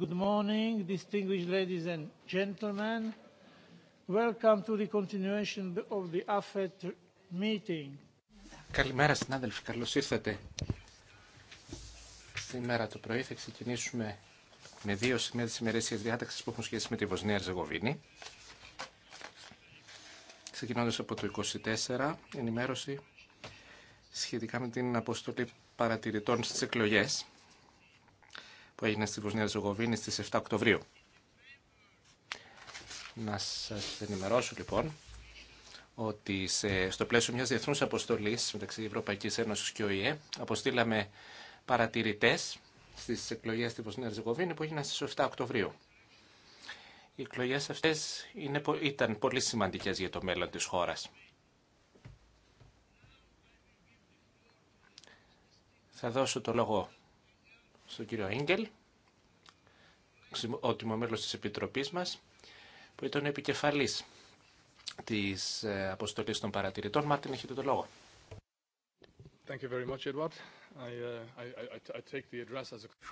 Good morning, distinguished ladies and gentlemen. Welcome to the continuation of the AFET meeting. Καλημέρα συνάδελφοι, καλώς ήρθατε. Σήμερα το πρωί θα ξεκινήσουμε με δύο σημεία της ημερήσιας διάταξης που έχουν σχέση με τη Βοσνία Ερζεγοβίνη. Ξεκινώντας από το 24, ενημέρωση σχετικά με την αποστολή παρατηρητών στις εκλογές που έγινε στη Βοσνία Ζωγοβίνη στις 7 Οκτωβρίου. Να σας ενημερώσω λοιπόν ότι σε, στο πλαίσιο μιας διεθνούς αποστολής μεταξύ Ευρωπαϊκής Ένωσης και ΟΗΕ αποστήλαμε παρατηρητές στις εκλογές στη Βοσνία Ζωγοβίνη που έγιναν στις 7 Οκτωβρίου. Οι εκλογές αυτές είναι, ήταν πολύ σημαντικές για το μέλλον της χώρας. Θα δώσω το λόγο στον κύριο Έγγελ, ότιμο μέλος της Επιτροπής μας, που ήταν επικεφαλής της ε, αποστολής των παρατηρητών. Μάρτιν, έχετε το λόγο.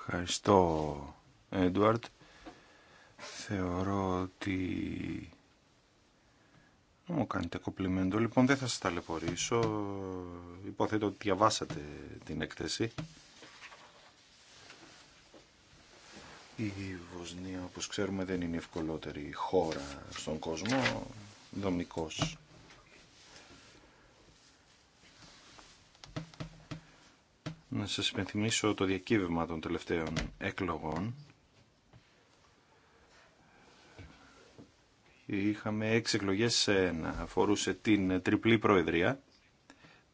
Ευχαριστώ, Έντουαρτ. Θεωρώ ότι μου κάνετε κοπλιμέντο. Λοιπόν, δεν θα σας ταλαιπωρήσω. Υποθέτω ότι διαβάσατε την έκθεση. Η Βοσνία, όπως ξέρουμε, δεν είναι η ευκολότερη χώρα στον κόσμο, δομικός. Να σας υπενθυμίσω το διακύβευμα των τελευταίων εκλογών είχαμε έξι εκλογές σε ένα. Αφορούσε την τριπλή προεδρία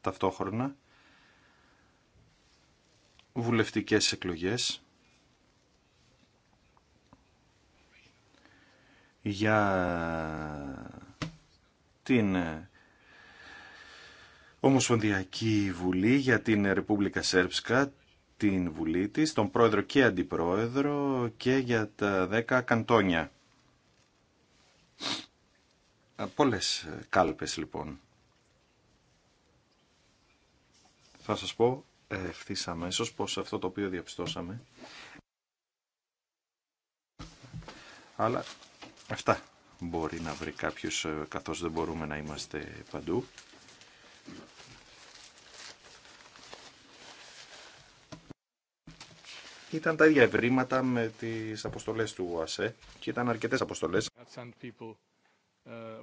ταυτόχρονα, βουλευτικές εκλογές για την Ομοσπονδιακή Βουλή για την Ρεπούμπλικα Σέρψκα, την Βουλή της, τον Πρόεδρο και Αντιπρόεδρο και για τα 10 καντόνια. Πολλές ε, κάλπες λοιπόν. Θα σας πω ε, ευθύ αμέσω πως αυτό το οποίο διαπιστώσαμε αλλά αυτά μπορεί να βρει κάποιος ε, καθώς δεν μπορούμε να είμαστε παντού ήταν τα ίδια ευρήματα με τις αποστολές του ΟΑΣΕ και ήταν αρκετές αποστολές. Uh,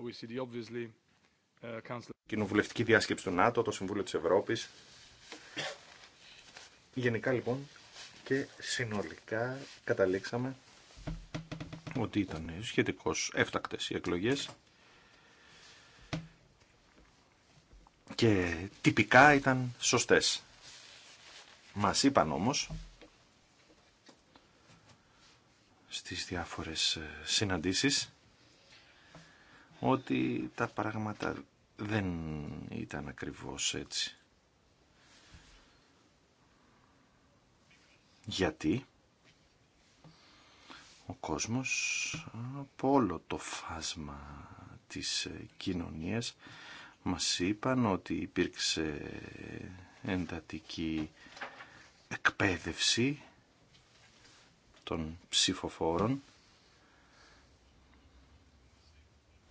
uh, Κοινοβουλευτική διάσκεψη του ΝΑΤΟ, το Συμβούλιο της Ευρώπης. Γενικά λοιπόν και συνολικά καταλήξαμε ότι ήταν σχετικώς έφτακτες οι εκλογές και τυπικά ήταν σωστές. Μας είπαν όμως στις διάφορες ε, συναντήσεις ότι τα πράγματα δεν ήταν ακριβώς έτσι. Γιατί ο κόσμος από όλο το φάσμα της ε, κοινωνίας μας είπαν ότι υπήρξε ε, εντατική εκπαίδευση των ψηφοφόρων.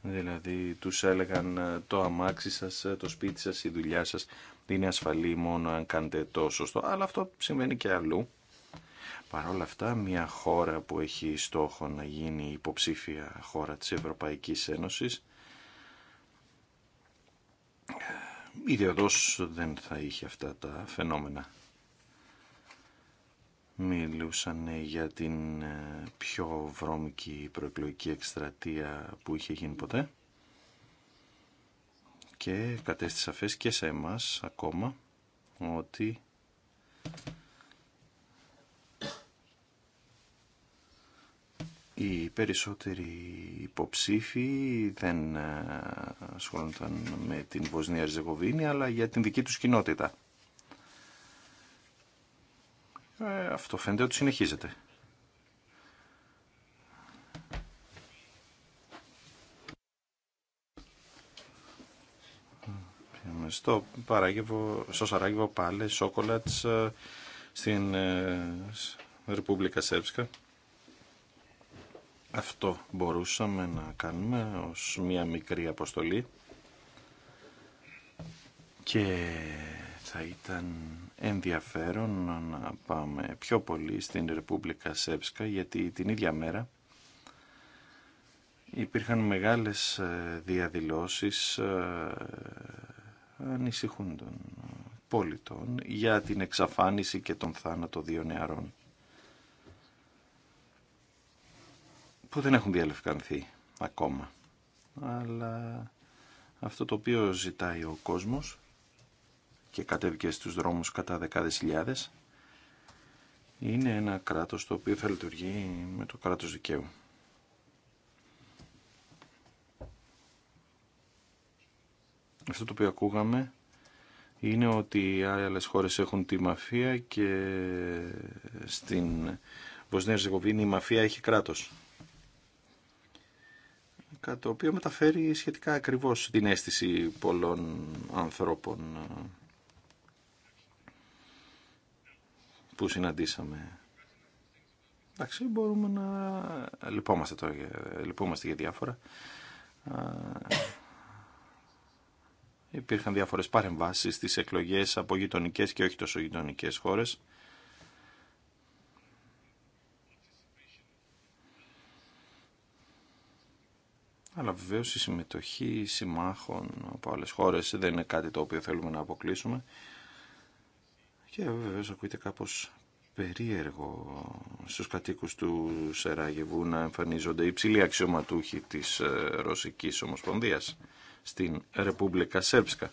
Δηλαδή τους έλεγαν ε, το αμάξι σας, ε, το σπίτι σας, η δουλειά σας είναι ασφαλή μόνο αν κάνετε το σωστό. Αλλά αυτό συμβαίνει και αλλού. παρόλα αυτά, μια χώρα που έχει στόχο να γίνει υποψήφια χώρα της Ευρωπαϊκής Ένωσης, ε, ιδιωτός δεν θα είχε αυτά τα φαινόμενα μιλούσαν ε, για την ε, πιο βρώμικη προεκλογική εκστρατεία που είχε γίνει ποτέ και κατέστησε σαφές και σε εμάς ακόμα ότι οι περισσότεροι υποψήφοι δεν ε, ασχολούνταν με την Βοσνία Ριζεγοβίνη αλλά για την δική τους κοινότητα. Ε, αυτό φαίνεται ότι συνεχίζεται. Στο, παράγευο, στο Σαράγεβο πάλι σόκολατς ε, στην ε, Ρεπούμπλικα Σέρψκα. Αυτό μπορούσαμε να κάνουμε ως μία μικρή αποστολή και θα ήταν ενδιαφέρον να πάμε πιο πολύ στην Ρεπούμπλικα Σέψκα γιατί την ίδια μέρα υπήρχαν μεγάλες ε, διαδηλώσεις ε, ανησυχούν των πολιτών για την εξαφάνιση και τον θάνατο δύο νεαρών που δεν έχουν διαλευκανθεί ακόμα αλλά αυτό το οποίο ζητάει ο κόσμος και κατέβηκε στους δρόμους κατά δεκάδες χιλιάδες είναι ένα κράτος το οποίο θα λειτουργεί με το κράτος δικαίου. Αυτό το οποίο ακούγαμε είναι ότι οι άλλες χώρες έχουν τη μαφία και στην Βοσνία Ζεγοβίνη η μαφία έχει κράτος. Κάτι το οποίο μεταφέρει σχετικά ακριβώς την αίσθηση πολλών ανθρώπων που συναντήσαμε. Εντάξει, μπορούμε να λυπόμαστε τώρα, λυπόμαστε για διάφορα. Υπήρχαν διάφορες παρεμβάσεις στις εκλογές από γειτονικέ και όχι τόσο γειτονικέ χώρες. Αλλά βεβαίω η συμμετοχή συμμάχων από άλλες χώρες δεν είναι κάτι το οποίο θέλουμε να αποκλείσουμε. Και βεβαίω ακούγεται κάπω περίεργο στους κατοίκου του Σεράγεβου να εμφανίζονται υψηλοί αξιωματούχοι της ε, Ρωσικής ομοσπονδία στην Ρεπούμπλικα Σέρψκα.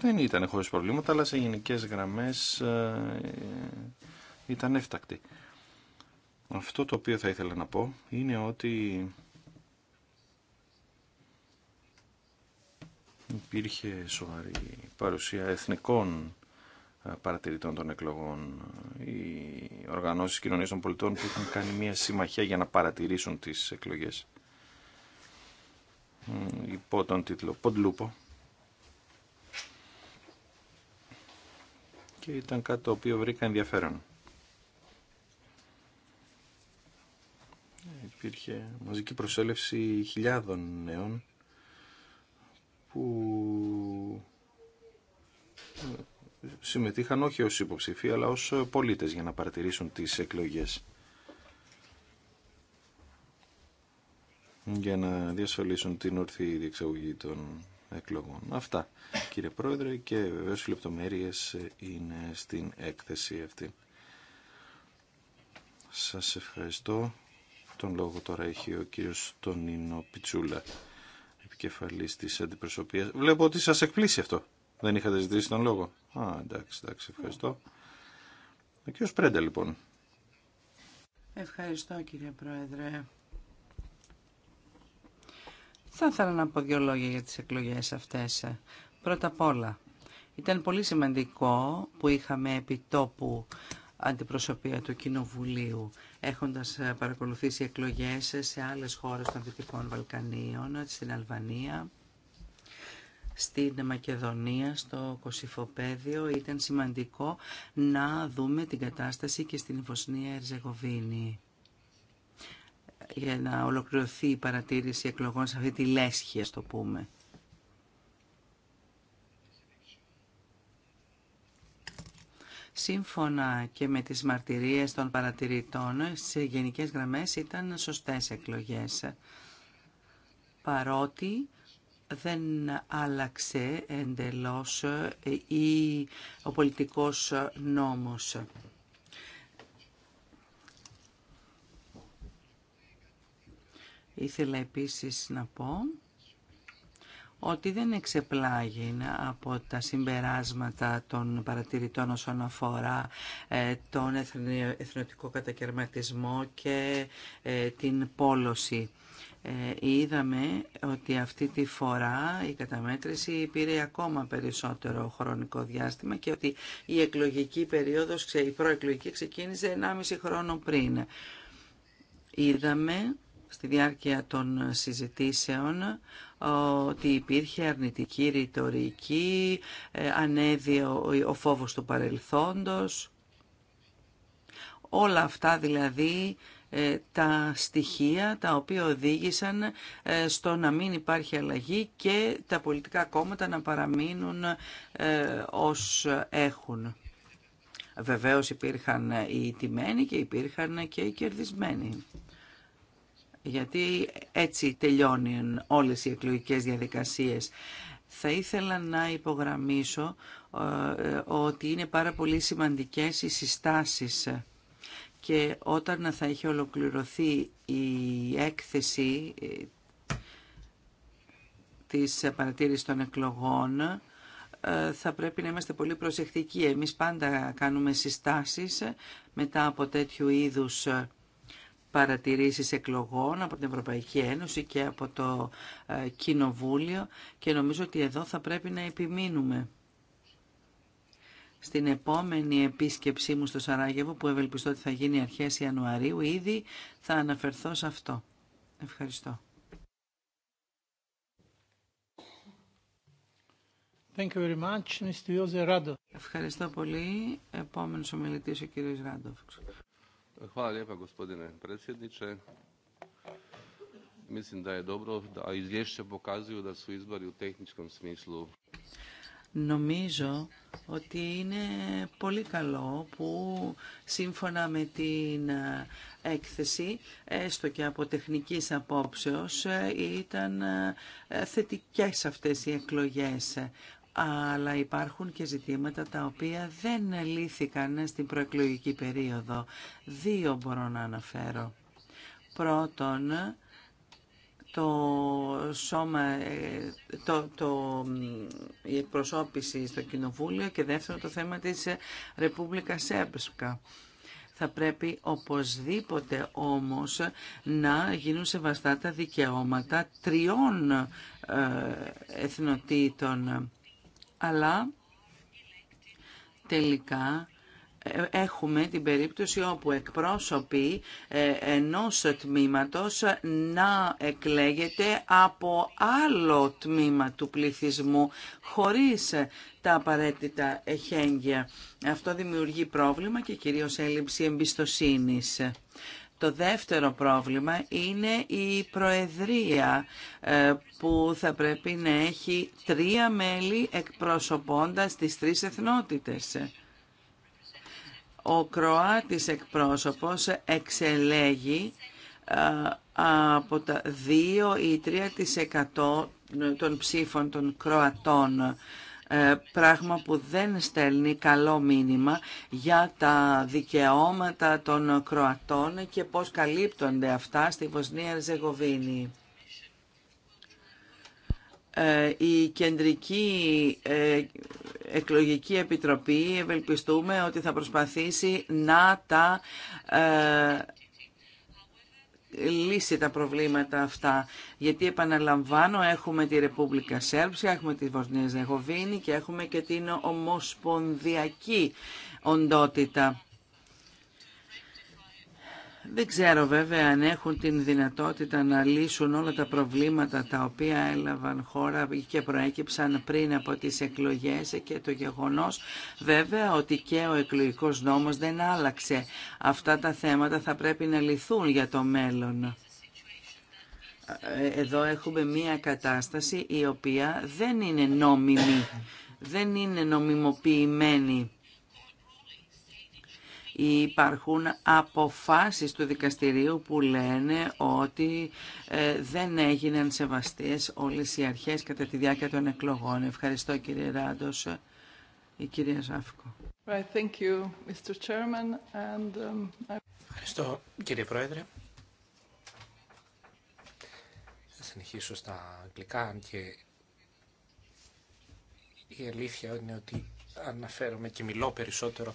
δεν ήταν χωρίς προβλήματα, αλλά σε γενικές γραμμές ε, ε, ήταν έφτακτη. Αυτό το οποίο θα ήθελα να πω είναι ότι υπήρχε σοβαρή παρουσία εθνικών ε, παρατηρητών των εκλογών οι οργανώσεις κοινωνίας των πολιτών που είχαν κάνει μια συμμαχία για να παρατηρήσουν τις εκλογές υπό τον τίτλο Ποντλούπο και ήταν κάτι το οποίο βρήκα ενδιαφέρον. Υπήρχε μαζική προσέλευση χιλιάδων νέων που συμμετείχαν όχι ως υποψηφοί αλλά ως πολίτες για να παρατηρήσουν τις εκλογές. για να διασφαλίσουν την ορθή διεξαγωγή των εκλογών. Αυτά κύριε Πρόεδρε και βεβαίω οι λεπτομέρειες ε, είναι στην έκθεση αυτή. Σας ευχαριστώ. Τον λόγο τώρα έχει ο κύριος Τονίνο Πιτσούλα, επικεφαλής της αντιπροσωπείας. Βλέπω ότι σας εκπλήσει αυτό. Δεν είχατε ζητήσει τον λόγο. Α, εντάξει, εντάξει, ευχαριστώ. Ο κύριος Πρέντα λοιπόν. Ευχαριστώ κύριε Πρόεδρε. Θα ήθελα να πω δύο λόγια για τις εκλογές αυτές. Πρώτα απ' όλα, ήταν πολύ σημαντικό που είχαμε επιτόπου αντιπροσωπεία του Κοινοβουλίου, έχοντας ε, παρακολουθήσει εκλογές σε άλλες χώρες των Δυτικών Βαλκανίων, στην Αλβανία, στην Μακεδονία, στο Κωσυφοπέδιο. Ήταν σημαντικό να δούμε την κατάσταση και στην Βοσνία Ερζεγοβίνη για να ολοκληρωθεί η παρατήρηση εκλογών σε αυτή τη λέσχη, ας το πούμε. Σύμφωνα και με τις μαρτυρίες των παρατηρητών, σε γενικές γραμμές ήταν σωστές εκλογές. Παρότι δεν άλλαξε εντελώς ο πολιτικός νόμος. Ήθελα επίσης να πω ότι δεν εξεπλάγει από τα συμπεράσματα των παρατηρητών όσον αφορά ε, τον εθνοτικό κατακαιρματισμό και ε, την πόλωση. Ε, είδαμε ότι αυτή τη φορά η καταμέτρηση πήρε ακόμα περισσότερο χρονικό διάστημα και ότι η εκλογική περίοδος, η προεκλογική ξεκίνησε 1,5 χρόνο πριν. Είδαμε στη διάρκεια των συζητήσεων ότι υπήρχε αρνητική ρητορική, ε, ανέδει ο φόβος του παρελθόντος. Όλα αυτά δηλαδή ε, τα στοιχεία τα οποία οδήγησαν ε, στο να μην υπάρχει αλλαγή και τα πολιτικά κόμματα να παραμείνουν ως έχουν. Βεβαίως υπήρχαν οι τιμένοι και υπήρχαν και οι κερδισμένοι γιατί έτσι τελειώνουν όλες οι εκλογικές διαδικασίες. Θα ήθελα να υπογραμμίσω ε, ότι είναι πάρα πολύ σημαντικές οι συστάσεις και όταν θα έχει ολοκληρωθεί η έκθεση ε, της παρατήρησης των εκλογών ε, θα πρέπει να είμαστε πολύ προσεκτικοί. Εμείς πάντα κάνουμε συστάσεις μετά από τέτοιου είδους παρατηρήσεις εκλογών από την Ευρωπαϊκή Ένωση και από το ε, Κοινοβούλιο και νομίζω ότι εδώ θα πρέπει να επιμείνουμε. Στην επόμενη επίσκεψή μου στο Σαράγεβο, που ευελπιστώ ότι θα γίνει αρχές Ιανουαρίου, ήδη θα αναφερθώ σε αυτό. Ευχαριστώ. Thank you very much, Mr. Ευχαριστώ πολύ. Επόμενος ομιλητής ο κύριος Ράντοφ. Hvala lijepa gospodine predsjedniče. Mislim da je dobro, da izvješća pokazuju da su izbori u tehničkom smislu Νομίζω ότι είναι πολύ καλό που σύμφωνα με την έκθεση, έστω και από τεχνικής απόψεως, ήταν θετικές αυτές οι εκλογές αλλά υπάρχουν και ζητήματα τα οποία δεν λύθηκαν στην προεκλογική περίοδο. Δύο μπορώ να αναφέρω. Πρώτον, το σώμα, ε, το, το, η εκπροσώπηση στο Κοινοβούλιο και δεύτερο το θέμα της Ρεπούμπλικα Σέμπσκα. Θα πρέπει οπωσδήποτε όμως να γίνουν σεβαστά τα δικαιώματα τριών ε, εθνοτήτων αλλά τελικά ε, έχουμε την περίπτωση όπου εκπρόσωποι ε, ενός τμήματος να εκλέγεται από άλλο τμήμα του πληθυσμού χωρίς τα απαραίτητα εχέγγυα. Αυτό δημιουργεί πρόβλημα και κυρίως έλλειψη εμπιστοσύνης. Το δεύτερο πρόβλημα είναι η Προεδρία ε, που θα πρέπει να έχει τρία μέλη εκπροσωπώντας τις τρεις εθνότητες. Ο Κροάτης εκπρόσωπος εξελέγει ε, από τα 2 ή 3% των ψήφων των Κροατών ε, πράγμα που δεν στέλνει καλό μήνυμα για τα δικαιώματα των Κροατών και πώς καλύπτονται αυτά στη Βοσνία Ζεγοβίνη ε, η Κεντρική ε, Εκλογική Επιτροπή ευελπιστούμε ότι θα προσπαθήσει να τα λύσει τα προβλήματα αυτά. Γιατί επαναλαμβάνω, έχουμε τη Ρεπούμπλικα Σέρψη, έχουμε τη Βοσνία Ζεγοβίνη και έχουμε και την Ομοσπονδιακή οντότητα. Δεν ξέρω βέβαια αν έχουν την δυνατότητα να λύσουν όλα τα προβλήματα τα οποία έλαβαν χώρα και προέκυψαν πριν από τις εκλογές και το γεγονός βέβαια ότι και ο εκλογικός νόμος δεν άλλαξε. Αυτά τα θέματα θα πρέπει να λυθούν για το μέλλον. Εδώ έχουμε μία κατάσταση η οποία δεν είναι νόμιμη, δεν είναι νομιμοποιημένη υπάρχουν αποφάσεις του δικαστηρίου που λένε ότι ε, δεν έγιναν σεβαστές όλες οι αρχές κατά τη διάρκεια των εκλογών. Ευχαριστώ κύριε Ράντος. Η κυρία Ζάφικο. Thank you, um, Ευχαριστώ κύριε Πρόεδρε. Θα συνεχίσω στα αγγλικά και η αλήθεια είναι ότι αναφέρομαι και μιλώ περισσότερο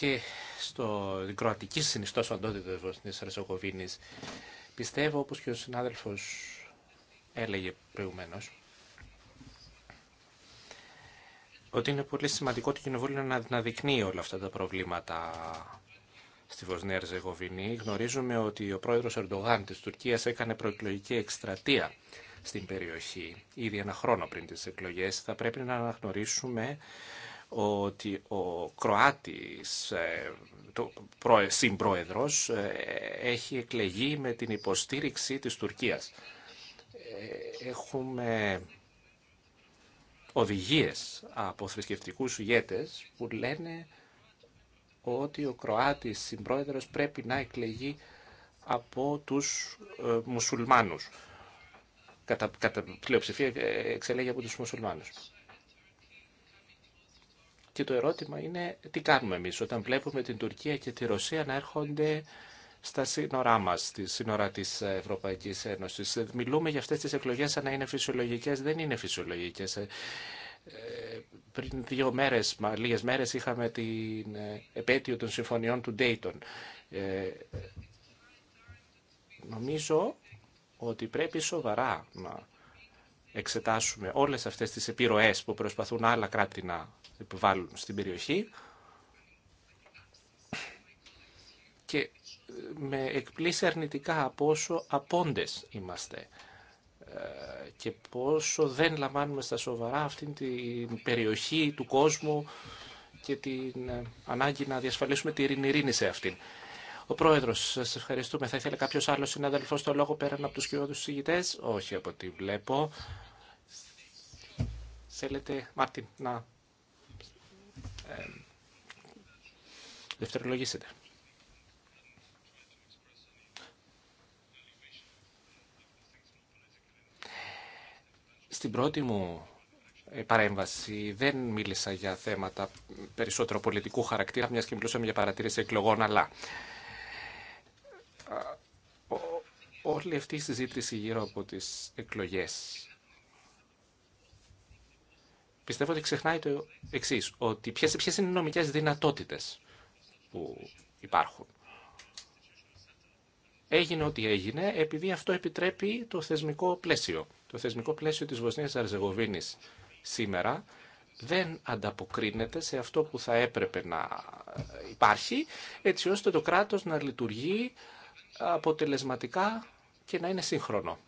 και στο κροατική συνιστό οντότητα της Βοσνίας Ρεσοκοβίνη. Πιστεύω, όπως και ο συνάδελφο έλεγε προηγουμένω ότι είναι πολύ σημαντικό το κοινοβούλιο να αναδεικνύει όλα αυτά τα προβλήματα στη Βοσνία Ρεζεγοβίνη. Γνωρίζουμε ότι ο πρόεδρος Ερντογάν της Τουρκίας έκανε προεκλογική εκστρατεία στην περιοχή ήδη ένα χρόνο πριν τις εκλογές. Θα πρέπει να αναγνωρίσουμε ότι ο Κροάτης ε, το συμπρόεδρος ε, έχει εκλεγεί με την υποστήριξη της Τουρκίας. Ε, έχουμε οδηγίες από θρησκευτικούς ηγέτες που λένε ότι ο Κροάτης συμπρόεδρος πρέπει να εκλεγεί από τους μουσουλμάνους. Κατά, κατά πλειοψηφία εξελέγει από τους μουσουλμάνους. Και το ερώτημα είναι τι κάνουμε εμείς όταν βλέπουμε την Τουρκία και τη Ρωσία να έρχονται στα σύνορά μα, στη σύνορα τη Ευρωπαϊκή Ένωση. Μιλούμε για αυτέ τι εκλογέ σαν να είναι φυσιολογικέ. Δεν είναι φυσιολογικέ. Ε, πριν δύο μέρε, λίγε μέρε, είχαμε την ε, επέτειο των συμφωνιών του Ντέιτον. Ε, νομίζω ότι πρέπει σοβαρά να εξετάσουμε όλες αυτές τις επιρροές που προσπαθούν άλλα κράτη να επιβάλλουν στην περιοχή. Και ε, με εκπλήσει αρνητικά από όσο απόντες είμαστε ε, και πόσο δεν λαμβάνουμε στα σοβαρά αυτήν την περιοχή του κόσμου και την ε, ανάγκη να διασφαλίσουμε την ειρήνη σε αυτήν. Ο πρόεδρο, σα ευχαριστούμε. Θα ήθελε κάποιο άλλο συνάδελφο το λόγο πέραν από του κοινού συζητητέ. Όχι, από ό,τι βλέπω. Θέλετε, Μάρτιν, να ε, δευτερολογήσετε. Στην πρώτη μου παρέμβαση δεν μίλησα για θέματα περισσότερο πολιτικού χαρακτήρα, μιας και μιλούσαμε για παρατήρηση εκλογών, αλλά όλη αυτή η συζήτηση γύρω από τις εκλογές πιστεύω ότι ξεχνάει το εξή, ότι ποιε είναι οι νομικέ δυνατότητε που υπάρχουν. Έγινε ό,τι έγινε, επειδή αυτό επιτρέπει το θεσμικό πλαίσιο. Το θεσμικό πλαίσιο της Βοσνίας Αρζεγοβίνης σήμερα δεν ανταποκρίνεται σε αυτό που θα έπρεπε να υπάρχει, έτσι ώστε το κράτος να λειτουργεί αποτελεσματικά και να είναι σύγχρονο.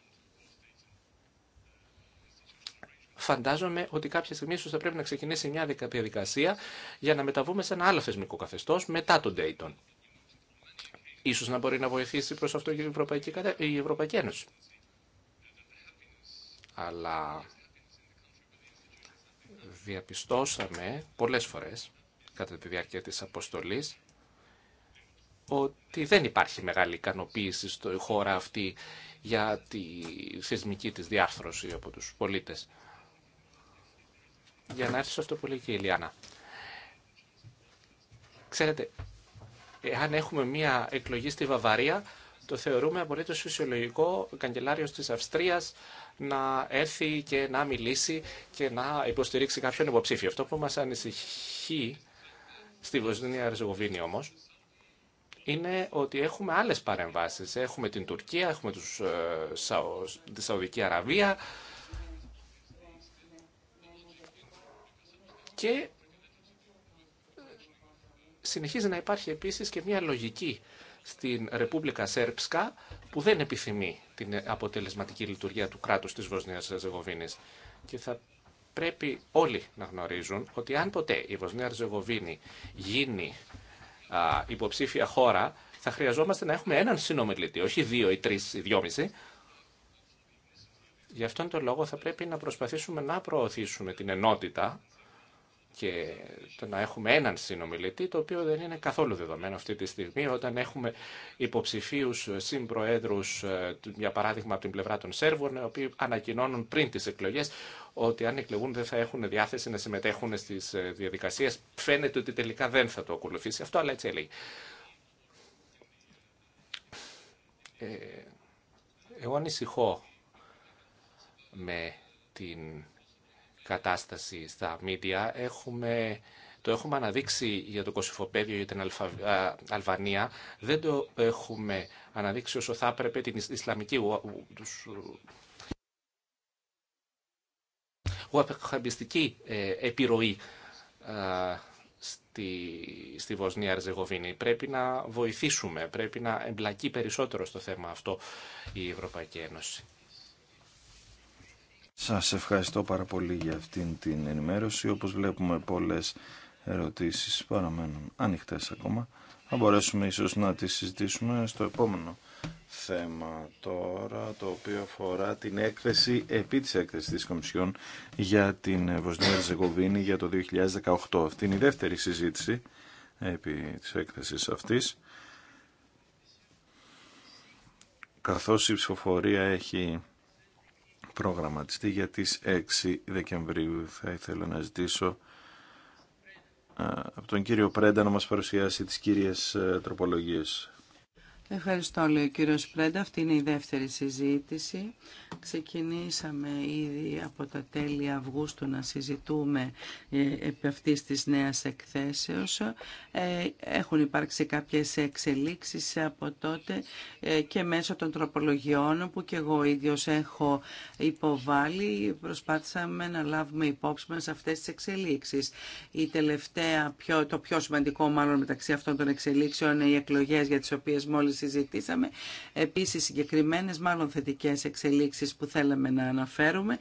φαντάζομαι ότι κάποια στιγμή ίσω θα πρέπει να ξεκινήσει μια διαδικασία για να μεταβούμε σε ένα άλλο θεσμικό καθεστώ μετά τον Dayton. Ίσως να μπορεί να βοηθήσει προς αυτό και η Ευρωπαϊκή, Ένωση. Αλλά διαπιστώσαμε πολλές φορές κατά τη διάρκεια της αποστολής ότι δεν υπάρχει μεγάλη ικανοποίηση στη χώρα αυτή για τη θεσμική της διάρθρωση από τους πολίτες για να έρθει αυτό πολύ και η Ιλιάνα. Ξέρετε, εάν έχουμε μία εκλογή στη Βαβαρία, το θεωρούμε απολύτως φυσιολογικό ο καγκελάριος της Αυστρίας να έρθει και να μιλήσει και να υποστηρίξει κάποιον υποψήφιο. Αυτό που μας ανησυχεί στη Βοσνία ριζογοβινη όμως, είναι ότι έχουμε άλλες παρεμβάσεις. Έχουμε την Τουρκία, έχουμε τους, ε, τη Σαουδική Αραβία, Και συνεχίζει να υπάρχει επίσης και μια λογική στην Ρεπούμπλικα Σέρψκα που δεν επιθυμεί την αποτελεσματική λειτουργία του κράτους της Βοσνίας Ζεγοβίνης. Και θα πρέπει όλοι να γνωρίζουν ότι αν ποτέ η Βοσνία Ζεγοβίνη γίνει υποψήφια χώρα, θα χρειαζόμαστε να έχουμε έναν συνομιλητή, όχι δύο ή τρεις ή δυόμιση. Γι' αυτόν τον λόγο θα πρέπει να προσπαθήσουμε να προωθήσουμε την ενότητα και το να έχουμε έναν συνομιλητή, το οποίο δεν είναι καθόλου δεδομένο αυτή τη στιγμή, όταν έχουμε υποψηφίου συμπροέδρου, ε, για παράδειγμα από την πλευρά των Σέρβων, οι οποίοι ανακοινώνουν πριν τι εκλογέ ότι αν εκλεγούν δεν θα έχουν διάθεση να συμμετέχουν στι ε, διαδικασίε. Φαίνεται ότι τελικά δεν θα το ακολουθήσει αυτό, αλλά έτσι έλεγε. Ε, εγώ ανησυχώ με την κατάσταση στα μίντια. Έχουμε, το έχουμε αναδείξει για το Κωσυφοπέδιο, για την Αλβανία. Δεν το έχουμε αναδείξει όσο θα έπρεπε την Ισλαμική ουαπεχαμπιστική ε, επιρροή στη, στη Βοσνία Αρζεγοβίνη. Πρέπει να βοηθήσουμε, πρέπει να εμπλακεί περισσότερο στο θέμα αυτό η Ευρωπαϊκή Ένωση. Σας ευχαριστώ πάρα πολύ για αυτήν την ενημέρωση. Όπως βλέπουμε πολλές ερωτήσεις παραμένουν ανοιχτές ακόμα. Θα μπορέσουμε ίσως να τις συζητήσουμε στο επόμενο θέμα τώρα, το οποίο αφορά την έκθεση, επί της έκθεσης της Κομισιόν για την Βοσνία Ζεγοβίνη για το 2018. Αυτή είναι η δεύτερη συζήτηση επί της έκθεσης αυτής. Καθώς η ψηφοφορία έχει προγραμματιστεί για τις 6 Δεκεμβρίου. Θα ήθελα να ζητήσω ε, από τον κύριο Πρέντα να μας παρουσιάσει τις κύριες ε, τροπολογίες. Ευχαριστώ, λέει ο κύριος Πρέντα. Αυτή είναι η δεύτερη συζήτηση. Ξεκινήσαμε ήδη από τα τέλη Αυγούστου να συζητούμε ε, επί αυτής της νέας εκθέσεως. Ε, έχουν υπάρξει κάποιες εξελίξεις από τότε ε, και μέσω των τροπολογιών που και εγώ ίδιος έχω υποβάλει προσπάθησαμε να λάβουμε υπόψη μας αυτές τις εξελίξεις. Η τελευταία, το πιο σημαντικό μάλλον μεταξύ αυτών των εξελίξεων είναι οι εκλογές για τις οποίες μόλις συζητήσαμε. Επίσης συγκεκριμένες μάλλον θετικές εξελίξεις που θέλαμε να αναφέρουμε,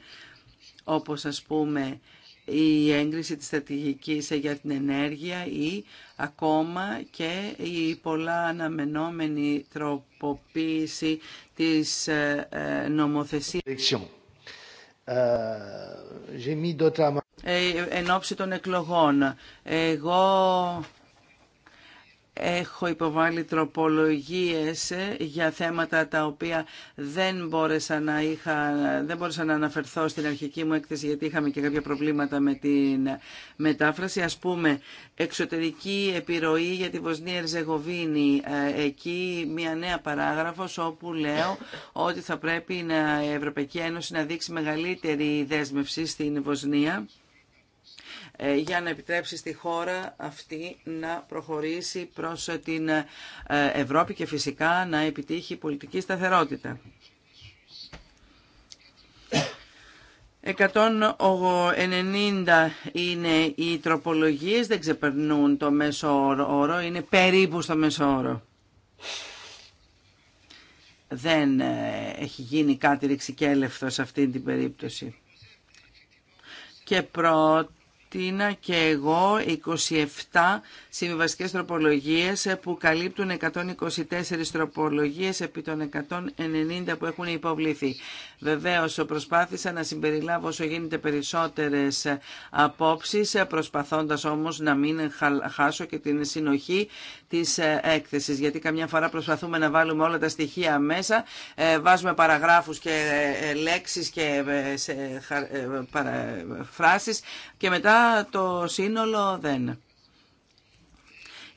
όπως ας πούμε η έγκριση της στρατηγικής για την ενέργεια ή ακόμα και η πολλά αναμενόμενη τροποποίηση της ε, ε, νομοθεσίας. Ε, ε, εν ώψη των εκλογών. Εγώ έχω υποβάλει τροπολογίες για θέματα τα οποία δεν μπόρεσα να, είχα, δεν μπόρεσα να αναφερθώ στην αρχική μου έκθεση γιατί είχαμε και κάποια προβλήματα με την μετάφραση. Ας πούμε, εξωτερική επιρροή για τη Βοσνία Ερζεγοβίνη. Ε, εκεί μια νέα παράγραφος όπου λέω ότι θα πρέπει να, η Ευρωπαϊκή Ένωση να δείξει μεγαλύτερη δέσμευση στην Βοσνία ε, για να επιτρέψει στη χώρα αυτή να προχωρήσει προς την ε, Ευρώπη και φυσικά να επιτύχει πολιτική σταθερότητα. 190 είναι οι τροπολογίες, δεν ξεπερνούν το μέσο όρο, είναι περίπου στο μέσο όρο. Δεν ε, έχει γίνει κάτι ρηξικέλευθο σε αυτή την περίπτωση. Και πρώτα Τινα και εγώ 27 συμβιβαστικές τροπολογίες που καλύπτουν 124 τροπολογίες επί των 190 που έχουν υποβληθεί. Βεβαίω, προσπάθησα να συμπεριλάβω όσο γίνεται περισσότερες απόψει, προσπαθώντας όμως να μην χάσω και την συνοχή της έκθεσης, γιατί καμιά φορά προσπαθούμε να βάλουμε όλα τα στοιχεία μέσα, ε, βάζουμε παραγράφους και ε, λέξεις και ε, φράσεις και μετά το σύνολο δεν.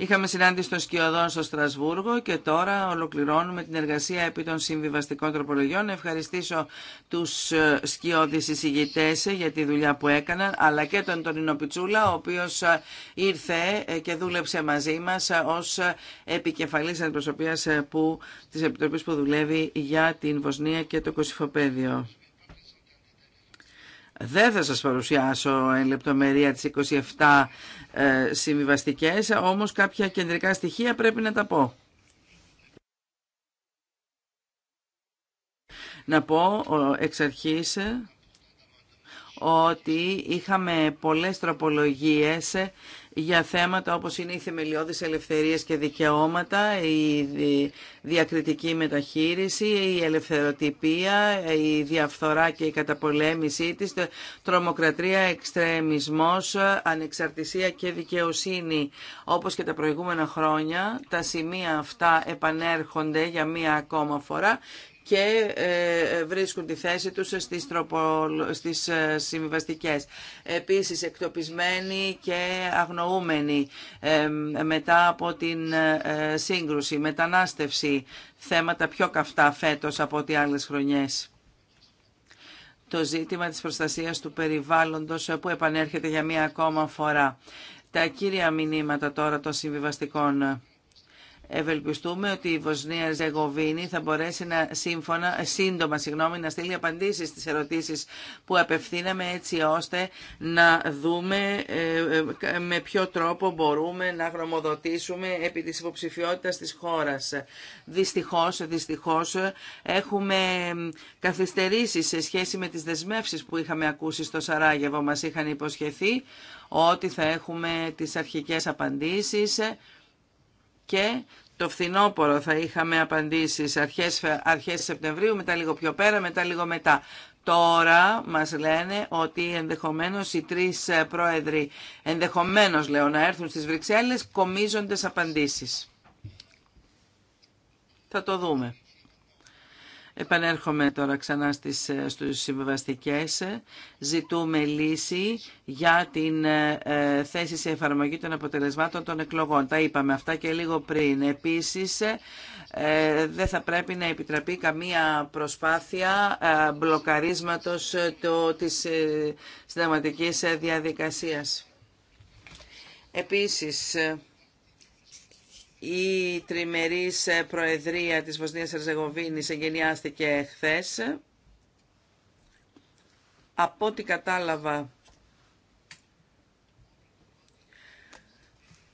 Είχαμε συνάντηση των Σκιωδών στο Στρασβούργο και τώρα ολοκληρώνουμε την εργασία επί των συμβιβαστικών τροπολογιών. Ευχαριστήσω τους ε, Σκιώδης εισηγητές για τη δουλειά που έκαναν, αλλά και τον Τονίνο Πιτσούλα, ο οποίος ε, ήρθε ε, και δούλεψε μαζί μας ως επικεφαλής αντιπροσωπεία τη Επιτροπή που δουλεύει για την Βοσνία και το Κωσυφοπαίδιο. Δεν θα σας παρουσιάσω εν λεπτομερία τις 27 ε, συμβιβαστικές, όμως κάποια κεντρικά στοιχεία πρέπει να τα πω. Να πω εξ αρχής ότι είχαμε πολλές τροπολογίες για θέματα όπως είναι οι θεμελιώδεις ελευθερίες και δικαιώματα, η διακριτική μεταχείριση, η ελευθεροτυπία, η διαφθορά και η καταπολέμησή της, τρομοκρατία, εξτρεμισμός, ανεξαρτησία και δικαιοσύνη. Όπως και τα προηγούμενα χρόνια, τα σημεία αυτά επανέρχονται για μία ακόμα φορά και ε, βρίσκουν τη θέση τους στις, τροπο, στις ε, συμβιβαστικές. Επίσης εκτοπισμένοι και αγνοούμενοι μετά από την ε, σύγκρουση, μετανάστευση, θέματα πιο καυτά φέτος από ό,τι άλλες χρονιές το ζήτημα της προστασίας του περιβάλλοντος που επανέρχεται για μία ακόμα φορά. Τα κύρια μηνύματα τώρα των συμβιβαστικών Ευελπιστούμε ότι η Βοσνία Ζεγοβίνη θα μπορέσει να σύμφωνα, ε, σύντομα συγγνώμη, να στείλει απαντήσεις στις ερωτήσεις που απευθύναμε έτσι ώστε να δούμε ε, ε, με ποιο τρόπο μπορούμε να γνωμοδοτήσουμε επί της υποψηφιότητας της χώρας. Δυστυχώς, δυστυχώς έχουμε καθυστερήσει σε σχέση με τις δεσμεύσεις που είχαμε ακούσει στο Σαράγεβο. Μας είχαν υποσχεθεί ότι θα έχουμε τις αρχικές απαντήσεις και το φθινόπωρο θα είχαμε απαντήσεις αρχές, αρχές Σεπτεμβρίου, μετά λίγο πιο πέρα, μετά λίγο μετά. Τώρα μας λένε ότι ενδεχομένως οι τρεις ε, πρόεδροι, ενδεχομένως λέω να έρθουν στις Βρυξέλλες, κομίζονται απαντήσεις. Θα το δούμε. Επανέρχομαι τώρα ξανά στις, ε, στους Ζητούμε λύση για την ε, ε, θέση σε εφαρμογή των αποτελεσμάτων των εκλογών. Τα είπαμε αυτά και λίγο πριν. Επίσης, δεν θα πρέπει να επιτραπεί καμία προσπάθεια ε, μπλοκαρίσματος το, της συνταγματικής διαδικασίας. Επίσης, η τριμερής ε, προεδρία της Βοσνίας Ερζεγοβίνης εγγενιάστηκε χθες. Από ό,τι κατάλαβα,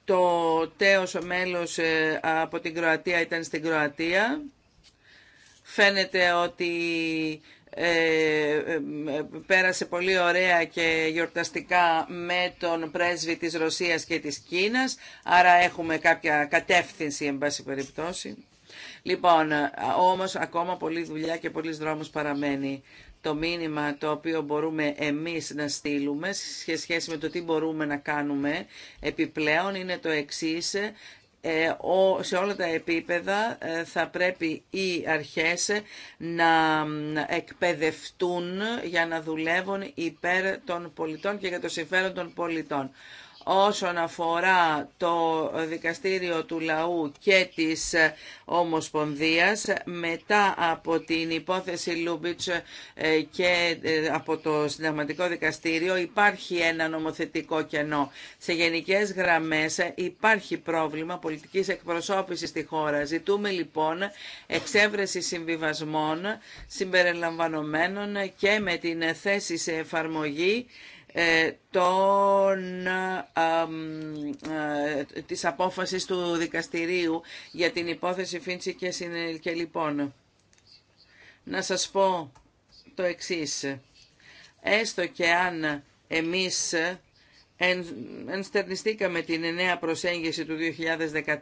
το τέος μέλος ε, από την Κροατία ήταν στην Κροατία. Φαίνεται ότι ε, ε, πέρασε πολύ ωραία και γιορταστικά με τον πρέσβη της Ρωσίας και της Κίνας, άρα έχουμε κάποια κατεύθυνση εν πάση περιπτώσει. Λοιπόν, όμως ακόμα πολλή δουλειά και πολλοί δρόμος παραμένει. Το μήνυμα το οποίο μπορούμε εμείς να στείλουμε σε σχέση με το τι μπορούμε να κάνουμε επιπλέον είναι το εξής ε, σε όλα τα επίπεδα ε, θα πρέπει οι αρχές να εκπαιδευτούν για να δουλεύουν υπέρ των πολιτών και για το συμφέρον των πολιτών όσον αφορά το δικαστήριο του λαού και της Ομοσπονδίας μετά από την υπόθεση Λούμπιτς ε, και ε, από το συνταγματικό δικαστήριο υπάρχει ένα νομοθετικό κενό. Σε γενικές γραμμές ε, υπάρχει πρόβλημα πολιτικής εκπροσώπησης στη χώρα. Ζητούμε λοιπόν εξέβρεση συμβιβασμών συμπεριλαμβανομένων και με την θέση σε εφαρμογή ε, των, ε, της απόφασης του δικαστηρίου για την υπόθεση Φίντσι και, και λοιπόν. Να σας πω το εξής. Έστω και αν εμείς ενστερνιστήκαμε την νέα προσέγγιση του 2014, ε,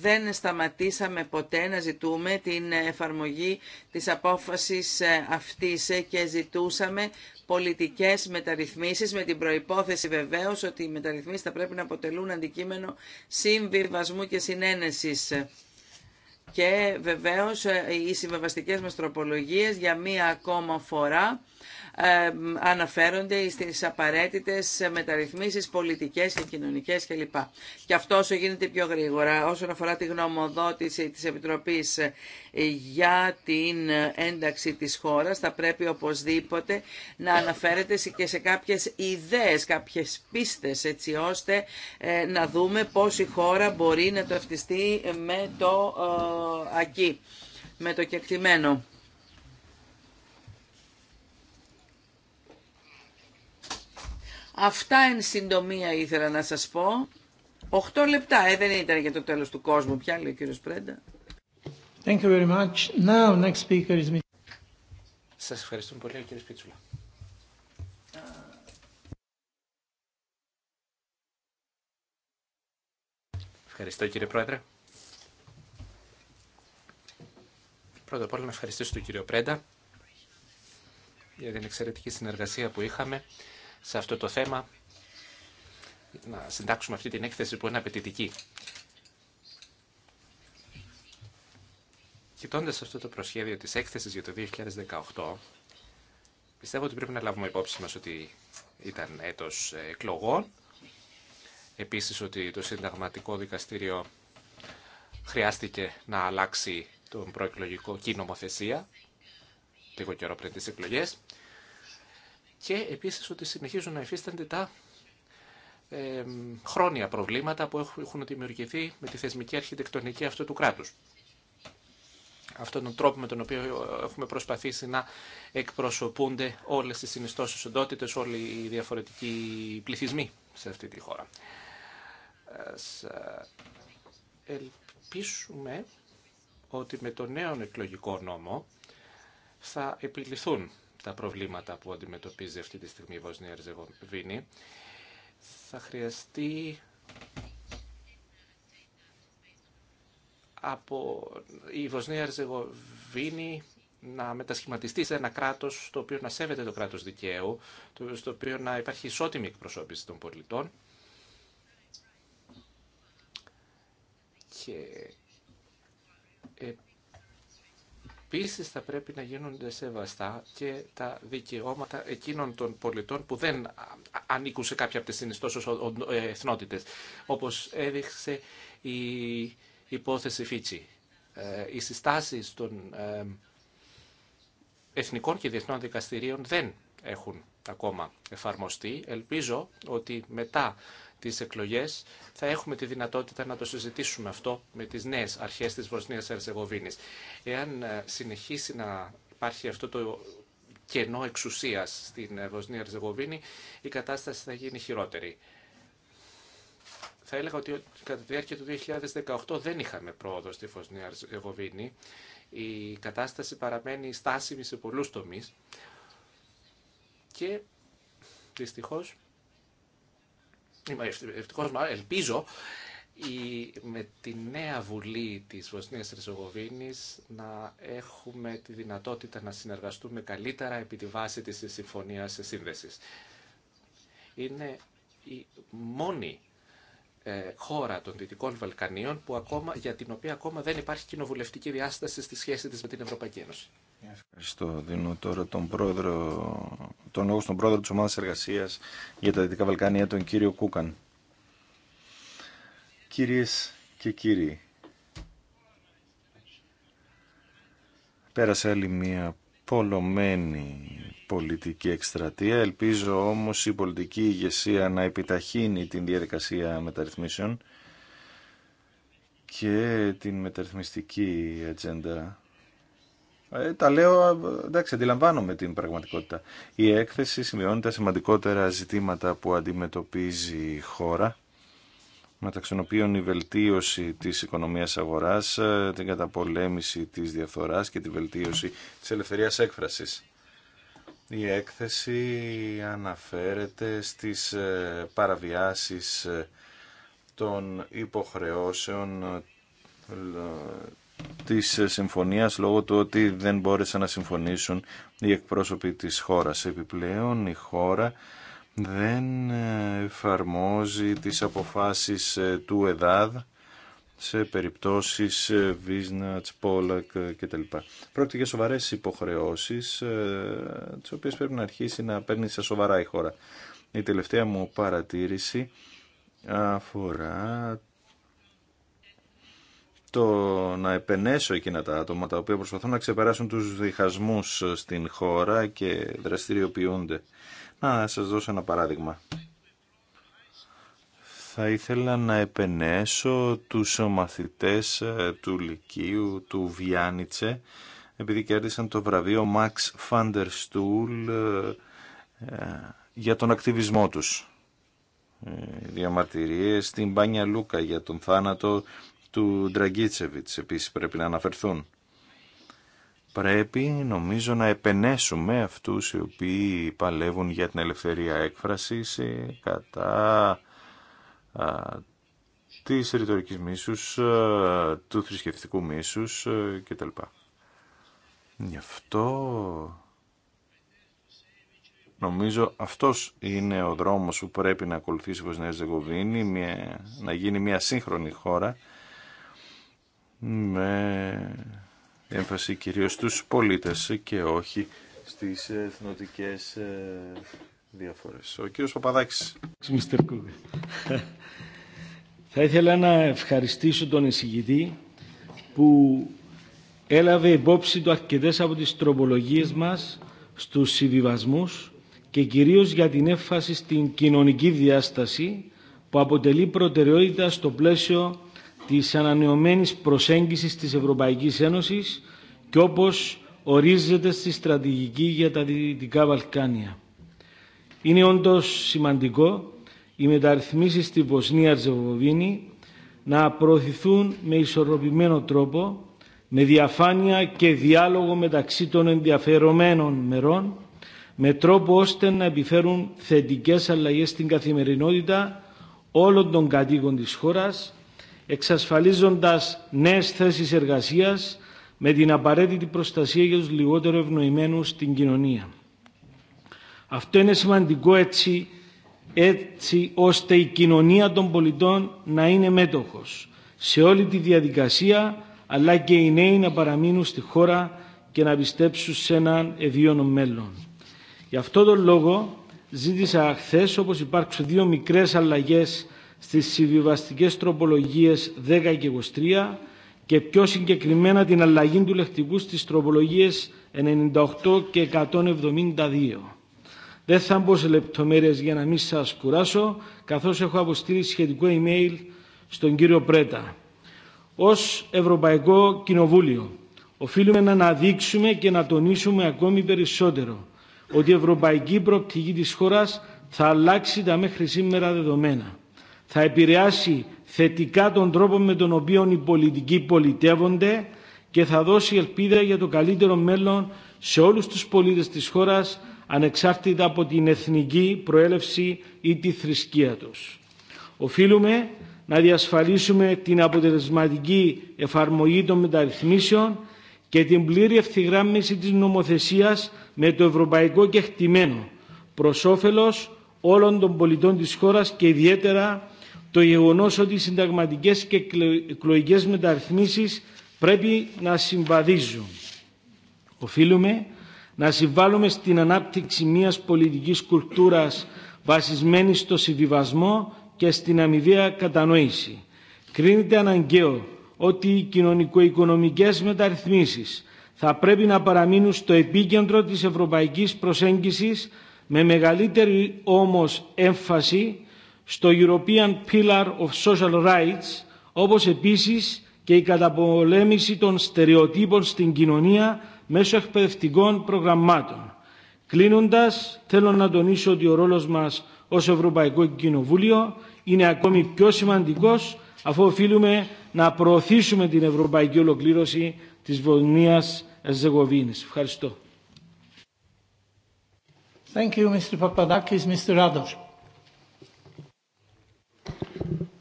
δεν σταματήσαμε ποτέ να ζητούμε την εφαρμογή της απόφασης αυτής και ζητούσαμε πολιτικές μεταρρυθμίσεις με την προϋπόθεση βεβαίως ότι οι μεταρρυθμίσεις θα πρέπει να αποτελούν αντικείμενο συμβιβασμού και συνένεσης. Και βεβαίως ε, οι συμβιβαστικέ μας τροπολογίες για μία ακόμα φορά αναφέρονται στις απαραίτητες μεταρρυθμίσεις πολιτικές και κοινωνικές κλπ. Και αυτό όσο γίνεται πιο γρήγορα όσον αφορά τη γνωμοδότηση της Επιτροπής για την ένταξη της χώρας θα πρέπει οπωσδήποτε να αναφέρεται και σε κάποιες ιδέες, κάποιες πίστες έτσι ώστε ε, να δούμε πώς η χώρα μπορεί να το ευτιστεί με το ε, ακί, με το κεκτημένο. Αυτά εν συντομία ήθελα να σας πω. Οχτώ λεπτά, ε, δεν ήταν για το τέλος του κόσμου πια, λέει ο κύριος Πρέντα. Thank you very much. Now, next speaker is me. Σας ευχαριστούμε πολύ, κύριε Σπίτσουλα. Ευχαριστώ, κύριε Πρόεδρε. Πρώτα απ' όλα να ευχαριστήσω τον κύριο Πρέντα για την εξαιρετική συνεργασία που είχαμε σε αυτό το θέμα, να συντάξουμε αυτή την έκθεση που είναι απαιτητική. Κοιτώντα αυτό το προσχέδιο της έκθεσης για το 2018, πιστεύω ότι πρέπει να λάβουμε υπόψη μας ότι ήταν έτος εκλογών, επίσης ότι το συνταγματικό δικαστήριο χρειάστηκε να αλλάξει τον προεκλογικό κοινομοθεσία λίγο καιρό πριν τις εκλογές και επίσης ότι συνεχίζουν να υφίστανται τα χρόνια προβλήματα που έχουν δημιουργηθεί με τη θεσμική αρχιτεκτονική αυτού του κράτους. Αυτόν τον τρόπο με τον οποίο ε, έχουμε προσπαθήσει να εκπροσωπούνται όλες τις συνιστώσεις οντότητες, όλοι οι διαφορετικοί πληθυσμοί σε αυτή τη χώρα. Ε, ελπίσουμε ότι με το νέο εκλογικό νόμο θα επιληθούν τα προβλήματα που αντιμετωπίζει αυτή τη στιγμή η Βοσνία Ερζεγοβίνη. Θα χρειαστεί από η Βοσνία Ερζεγοβίνη να μετασχηματιστεί σε ένα κράτος στο οποίο να σέβεται το κράτος δικαίου, στο οποίο να υπάρχει ισότιμη εκπροσώπηση των πολιτών και Επίση θα πρέπει να γίνονται σεβαστά και τα δικαιώματα εκείνων των πολιτών που δεν ανήκουν σε κάποια από τις συνιστώσει ε, εθνότητες, όπως έδειξε η υπόθεση Φίτσι. Ε, οι συστάσεις των ε, εθνικών και διεθνών δικαστηρίων δεν έχουν ακόμα εφαρμοστεί. Ελπίζω ότι μετά τις εκλογές, θα έχουμε τη δυνατότητα να το συζητήσουμε αυτό με τις νέες αρχές της Βοσνίας Ερζεγοβίνης. Εάν ε, συνεχίσει να υπάρχει αυτό το κενό εξουσίας στην ε, Βοσνία Ερζεγοβίνη, η κατάσταση θα γίνει χειρότερη. Θα έλεγα ότι κατά τη διάρκεια του 2018 δεν είχαμε πρόοδο στη Βοσνία Ερζεγοβίνη. Η κατάσταση παραμένει στάσιμη σε πολλούς τομείς και δυστυχώς ελπίζω η, με τη νέα Βουλή τη Βοσνία Ριζογοβίνης να έχουμε τη δυνατότητα να συνεργαστούμε καλύτερα επί τη βάση της συμφωνίας σύνδεση. Είναι η μόνη ε, χώρα των Δυτικών Βαλκανίων που ακόμα, για την οποία ακόμα δεν υπάρχει κοινοβουλευτική διάσταση στη σχέση της με την Ευρωπαϊκή Ένωση. Ευχαριστώ. Δίνω τώρα τον, πρόεδρο, τον λόγο στον πρόεδρο της ομάδας εργασίας για τα Δυτικά Βαλκάνια, τον κύριο Κούκαν. Κυρίες και κύριοι, πέρασε άλλη μία πολλωμένη πολιτική εκστρατεία. Ελπίζω όμως η πολιτική ηγεσία να επιταχύνει την διαδικασία μεταρρυθμίσεων και την μεταρρυθμιστική ατζέντα ε, τα λέω, εντάξει, αντιλαμβάνομαι την πραγματικότητα. Η έκθεση σημειώνει τα σημαντικότερα ζητήματα που αντιμετωπίζει η χώρα, μεταξύ των οποίων η βελτίωση της οικονομίας αγοράς, ε, την καταπολέμηση της διαφθοράς και τη βελτίωση της ελευθερίας έκφρασης. Η έκθεση αναφέρεται στις ε, παραβιάσεις των υποχρεώσεων της ε, συμφωνίας λόγω του ότι δεν μπόρεσαν να συμφωνήσουν οι εκπρόσωποι της χώρας. Επιπλέον η χώρα δεν ε, εφαρμόζει τις αποφάσεις ε, του ΕΔΑΔ σε περιπτώσεις Βίσνατς, Πόλακ κτλ. Πρόκειται για σοβαρές υποχρεώσεις, τις οποίες πρέπει να αρχίσει να παίρνει σε σοβαρά η χώρα. Η τελευταία μου παρατήρηση αφορά το να επενέσω εκείνα τα άτομα τα οποία προσπαθούν να ξεπεράσουν τους διχασμούς στην χώρα και δραστηριοποιούνται. Να σας δώσω ένα παράδειγμα. Θα ήθελα να επενέσω τους μαθητές ε, του Λυκείου, του Βιάνιτσε, επειδή κέρδισαν το βραβείο Max van ε, ε, για τον ακτιβισμό τους. Διαμαρτυρίες στην Πάνια Λούκα για τον θάνατο του Ντραγκίτσεβιτς επίσης πρέπει να αναφερθούν. Πρέπει νομίζω να επενέσουμε αυτούς οι οποίοι παλεύουν για την ελευθερία έκφρασης ε, κατά α, της ρητορικής μίσους, ε, του θρησκευτικού μίσους ε, κτλ. Γι' αυτό νομίζω αυτός είναι ο δρόμος που πρέπει να ακολουθήσει η Βοσνία Ζεγοβίνη, να γίνει μια σύγχρονη χώρα με έμφαση κυρίως στους πολίτες και όχι στις εθνοτικές ε, διαφορές. Ο κύριος Παπαδάκης. Θα ήθελα να ευχαριστήσω τον εισηγητή που έλαβε υπόψη του αρκετές από τις τροπολογίες μας στους συμβιβασμούς και κυρίως για την έμφαση στην κοινωνική διάσταση που αποτελεί προτεραιότητα στο πλαίσιο της ανανεωμένης προσέγγισης της Ευρωπαϊκής Ένωσης και όπως ορίζεται στη στρατηγική για τα Δυτικά Βαλκάνια. Είναι όντως σημαντικό οι μεταρρυθμίσεις στη Βοσνία Ζεβοβίνη να προωθηθούν με ισορροπημένο τρόπο, με διαφάνεια και διάλογο μεταξύ των ενδιαφερομένων μερών, με τρόπο ώστε να επιφέρουν θετικές αλλαγές στην καθημερινότητα όλων των κατοίκων της χώρας, εξασφαλίζοντας νέες θέσεις εργασίας με την απαραίτητη προστασία για τους λιγότερο ευνοημένους στην κοινωνία. Αυτό είναι σημαντικό έτσι, έτσι ώστε η κοινωνία των πολιτών να είναι μέτοχος σε όλη τη διαδικασία αλλά και οι νέοι να παραμείνουν στη χώρα και να πιστέψουν σε έναν ευγείονο μέλλον. Γι' αυτό τον λόγο ζήτησα χθε όπως υπάρξουν δύο μικρές αλλαγές στις συμβιβαστικές τροπολογίες 10 και 23 και πιο συγκεκριμένα την αλλαγή του λεκτικού στις τροπολογίες 98 και 172. Δεν θα μπω σε λεπτομέρειες για να μην σας κουράσω, καθώς έχω αποστείλει σχετικό email στον κύριο Πρέτα. Ως Ευρωπαϊκό Κοινοβούλιο, οφείλουμε να αναδείξουμε και να τονίσουμε ακόμη περισσότερο ότι η ευρωπαϊκή προοπτική της χώρας θα αλλάξει τα μέχρι σήμερα δεδομένα θα επηρεάσει θετικά τον τρόπο με τον οποίο οι πολιτικοί πολιτεύονται και θα δώσει ελπίδα για το καλύτερο μέλλον σε όλους τους πολίτες της χώρας ανεξάρτητα από την εθνική προέλευση ή τη θρησκεία τους. Οφείλουμε να διασφαλίσουμε την αποτελεσματική εφαρμογή των μεταρρυθμίσεων και την πλήρη ευθυγράμμιση της νομοθεσίας με το ευρωπαϊκό κεκτημένο προς όφελος όλων των πολιτών της χώρας και ιδιαίτερα το γεγονός ότι οι συνταγματικές και εκλογικέ μεταρρυθμίσεις πρέπει να συμβαδίζουν. Οφείλουμε να συμβάλλουμε στην ανάπτυξη μιας πολιτικής κουλτούρας βασισμένη στο συμβιβασμό και στην αμοιβαία κατανόηση. Κρίνεται αναγκαίο ότι οι κοινωνικο-οικονομικές μεταρρυθμίσεις θα πρέπει να παραμείνουν στο επίκεντρο της ευρωπαϊκής προσέγγισης με μεγαλύτερη όμως έμφαση στο European Pillar of Social Rights, όπως επίσης και η καταπολέμηση των στερεοτύπων στην κοινωνία μέσω εκπαιδευτικών προγραμμάτων. Κλείνοντας, θέλω να τονίσω ότι ο ρόλος μας ως Ευρωπαϊκό Κοινοβούλιο είναι ακόμη πιο σημαντικός αφού οφείλουμε να προωθήσουμε την ευρωπαϊκή ολοκλήρωση της Βοσνίας Ζεγοβίνης. Ευχαριστώ. Thank you, Mr. Papadakis,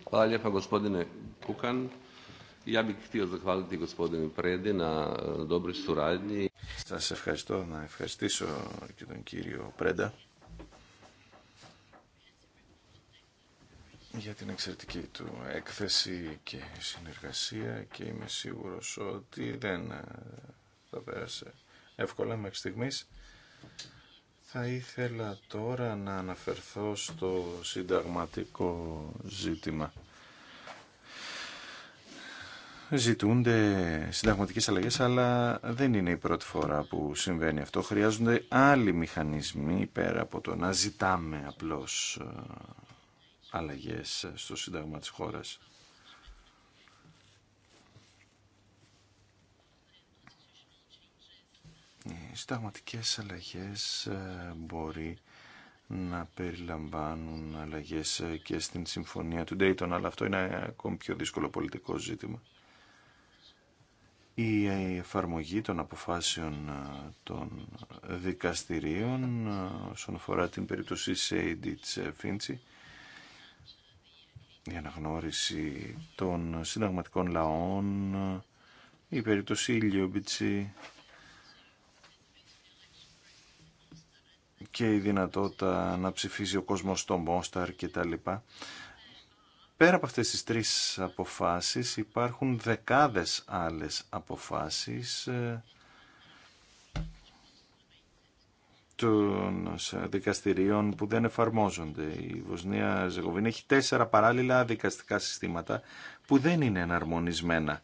Hvala lijepa gospodine Kukan. Ja bih htio zahvaliti gospodinu Predi na e, dobroj suradnji. Sada e, se vhajstvo, ευχαριστήσω και τον κύριο Πρέντα για την εξαιρετική του έκθεση και συνεργασία και είμαι σίγουρος ότι δεν θα πέρασε εύκολα μέχρι στιγμής. Θα ήθελα τώρα να αναφερθώ στο συνταγματικό ζήτημα. Ζητούνται συνταγματικές αλλαγές, αλλά δεν είναι η πρώτη φορά που συμβαίνει αυτό. Χρειάζονται άλλοι μηχανισμοί πέρα από το να ζητάμε απλώς ε, αλλαγές στο Σύνταγμα της χώρας. Οι συνταγματικές αλλαγές ε, μπορεί να περιλαμβάνουν αλλαγές ε, και στην συμφωνία του Ντέιτον, αλλά αυτό είναι ακόμη πιο δύσκολο πολιτικό ζήτημα. Η ε, εφαρμογή των αποφάσεων των δικαστηρίων όσον αφορά την περίπτωση Σέιντι της Φίντσι, η αναγνώριση των συνταγματικών λαών, η περίπτωση Λιόμπιτσι, και η δυνατότητα να ψηφίζει ο κόσμος στο Μόσταρ και τα λοιπά. Πέρα από αυτές τις τρεις αποφάσεις υπάρχουν δεκάδες άλλες αποφάσεις ε, των δικαστηρίων που δεν εφαρμόζονται. Η Βοσνία Ζεγοβίνη έχει τέσσερα παράλληλα δικαστικά συστήματα που δεν είναι εναρμονισμένα.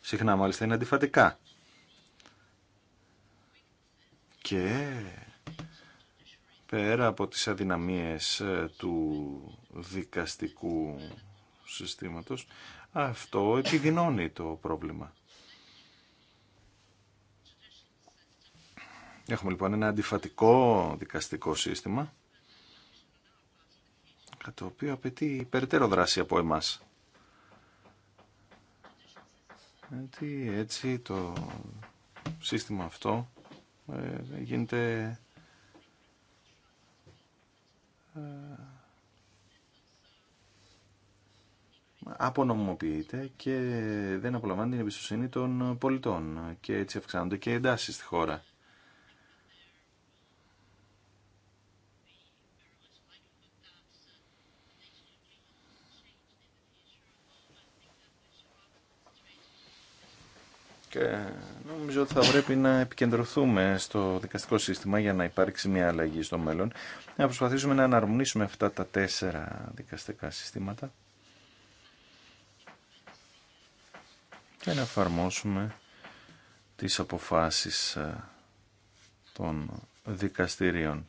Συχνά μάλιστα είναι αντιφατικά. Και πέρα από τις αδυναμίες ε, του δικαστικού συστήματος, αυτό επιδεινώνει το πρόβλημα. Έχουμε λοιπόν ένα αντιφατικό δικαστικό σύστημα, το οποίο απαιτεί περαιτέρω δράση από εμάς. Γιατί έτσι το σύστημα αυτό ε, γίνεται άπονομοποιείται ε, και δεν απολαμβάνει την εμπιστοσύνη των πολιτών και έτσι αυξάνονται και εντάσεις στη χώρα. Και νομίζω ότι θα πρέπει να επικεντρωθούμε στο δικαστικό σύστημα για να υπάρξει μια αλλαγή στο μέλλον. Να προσπαθήσουμε να αναρμονίσουμε αυτά τα τέσσερα δικαστικά συστήματα και να εφαρμόσουμε τις αποφάσεις ε, των δικαστηρίων.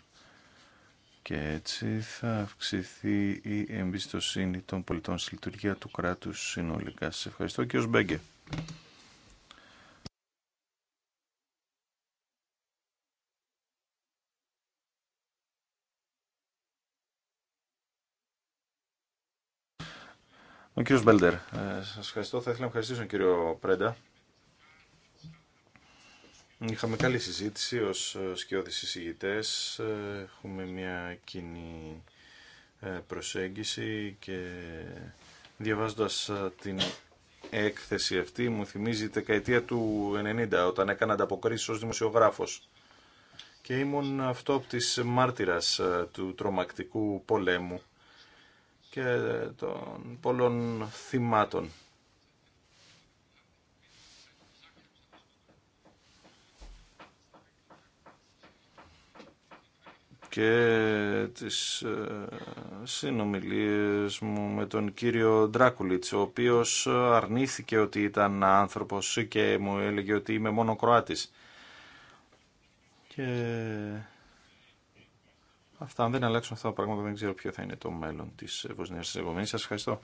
Και έτσι θα αυξηθεί η εμπιστοσύνη των πολιτών στη λειτουργία του κράτους συνολικά. Σας ευχαριστώ και ως Μπέγκε. Ο κύριος Μπέλτερ, ε, σας ευχαριστώ. Θα ήθελα να ευχαριστήσω τον κύριο Πρέντα. Είχαμε καλή συζήτηση ως ε, σκιώδης εισηγητές. Ε, έχουμε μια κοινή προσέγγιση και διαβάζοντας την έκθεση αυτή μου θυμίζει τη δεκαετία του 90 όταν έκανα ανταποκρίσεις ως δημοσιογράφος και ήμουν αυτό της μάρτυρας του τρομακτικού πολέμου και των πολλών θυμάτων. και τις ε, συνομιλίες μου με τον κύριο Ντράκουλιτς, ο οποίος αρνήθηκε ότι ήταν άνθρωπος και μου έλεγε ότι είμαι μόνο Κροάτης. Και Αυτά, αν δεν αλλάξουν αυτά τα πράγματα, δεν ξέρω ποιο θα είναι το μέλλον τη Βοσνία τη Εγωμένη. Σα ευχαριστώ.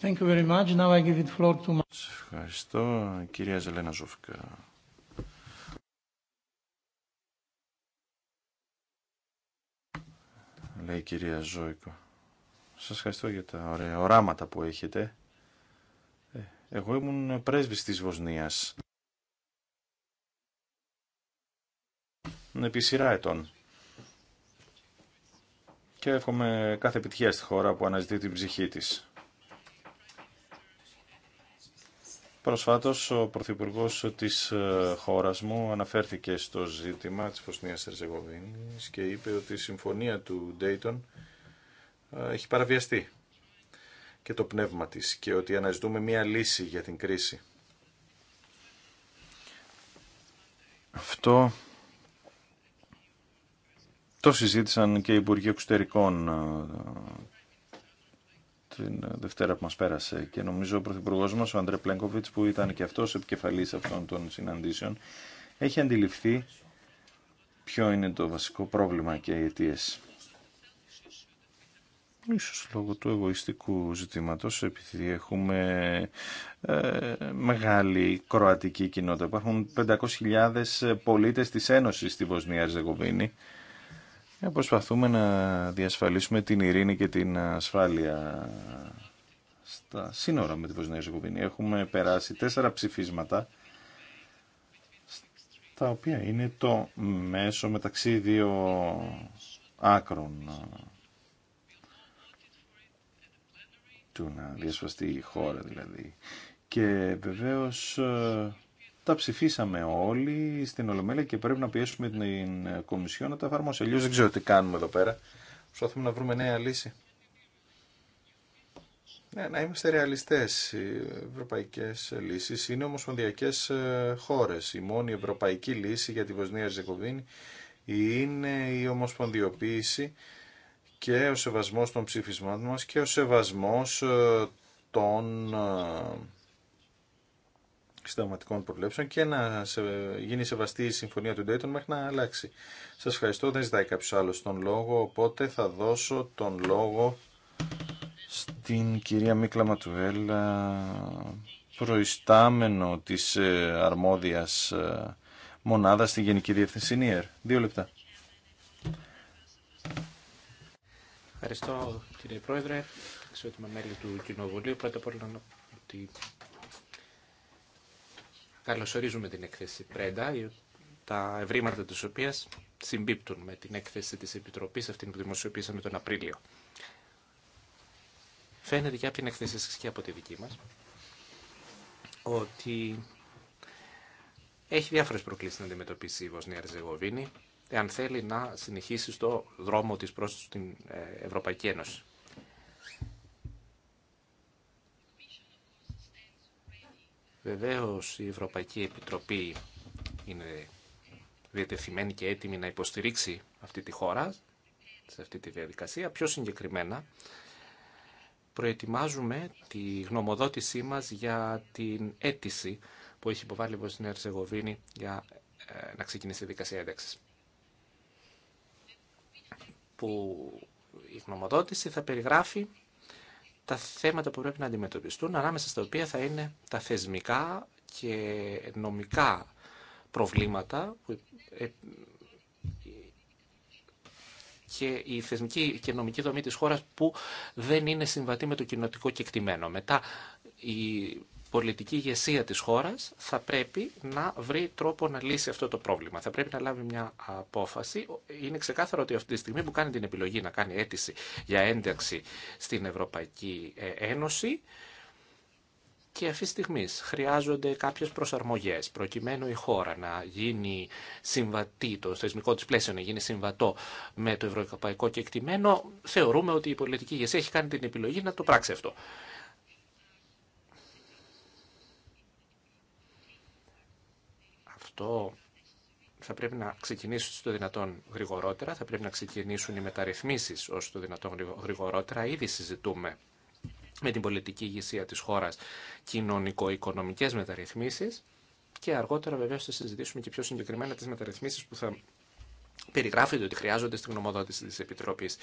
Thank you very much. Now I give it floor to... Ευχαριστώ, κυρία Ζελένα Ζούφκα. Λέει η κυρία Ζόικο. Σας ευχαριστώ για τα ωραία οράματα που έχετε. Ε, εγώ ήμουν πρέσβης της Βοσνίας. επί σειρά ετών. Και εύχομαι κάθε επιτυχία στη χώρα που αναζητεί την ψυχή της. Προσφάτως, ο Πρωθυπουργό της ε, χώρας μου αναφέρθηκε στο ζήτημα της Φωσνίας Ερζεγοβίνης και είπε ότι η συμφωνία του Ντέιτον ε, έχει παραβιαστεί και το πνεύμα της και ότι αναζητούμε μία λύση για την κρίση. Αυτό το συζήτησαν και οι Υπουργοί Εξωτερικών ε, την Δευτέρα που μας πέρασε και νομίζω ο Πρωθυπουργός μας, ο Αντρέ Πλέγκοβιτς, που ήταν και αυτός επικεφαλής αυτών των συναντήσεων, έχει αντιληφθεί ποιο είναι το βασικό πρόβλημα και οι αιτίες. Ίσως λόγω του εγωιστικού ζητήματος, επειδή έχουμε ε, μεγάλη κροατική κοινότητα. Υπάρχουν 500.000 πολίτες της Ένωσης στη Βοσνία ριζεγοβινη ε, προσπαθούμε να διασφαλίσουμε την ειρήνη και την ασφάλεια στα σύνορα με τη Βοσνία Ζεγοβίνη. Έχουμε περάσει τέσσερα ψηφίσματα τα οποία είναι το μέσο μεταξύ δύο άκρων του να διασφαστεί η χώρα δηλαδή. Και βεβαίως ε, τα ψηφίσαμε όλοι στην Ολομέλεια και πρέπει να πιέσουμε την Κομισιό να τα εφαρμόσει. Αλλιώ δεν ξέρω τι κάνουμε εδώ πέρα. Προσπαθούμε να βρούμε νέα λύση. Ναι, να είμαστε ρεαλιστές. Οι ευρωπαϊκές λύσεις είναι ομοσπονδιακές ε, χώρες. Η μόνη ευρωπαϊκή λύση για τη Βοσνία Ζεκοβίνη είναι η ομοσπονδιοποίηση και ο σεβασμός των ψηφισμάτων μας και ο σεβασμός ε, των ε, συνταγματικών προβλέψεων και να γίνει σεβαστή η συμφωνία του Dayton μέχρι να αλλάξει. Σας ευχαριστώ, δεν ζητάει κάποιο άλλο τον λόγο, οπότε θα δώσω τον λόγο στην κυρία Μίκλα Ματουέλ, προϊστάμενο της ε, αρμόδιας ε, μονάδας στη Γενική Διεύθυνση ΝΙΕΡ. Δύο λεπτά. Ευχαριστώ κύριε Πρόεδρε, αξιότιμα μέλη του Κοινοβουλίου. Πρώτα απ' όλα Καλωσορίζουμε την έκθεση Πρέντα, τα ευρήματα της οποίας συμπίπτουν με την έκθεση της Επιτροπής, αυτή που δημοσιοποιήσαμε τον Απρίλιο. Φαίνεται και από την έκθεση σας και από τη δική μας, ότι έχει διάφορες προκλήσεις να αντιμετωπίσει η Βοσνία Ριζεγοβίνη, εάν θέλει να συνεχίσει στο δρόμο της προς την ε, Ευρωπαϊκή Ένωση. Βεβαίως η Ευρωπαϊκή Επιτροπή είναι διατεθειμένη και έτοιμη να υποστηρίξει αυτή τη χώρα σε αυτή τη διαδικασία. Πιο συγκεκριμένα προετοιμάζουμε τη γνωμοδότησή μας για την αίτηση που έχει υποβάλει η Βοσνία Ερζεγοβίνη για ε, να ξεκινήσει η δικασία ένταξης. Που η γνωμοδότηση θα περιγράφει τα θέματα που πρέπει να αντιμετωπιστούν, ανάμεσα στα οποία θα είναι τα θεσμικά και νομικά προβλήματα ε, και η θεσμική και νομική δομή της χώρας που δεν είναι συμβατή με το κοινοτικό κεκτημένο. Μετά η πολιτική ηγεσία της χώρας θα πρέπει να βρει τρόπο να λύσει αυτό το πρόβλημα. Θα πρέπει να λάβει μια απόφαση. Είναι ξεκάθαρο ότι αυτή τη στιγμή που κάνει την επιλογή να κάνει αίτηση για ένταξη στην Ευρωπαϊκή ε, Ένωση και αυτή τη στιγμή χρειάζονται κάποιες προσαρμογές προκειμένου η χώρα να γίνει συμβατή, το θεσμικό της πλαίσιο να γίνει συμβατό με το ευρωπαϊκό κεκτημένο. Θεωρούμε ότι η πολιτική ηγεσία έχει κάνει την επιλογή να το πράξει αυτό. αυτό θα πρέπει να ξεκινήσουν στο δυνατόν γρηγορότερα, θα πρέπει να ξεκινήσουν οι μεταρρυθμίσεις όσο το δυνατόν γρηγορότερα. Ήδη συζητούμε με την πολιτική ηγεσία της χώρας κοινωνικο-οικονομικές μεταρρυθμίσεις και αργότερα βεβαίως θα συζητήσουμε και πιο συγκεκριμένα τις μεταρρυθμίσεις που θα περιγράφεται ότι χρειάζονται στην γνωμοδότηση της Επιτροπής.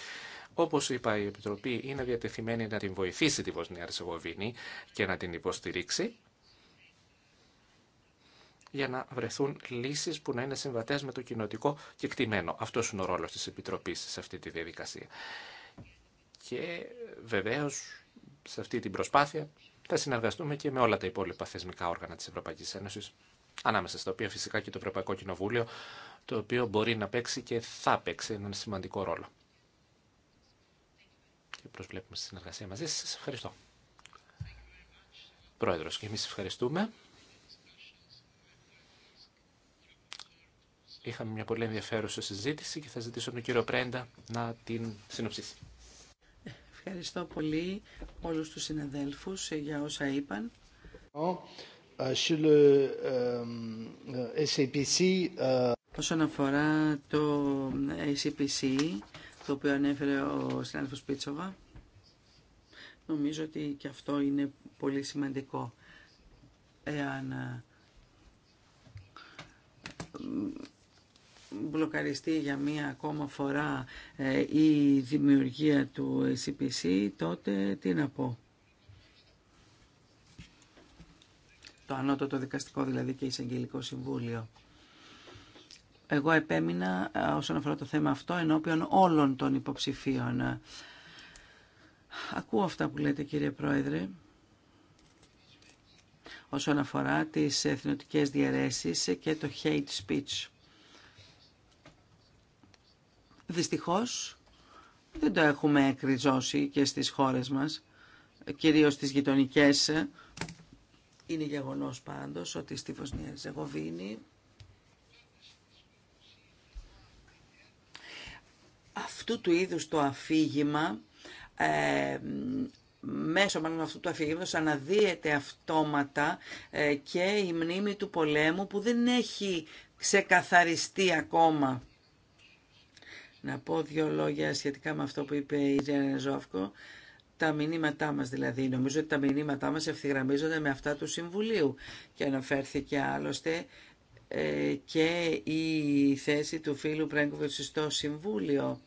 Όπως είπα, η Επιτροπή είναι διατεθειμένη να την βοηθήσει τη Βοσνία Ερσεγοβίνη και να την υποστηρίξει για να βρεθούν λύσεις που να είναι συμβατές με το κοινοτικό κτημένο. Αυτό είναι ο ρόλος της Επιτροπής σε αυτή τη διαδικασία. Και βεβαίως σε αυτή την προσπάθεια θα συνεργαστούμε και με όλα τα υπόλοιπα θεσμικά όργανα της Ευρωπαϊκής Ένωσης, ανάμεσα στα οποία φυσικά και το Ευρωπαϊκό Κοινοβούλιο, το οποίο μπορεί να παίξει και θα παίξει έναν σημαντικό ρόλο. Και προσβλέπουμε στη συνεργασία μαζί σας. ευχαριστώ. Πρόεδρος, και εμείς ευχαριστούμε. είχαμε μια πολύ ενδιαφέρουσα συζήτηση και θα ζητήσω τον κύριο Πρέντα να την συνοψίσει. Ευχαριστώ πολύ όλους τους συναδέλφους για όσα είπαν. Euh, euh, Όσον αφορά το ACPC, το οποίο ανέφερε ο συνάδελφος Πίτσοβα, νομίζω ότι και αυτό είναι πολύ σημαντικό. Εάν μπλοκαριστεί για μία ακόμα φορά ε, η δημιουργία του CPC, ε τότε τι να πω. Το ανώτατο δικαστικό δηλαδή και εισαγγελικό συμβούλιο. Εγώ επέμεινα ε, όσον αφορά το θέμα αυτό ενώπιον όλων των υποψηφίων. Ακούω αυτά που λέτε κύριε Πρόεδρε όσον αφορά τις εθνοτικές διαιρέσεις και το hate speech δυστυχώς δεν το έχουμε εκριζώσει και στις χώρες μας, κυρίως στις γειτονικές. Είναι γεγονός πάντως ότι στη Βοσνία Ζεγοβίνη αυτού του είδους το αφήγημα ε, μέσω μάλλον αυτού του αφηγήματος αναδύεται αυτόματα ε, και η μνήμη του πολέμου που δεν έχει ξεκαθαριστεί ακόμα να πω δύο λόγια σχετικά με αυτό που είπε η Ιρένα Ζόφκο. Τα μηνύματά μας δηλαδή. Νομίζω ότι τα μηνύματά μας ευθυγραμμίζονται με αυτά του Συμβουλίου και αναφέρθηκε άλλωστε ε, και η θέση του φίλου Πρέγκοβιτς στο Συμβούλιο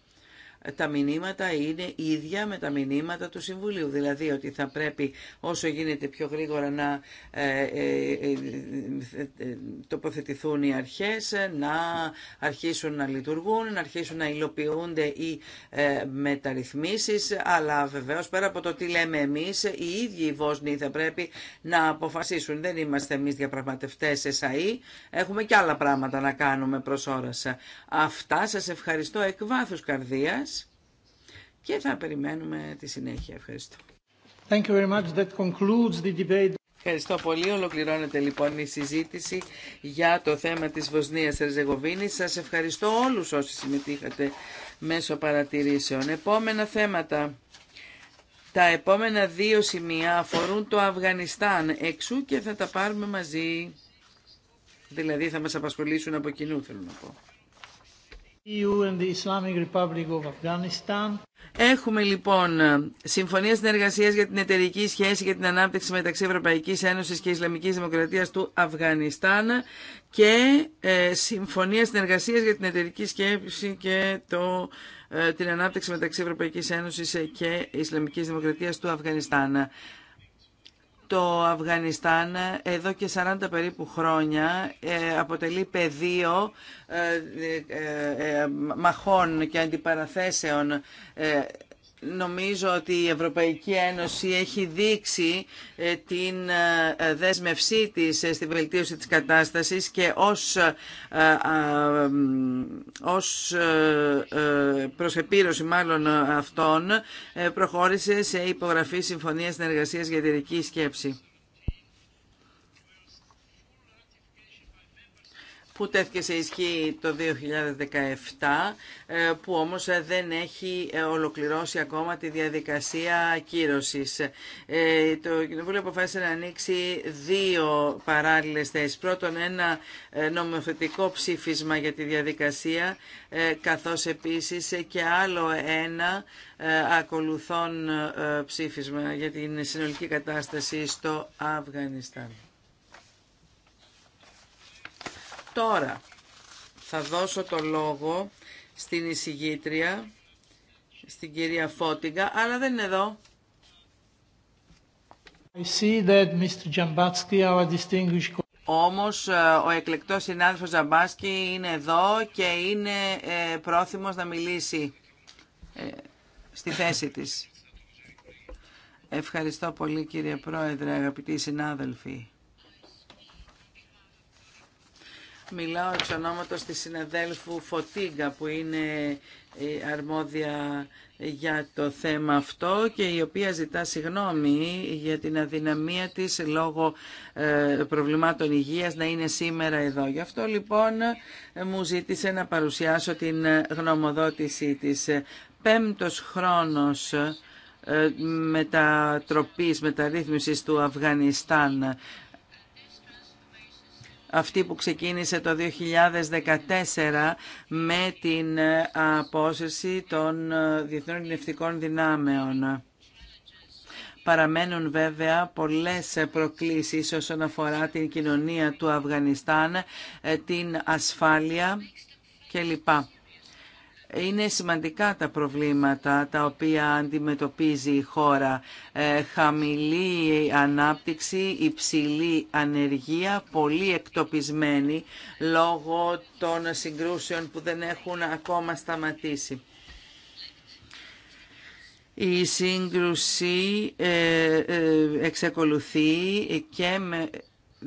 τα μηνύματα είναι ίδια με τα μηνύματα του Συμβουλίου. Δηλαδή ότι θα πρέπει όσο γίνεται πιο γρήγορα να ε, ε, ε, τοποθετηθούν οι αρχές, να αρχίσουν να λειτουργούν, να αρχίσουν να υλοποιούνται οι μεταρρυθμίσεις, αλλά βεβαίως πέρα από το τι λέμε εμείς, οι ίδιοι οι Βόσνοι θα πρέπει να αποφασίσουν. Δεν είμαστε εμείς διαπραγματευτές ΕΣΑΗ, έχουμε και άλλα πράγματα να κάνουμε προς όρασα. Αυτά σας ευχαριστώ εκ βάθους καρδίας και θα περιμένουμε τη συνέχεια. Ευχαριστώ. Thank you very much. That concludes the debate. Ευχαριστώ πολύ. Ολοκληρώνεται λοιπόν η συζήτηση για το θέμα της Βοσνίας Ερζεγοβίνης. Σας ευχαριστώ όλους όσοι συμμετείχατε μέσω παρατηρήσεων. Επόμενα θέματα. Τα επόμενα δύο σημεία αφορούν το Αφγανιστάν εξού και θα τα πάρουμε μαζί. Δηλαδή θα μας απασχολήσουν από κοινού θέλω να πω. E Έχουμε λοιπόν συμφωνία συνεργασία για την εταιρική σχέση για την ανάπτυξη μεταξύ Ευρωπαϊκή Ένωση και Ισλαμική Δημοκρατία του Αφγανιστάν και ε, συμφωνία συνεργασία για την εταιρική σχέση και το, την ανάπτυξη μεταξύ Ευρωπαϊκή Ένωση και Ισλαμική Δημοκρατία του Αφγανιστάν. Ε, το Αφγανιστάν εδώ και 40 περίπου χρόνια ε, αποτελεί πεδίο ε, ε, μαχών και αντιπαραθέσεων Νομίζω ότι η Ευρωπαϊκή Ένωση έχει δείξει ε, την ε, ε, δέσμευσή της στη βελτίωση της κατάστασης και ως, ως προσεπίρωση μάλλον αυτών προχώρησε σε υπογραφή Συμφωνίας Συνεργασίας για τη Δική Σκέψη. που τέθηκε σε ισχύ το 2017, ε, που όμως ε, δεν έχει ε, ολοκληρώσει ακόμα τη διαδικασία ακύρωσης. Το Κοινοβούλιο αποφάσισε να ανοίξει δύο παράλληλες θέσεις. Πρώτον, ένα νομοθετικό ψήφισμα για τη διαδικασία, καθώς επίσης και άλλο ένα ακολουθών ψήφισμα για την συνολική κατάσταση στο Αφγανιστάν. Τώρα θα δώσω το λόγο στην εισηγήτρια, στην κυρία Φώτιγκα, αλλά δεν είναι εδώ. I see that Mr. Όμως ε, ο εκλεκτός συνάδελφος Ζαμπάσκι είναι εδώ και είναι ε, πρόθυμος να μιλήσει ε, στη θέση της. Ευχαριστώ πολύ κύριε Πρόεδρε, αγαπητοί συνάδελφοι. Μιλάω εξ ονόματος της συναδέλφου Φωτίγκα που είναι ε, αρμόδια για το θέμα αυτό και η οποία ζητά συγνώμη για την αδυναμία της λόγω ε, προβλημάτων υγείας να είναι σήμερα εδώ. Γι' αυτό λοιπόν μου ζήτησε να παρουσιάσω την γνωμοδότησή της. Πέμπτος χρόνος ε, μετατροπής, μεταρρύθμισης του Αφγανιστάν αυτή που ξεκίνησε το 2014 με την ε, απόσυρση των ε, διεθνών ειρηνευτικών δυνάμεων. Παραμένουν βέβαια πολλές προκλήσεις όσον αφορά την κοινωνία του Αφγανιστάν, ε, την ασφάλεια κλπ. Είναι σημαντικά τα προβλήματα τα οποία αντιμετωπίζει η χώρα. Ε, χαμηλή ανάπτυξη, υψηλή ανεργία, πολύ εκτοπισμένη λόγω των συγκρούσεων που δεν έχουν ακόμα σταματήσει. Η σύγκρουση ε, ε, εξεκολουθεί και με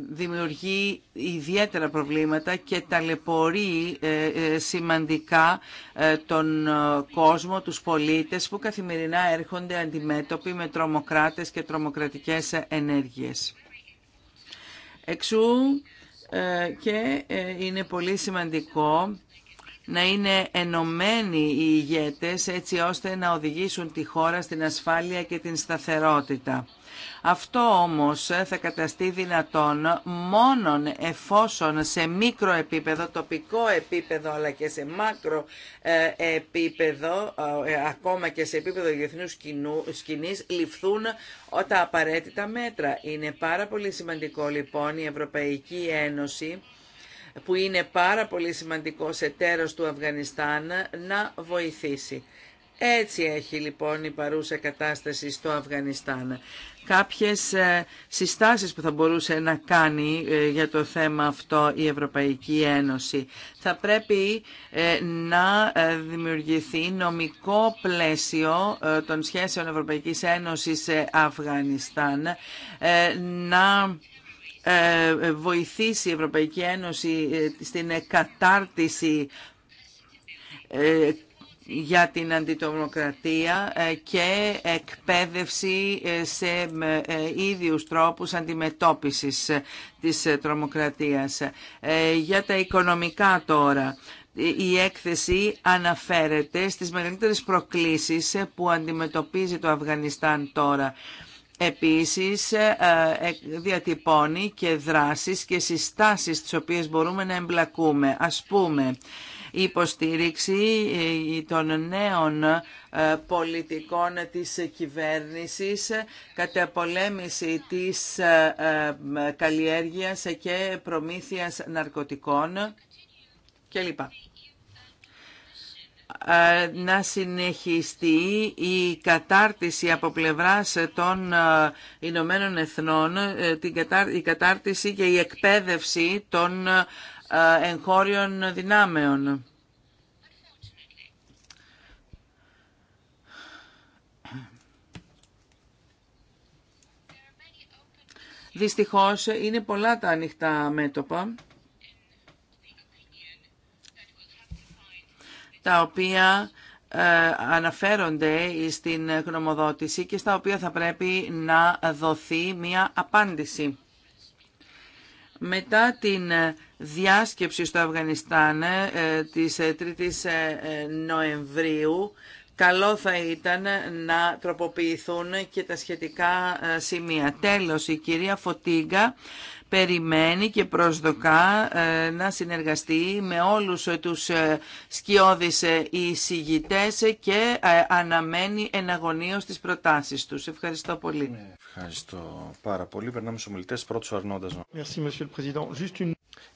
δημιουργεί ιδιαίτερα προβλήματα και ταλαιπωρεί ε, ε, σημαντικά ε, τον κόσμο, τους πολίτες που καθημερινά έρχονται αντιμέτωποι με τρομοκράτες και τρομοκρατικές ενέργειες. Εξού και είναι πολύ σημαντικό να είναι ενωμένοι οι ηγέτες έτσι ώστε να οδηγήσουν τη χώρα στην ασφάλεια και την σταθερότητα. Αυτό όμως θα καταστεί δυνατόν μόνον εφόσον σε μικρό επίπεδο, τοπικό επίπεδο αλλά και σε μάκρο ε, επίπεδο, ε, ακόμα και σε επίπεδο διεθνούς σκηνής, ληφθούν τα απαραίτητα μέτρα. Είναι πάρα πολύ σημαντικό λοιπόν η Ευρωπαϊκή Ένωση που είναι πάρα πολύ σημαντικός εταίρος του Αφγανιστάν, να βοηθήσει. Έτσι έχει λοιπόν η παρούσα κατάσταση στο Αφγανιστάν κάποιες ε, συστάσεις που θα μπορούσε να κάνει ε, για το θέμα αυτό η Ευρωπαϊκή Ένωση. Θα πρέπει ε, να δημιουργηθεί νομικό πλαίσιο των σχέσεων Ευρωπαϊκής Ένωσης Αφγανιστάν, να βοηθήσει η Ευρωπαϊκή Ένωση στην κατάρτιση για την αντιτομοκρατία ε, και εκπαίδευση ε, σε ε, ίδιους τρόπους αντιμετώπισης της τρομοκρατίας. Για τα οικονομικά τώρα. Η έκθεση αναφέρεται στις μεγαλύτερες προκλήσεις που αντιμετωπίζει το Αφγανιστάν τώρα. Επίσης διατυπώνει και δράσεις και συστάσεις τις οποίες μπορούμε να εμπλακούμε. Ας πούμε, υποστήριξη ε, των νέων ε, πολιτικών της κυβέρνησης, καταπολέμηση της ε, καλλιέργειας και προμήθειας ναρκωτικών κλπ να συνεχιστεί η κατάρτιση από πλευράς των Ηνωμένων Εθνών, η κατάρτιση και η εκπαίδευση των εγχώριων δυνάμεων. Δυστυχώς είναι πολλά τα ανοιχτά μέτωπα τα οποία ε, αναφέρονται στην γνωμοδότηση και στα οποία θα πρέπει να δοθεί μία απάντηση. Μετά την ε, διάσκεψη στο Αφγανιστάν ε, ε, της 3ης Νοεμβρίου, καλό θα ήταν να τροποποιηθούν και τα σχετικά σημεία. Τέλος, η κυρία Φωτίγκα περιμένει και προσδοκά να συνεργαστεί με όλους τους σκιώδεις εισηγητές και αναμένει εναγωνίως τις προτάσεις τους. Ευχαριστώ πολύ. Ναι. Ευχαριστώ πάρα πολύ. Περνάμε στους ομιλητέ. Πρώτος ο Αρνόντα.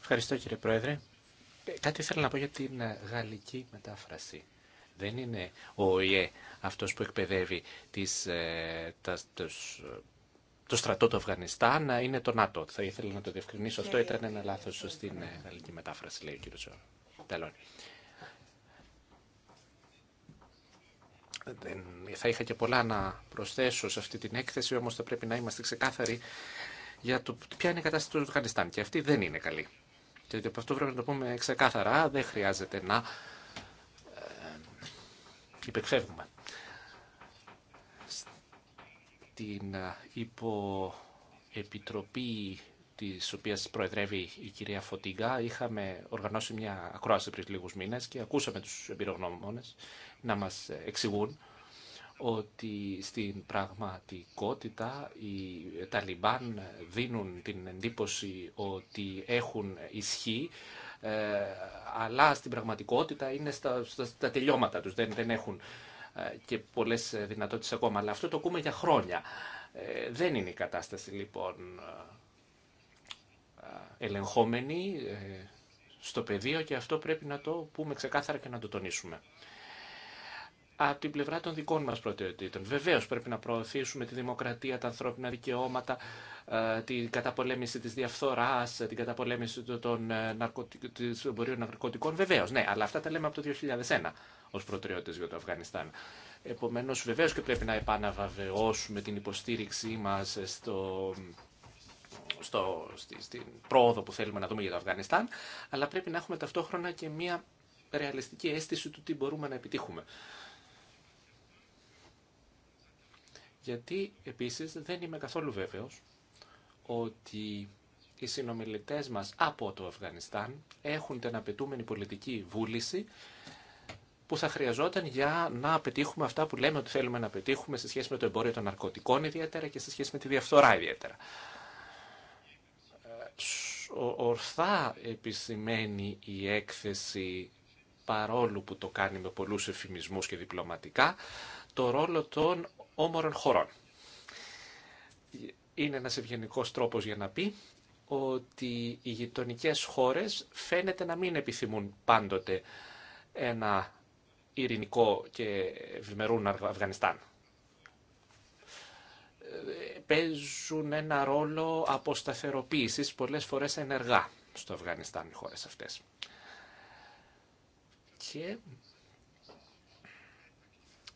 Ευχαριστώ κύριε Πρόεδρε. Ε, κάτι ήθελα να πω για την ε, γαλλική μετάφραση. Δεν είναι ο ΟΗΕ αυτός που εκπαιδεύει τις, ε, τα, τους, το στρατό του Αφγανιστάν, είναι το ΝΑΤΟ. Θα ήθελα να το διευκρινίσω. Αυτό ναι. ήταν ένα λάθος στην γαλλική μετάφραση, λέει ο κύριος Θα είχα και πολλά να προσθέσω σε αυτή την έκθεση, όμως θα πρέπει να είμαστε ξεκάθαροι για το ποια είναι η κατάσταση του Αφγανιστάν. Και αυτή δεν είναι καλή. Και από αυτό πρέπει να το πούμε ξεκάθαρα. Δεν χρειάζεται να ε, υπεκφεύγουμε. Στην ε, υποεπιτροπή τη οποία προεδρεύει η κυρία Φωτίγκα, είχαμε οργανώσει μια ακρόαση πριν λίγου μήνε και ακούσαμε τους εμπειρογνώμονε να μας εξηγούν ότι στην πραγματικότητα οι Ταλιμπάν δίνουν την εντύπωση ότι έχουν ισχύ, ε, αλλά στην πραγματικότητα είναι στα, στα, τελειώματα τους, δεν, δεν έχουν ε, και πολλές δυνατότητες ακόμα. Αλλά αυτό το ακούμε για χρόνια. Ε, δεν είναι η κατάσταση λοιπόν ελεγχόμενοι ε, στο πεδίο και αυτό πρέπει να το πούμε ξεκάθαρα και να το τονίσουμε. Από την πλευρά των δικών μας προτεραιοτήτων. Βεβαίως πρέπει να προωθήσουμε τη δημοκρατία, τα ανθρώπινα δικαιώματα, ε, την καταπολέμηση της διαφθοράς, την καταπολέμηση των ε, εμπορίων ναρκωτικών. Βεβαίως, ναι, αλλά αυτά τα λέμε από το 2001 ως προτεραιότητες για το Αφγανιστάν. Επομένως, βεβαίως και πρέπει να επαναβαβαιώσουμε την υποστήριξή μας στο στο, στη, στην πρόοδο που θέλουμε να δούμε για το Αφγανιστάν, αλλά πρέπει να έχουμε ταυτόχρονα και μια ρεαλιστική αίσθηση του τι μπορούμε να επιτύχουμε. Γιατί επίσης δεν είμαι καθόλου βέβαιος ότι οι συνομιλητές μας από το Αφγανιστάν έχουν την απαιτούμενη πολιτική βούληση που θα χρειαζόταν για να πετύχουμε αυτά που λέμε ότι θέλουμε να πετύχουμε σε σχέση με το εμπόριο των ναρκωτικών ιδιαίτερα και σε σχέση με τη διαφθορά ιδιαίτερα ορθά επισημαίνει η έκθεση παρόλο που το κάνει με πολλούς εφημισμούς και διπλωματικά, το ρόλο των όμορων χωρών. Είναι ένας ευγενικό τρόπος για να πει ότι οι γειτονικέ χώρες φαίνεται να μην επιθυμούν πάντοτε ένα ειρηνικό και ευημερούν Αφγανιστάν παίζουν ένα ρόλο αποσταθεροποίησης πολλές φορές ενεργά στο Αφγανιστάν οι χώρες αυτές. Και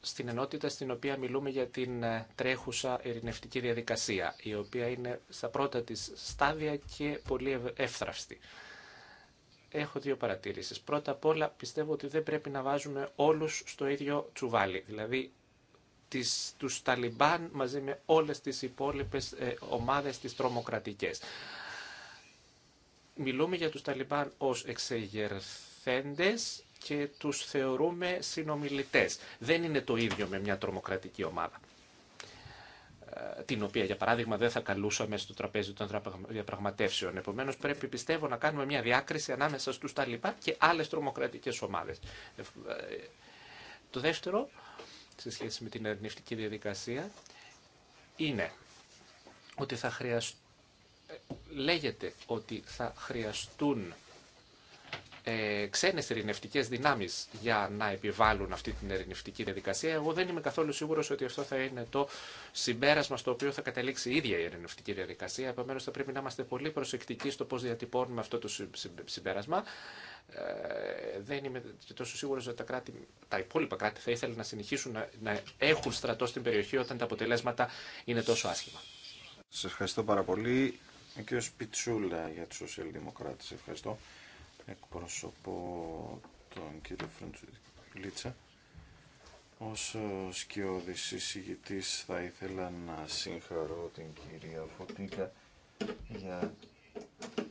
στην ενότητα στην οποία μιλούμε για την ε, τρέχουσα ειρηνευτική διαδικασία, η οποία είναι στα πρώτα της στάδια και πολύ εύθραυστη. Έχω δύο παρατήρησεις. Πρώτα απ' όλα πιστεύω ότι δεν πρέπει να βάζουμε όλους στο ίδιο τσουβάλι. Δηλαδή τις, τους Ταλιμπάν μαζί με όλες τις υπόλοιπες ε, ομάδες τις τρομοκρατικές. Μιλούμε για τους Ταλιμπάν ως εξεγερθέντες και τους θεωρούμε συνομιλητές. Δεν είναι το ίδιο με μια τρομοκρατική ομάδα ε, την οποία για παράδειγμα δεν θα καλούσαμε στο τραπέζι των διαπραγματεύσεων. Επομένω, πρέπει πιστεύω να κάνουμε μια διάκριση ανάμεσα στου Ταλιμπάν και άλλε τρομοκρατικέ ομάδε. Ε, το δεύτερο σε σχέση με την ερευνητική διαδικασία είναι ότι θα χρειαστούν ε, λέγεται ότι θα χρειαστούν ε, ξένες ειρηνευτικέ δυνάμεις για να επιβάλλουν αυτή την ειρηνευτική διαδικασία. Εγώ δεν είμαι καθόλου σίγουρος ότι αυτό θα είναι το συμπέρασμα στο οποίο θα καταλήξει η ίδια η ειρηνευτική διαδικασία. Επομένω θα πρέπει να είμαστε πολύ προσεκτικοί στο πώς διατυπώνουμε αυτό το συμπέρασμα. Ε, δεν είμαι τόσο σίγουρος ότι τα, κράτη, τα υπόλοιπα κράτη θα ήθελαν να συνεχίσουν να, να έχουν στρατό στην περιοχή όταν τα αποτελέσματα είναι τόσο άσχημα. Σας ευχαριστώ πάρα πολύ. Ο κ. Πιτσούλα για τους σοσιαλδημοκράτες. Ευχαριστώ εκπροσωπώ τον κύριο Φρουντζουλίτσα. Ως ε, σκιώδης εισηγητής θα ήθελα να συγχαρώ την κυρία Φωτίκα για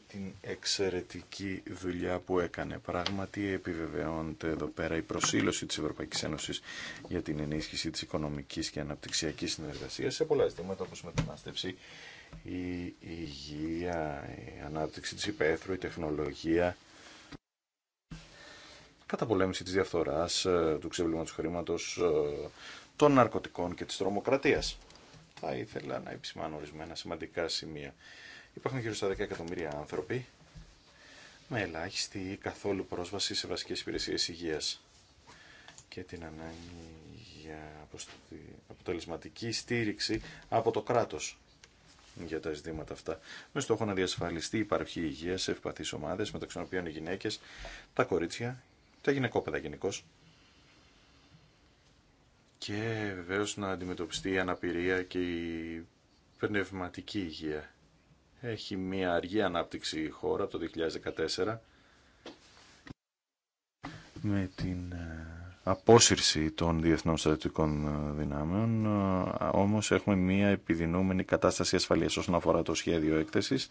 την εξαιρετική δουλειά που έκανε. Πράγματι επιβεβαιώνεται εδώ πέρα η προσήλωση της Ευρωπαϊκής Ένωσης για την ενίσχυση της οικονομικής και αναπτυξιακής συνεργασίας σε πολλά ζητήματα όπως η μετανάστευση, η υγεία, η ανάπτυξη της υπαίθρου, η τεχνολογία, καταπολέμηση της διαφθοράς, ε, του ξεβλήματος χρήματος, ε, των ναρκωτικών και της τρομοκρατίας. Θα ήθελα να επισημάνω ορισμένα σημαντικά σημεία. Υπάρχουν γύρω στα 10 εκατομμύρια άνθρωποι με ελάχιστη ή καθόλου πρόσβαση σε βασικές υπηρεσίες υγείας και την ανάγκη για αποτελεσματική στήριξη από το κράτος για τα ζητήματα αυτά, με στόχο να διασφαλιστεί η παροχή υγεία σε ευπαθεί ομάδε, μεταξύ των οποίων οι γυναίκε, τα κορίτσια τα γυναικόπαιδα γενικώ. Και βεβαίως να αντιμετωπιστεί η αναπηρία και η πνευματική υγεία. Έχει μια αργή ανάπτυξη η χώρα το 2014 με την ε, απόσυρση των διεθνών στρατιωτικών ε, δυνάμεων, ε, όμως έχουμε μια επιδεινούμενη κατάσταση ασφαλείας όσον αφορά το σχέδιο έκθεσης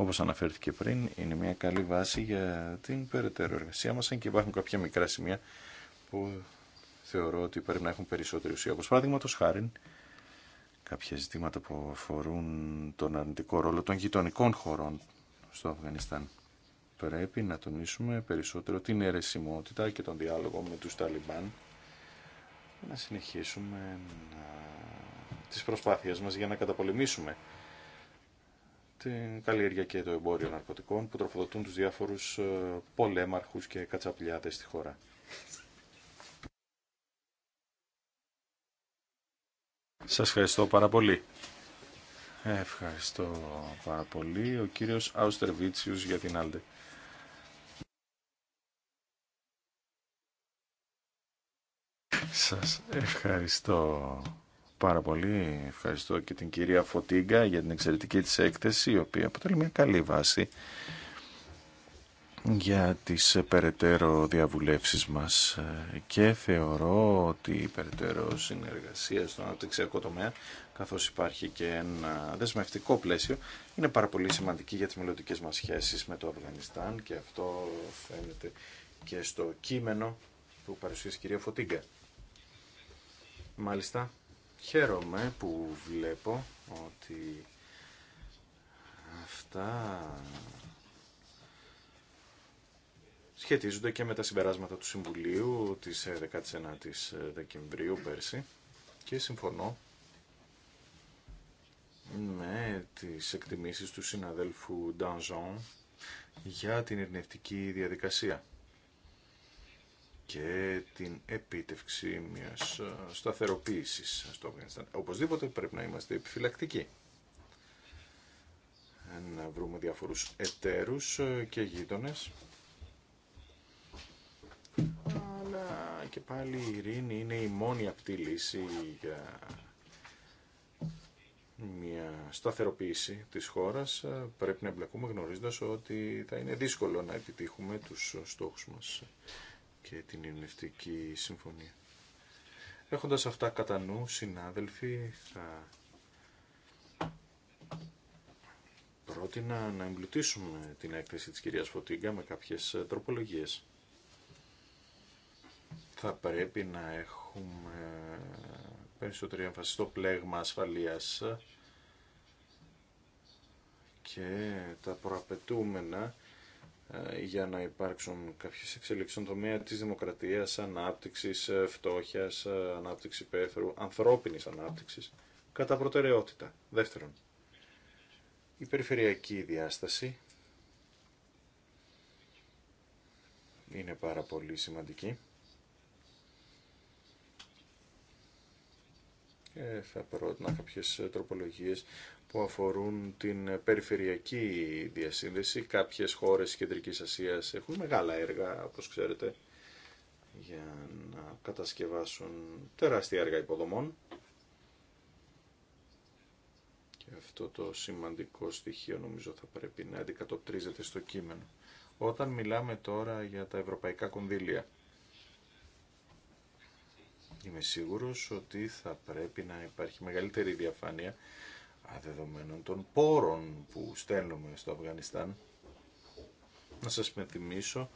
όπως αναφέρθηκε πριν, είναι μια καλή βάση για την περαιτέρω εργασία μας, αν και υπάρχουν κάποια μικρά σημεία που θεωρώ ότι πρέπει να έχουν περισσότερη ουσία. Όπως παράδειγμα το Σχάριν, κάποια ζητήματα που αφορούν τον αρνητικό ρόλο των γειτονικών χωρών στο Αφγανιστάν. Πρέπει να τονίσουμε περισσότερο την αιρεσιμότητα και τον διάλογο με τους Ταλιμπάν να συνεχίσουμε να... τις προσπάθειες μας για να καταπολεμήσουμε την καλλιέργεια και το εμπόριο ναρκωτικών που τροφοδοτούν τους διάφορους ε, πολέμαρχους και κατσαπλιάδες στη χώρα. Σας ευχαριστώ πάρα πολύ. Ευχαριστώ πάρα πολύ. Ο κύριος Αουστερβίτσιους για την Άλτε. Σας ευχαριστώ πάρα πολύ. Ευχαριστώ και την κυρία Φωτίγκα για την εξαιρετική της έκθεση, η οποία αποτελεί μια καλή βάση για τις περαιτέρω διαβουλεύσεις μας και θεωρώ ότι η περαιτέρω συνεργασία στον αναπτυξιακό τομέα καθώς υπάρχει και ένα δεσμευτικό πλαίσιο είναι πάρα πολύ σημαντική για τις μελλοντικέ μας σχέσεις με το Αφγανιστάν και αυτό φαίνεται και στο κείμενο που παρουσίασε η κυρία Φωτίγκα. Μάλιστα, Χαίρομαι που βλέπω ότι αυτά σχετίζονται και με τα συμπεράσματα του Συμβουλίου της 19ης Δεκεμβρίου πέρσι και συμφωνώ με τις εκτιμήσεις του συναδέλφου Ντανζόν για την ειρνευτική διαδικασία και την επίτευξη μιας ε, σταθεροποίησης στο Αφγανιστάν. Οπωσδήποτε πρέπει να είμαστε επιφυλακτικοί να βρούμε διάφορους εταίρους ε, και γείτονες. Αλλά και πάλι η ειρήνη είναι η μόνη απτή λύση για μια σταθεροποίηση της χώρας. Ε, πρέπει να εμπλακούμε γνωρίζοντας ότι θα είναι δύσκολο να επιτύχουμε τους στόχους μας και την Ειρηνευτική Συμφωνία. Έχοντας αυτά κατά νου, συνάδελφοι, θα πρότεινα να εμπλουτίσουμε την έκθεση της κυρίας Φωτίγκα με κάποιες τροπολογίες. Θα πρέπει να έχουμε περισσότερη έμφαση στο πλέγμα ασφαλείας και τα προαπαιτούμενα ε, για να υπάρξουν κάποιες εξελίξεις στον τομέα της δημοκρατίας, ανάπτυξης, ε, φτώχειας, ε, ανάπτυξη πέθρου, ανθρώπινης ανάπτυξης, κατά προτεραιότητα. Δεύτερον, η περιφερειακή διάσταση είναι πάρα πολύ σημαντική. Και θα πρότεινα κάποιες τροπολογίες που αφορούν την περιφερειακή διασύνδεση. Κάποιες χώρες Κεντρικής Ασίας έχουν μεγάλα έργα, όπως ξέρετε, για να κατασκευάσουν τεράστια έργα υποδομών. Και αυτό το σημαντικό στοιχείο νομίζω θα πρέπει να αντικατοπτρίζεται στο κείμενο. Όταν μιλάμε τώρα για τα ευρωπαϊκά κονδύλια, είμαι σίγουρος ότι θα πρέπει να υπάρχει μεγαλύτερη διαφάνεια δεδομένων των πόρων που στέλνουμε στο Αφγανιστάν. Να σας πενθυμίσω,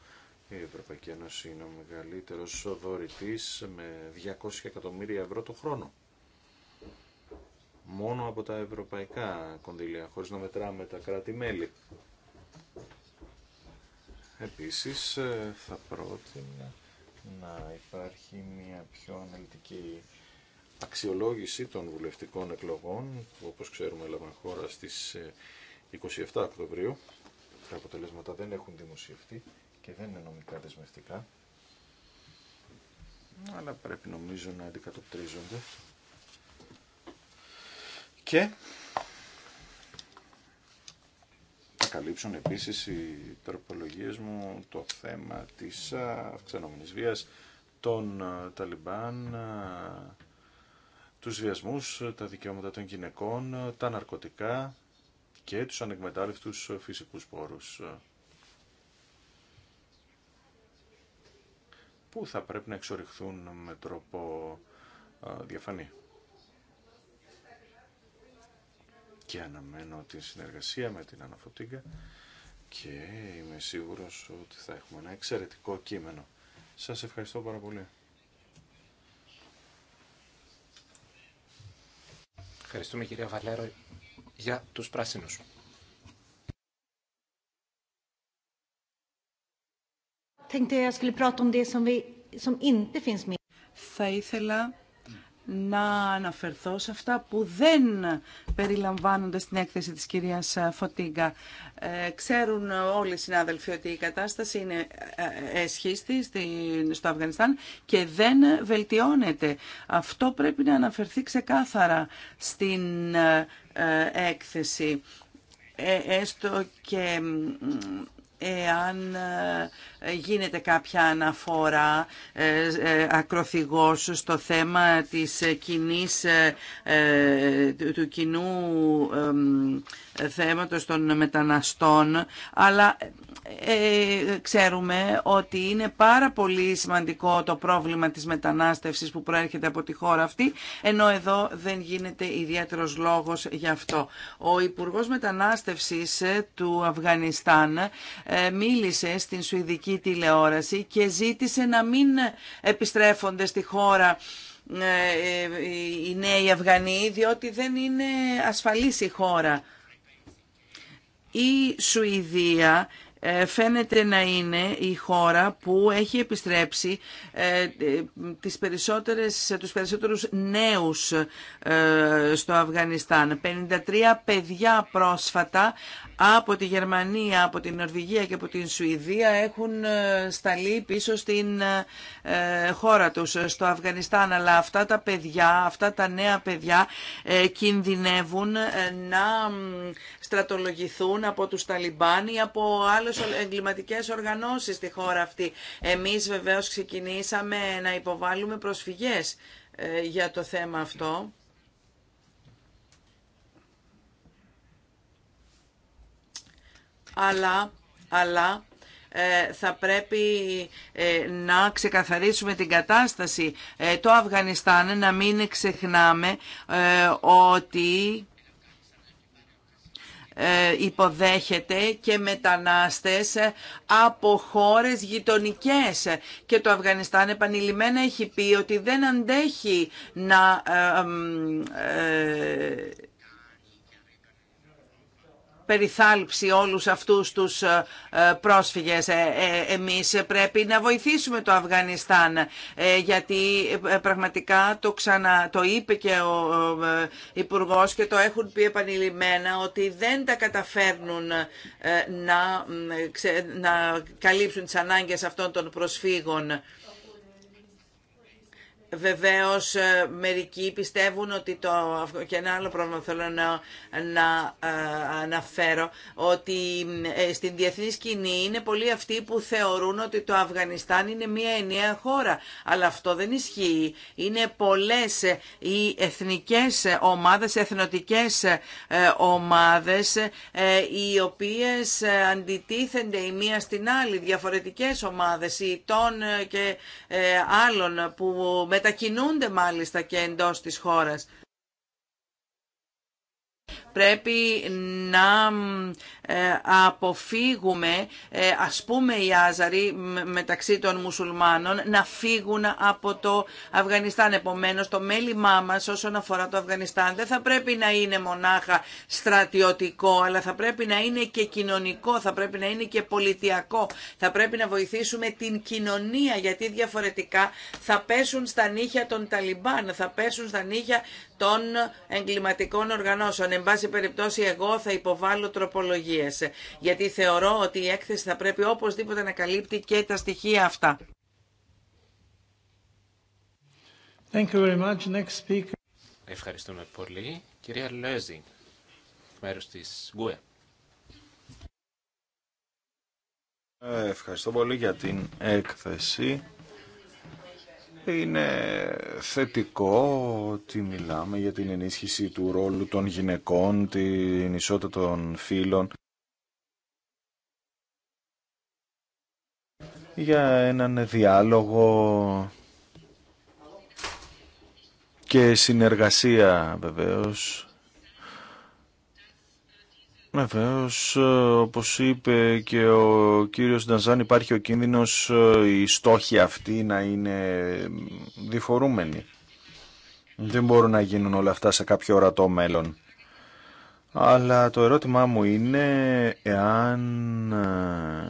η Ευρωπαϊκή Ένωση είναι ο μεγαλύτερος δωρητής με 200 εκατομμύρια ευρώ το χρόνο. Μόνο από τα ευρωπαϊκά κονδύλια, χωρίς να μετράμε τα κράτη-μέλη. Επίσης ε, θα πρότεινα να υπάρχει μια πιο αναλυτική αξιολόγηση των βουλευτικών εκλογών που όπως ξέρουμε έλαβαν χώρα στις 27 ε, Οκτωβρίου. Τα αποτελέσματα δεν έχουν δημοσιευτεί και δεν είναι νομικά δεσμευτικά. Αλλά πρέπει νομίζω να αντικατοπτρίζονται. Και θα καλύψουν επίσης οι τροπολογίες μου το θέμα της ε, αυξανόμενης βίας των ε, Ταλιμπάν τους βιασμούς, τα δικαιώματα των γυναικών, τα ναρκωτικά και τους ανεκμετάλλευτους φυσικούς πόρους. Που θα πρέπει να εξοριχθούν με τρόπο διαφανή. Και αναμένω τη συνεργασία με την Αναφωτήγκα και είμαι σίγουρος ότι θα έχουμε ένα εξαιρετικό κείμενο. Σας ευχαριστώ πάρα πολύ. Ευχαριστούμε κυρία Βαλέρο για τους πράσινους. Θα ήθελα να αναφερθώ σε αυτά που δεν περιλαμβάνονται στην έκθεση της κυρίας Φωτίγκα. Ε, ξέρουν όλοι οι συνάδελφοι ότι η κατάσταση είναι εσχίστη ε, στο Αφγανιστάν και δεν βελτιώνεται. Αυτό πρέπει να αναφερθεί ξεκάθαρα στην ε, έκθεση. έστω και εάν ε, γίνεται κάποια αναφορά ε, ε, ακροθυγός στο θέμα της κοινής, του κοινού θέματος των μεταναστών, αλλά ξέρουμε ότι είναι πάρα πολύ σημαντικό το πρόβλημα της μετανάστευσης που προέρχεται από τη χώρα αυτή, ενώ εδώ δεν γίνεται ιδιαίτερος λόγος γι' αυτό. Ο Υπουργός Μετανάστευσης του Αφγανιστάν μίλησε στην Σουηδική τηλεόραση και ζήτησε να μην επιστρέφονται στη χώρα ε, ε, οι νέοι Αφγανοί διότι δεν είναι ασφαλής η χώρα. Η Σουηδία ε, φαίνεται να είναι η χώρα που έχει επιστρέψει ε, ε, τις περισσότερες, τους περισσότερους νέους στο Αφγανιστάν. 53 παιδιά πρόσφατα από τη Γερμανία, από την Νορβηγία και από την Σουηδία έχουν σταλεί πίσω στην χώρα τους, στο Αφγανιστάν. Αλλά αυτά τα παιδιά, αυτά τα νέα παιδιά κινδυνεύουν να στρατολογηθούν από τους Ταλιμπάν ή από εγκληματικές οργανώσεις στη χώρα αυτή. Εμείς βεβαίως ξεκινήσαμε να υποβάλουμε προσφυγές ε, για το θέμα αυτό. Αλλά, αλλά ε, θα πρέπει ε, να ξεκαθαρίσουμε την κατάσταση. Το Αφγανιστάν, να μην ξεχνάμε ότι ε, υποδέχεται και μετανάστες ε, από χώρες γειτονικές. Και το Αφγανιστάν επανειλημμένα έχει πει ότι δεν αντέχει να ε, περιθάλψει όλους αυτούς τους ε, ε, πρόσφυγες. Ε, εμείς πρέπει να βοηθήσουμε το Αφγανιστάν γιατί πραγματικά το, ξανα, το είπε και ο υπουργό και το έχουν πει επανειλημμένα ότι δεν τα καταφέρνουν να, να καλύψουν τις ανάγκες αυτών των προσφύγων. Βεβαίως ε, μερικοί πιστεύουν ότι το, και ένα άλλο πρόβλημα θέλω να, να ε, αναφέρω, ότι ε, στην διεθνή σκηνή είναι πολλοί αυτοί που θεωρούν ότι το Αφγανιστάν είναι μια ενιαία χώρα. Αλλά αυτό δεν ισχύει. Είναι πολλές οι εθνικές ομάδες, ομάδε, ομάδες, οι οποίες αντιτίθενται η μία στην άλλη, διαφορετικές ομάδες, οι των και άλλων που με μετακινούνται μάλιστα και εντός της χώρας πρέπει να ε, αποφύγουμε, ε, ας πούμε οι Άζαροι μεταξύ των μουσουλμάνων, να φύγουν από το Αφγανιστάν. Επομένως, το μέλημά μας όσον αφορά το Αφγανιστάν δεν θα πρέπει να είναι μονάχα στρατιωτικό, αλλά θα πρέπει να είναι και κοινωνικό, θα πρέπει να είναι και πολιτιακό. Θα πρέπει να βοηθήσουμε την κοινωνία, γιατί διαφορετικά θα πέσουν στα νύχια των Ταλιμπάν, θα πέσουν στα νύχια των εγκληματικών οργανώσεων. Εν σε περιπτώσει εγώ θα υποβάλω τροπολογίες, γιατί θεωρώ ότι η έκθεση θα πρέπει οπωσδήποτε να καλύπτει και τα στοιχεία αυτά. Thank you very much. Next speaker. Ευχαριστούμε πολύ. Κυρία Λέζι, μέρος της ΓΚΟΕ. Ε, ευχαριστώ πολύ για την έκθεση. Είναι θετικό ότι μιλάμε για την ενίσχυση του ρόλου των γυναικών, την ισότητα των φύλων. για έναν διάλογο και συνεργασία βεβαίως Βεβαίω, ε, όπως είπε και ο κύριος Νταζάν, υπάρχει ο κίνδυνος ε, οι στόχοι αυτοί να είναι διφορούμενοι. Δεν μπορούν να γίνουν όλα αυτά σε κάποιο ορατό μέλλον. Αλλά το ερώτημά μου είναι εάν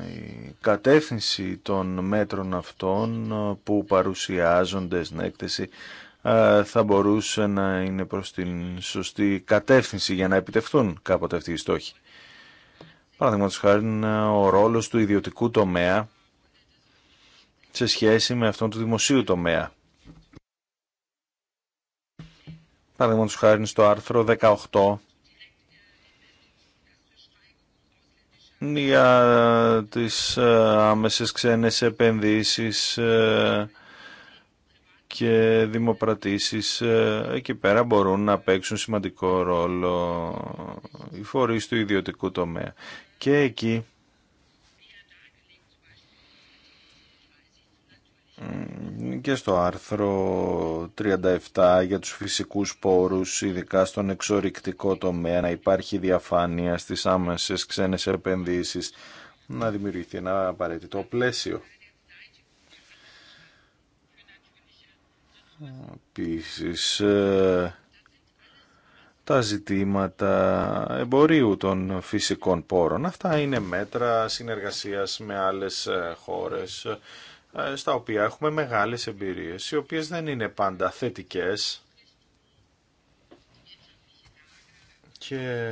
ε, η κατεύθυνση των μέτρων αυτών που παρουσιάζονται στην έκθεση ε, θα μπορούσε να είναι προς την σωστή κατεύθυνση για να επιτευχθούν κάποτε αυτοί οι στόχοι. Παραδείγματος χάρη ε, ο ρόλος του ιδιωτικού τομέα σε σχέση με αυτόν του δημοσίου τομέα. Παραδείγματος χάρη στο άρθρο 18 για ε, τις άμεσες ξένες επενδύσεις και δημοπρατήσεις ε, εκεί πέρα μπορούν να παίξουν σημαντικό ρόλο οι φορείς του ιδιωτικού τομέα. Και εκεί και στο άρθρο 37 για τους φυσικούς πόρους, ειδικά στον εξορυκτικό τομέα, να υπάρχει διαφάνεια στις άμεσες ξένες επενδύσεις, να δημιουργηθεί ένα απαραίτητο πλαίσιο. Επίσης, ε, τα ζητήματα εμπορίου των φυσικών πόρων. Αυτά είναι μέτρα συνεργασίας με άλλες ε, χώρες, ε, στα οποία έχουμε μεγάλες εμπειρίες, οι οποίες δεν είναι πάντα θετικές. Και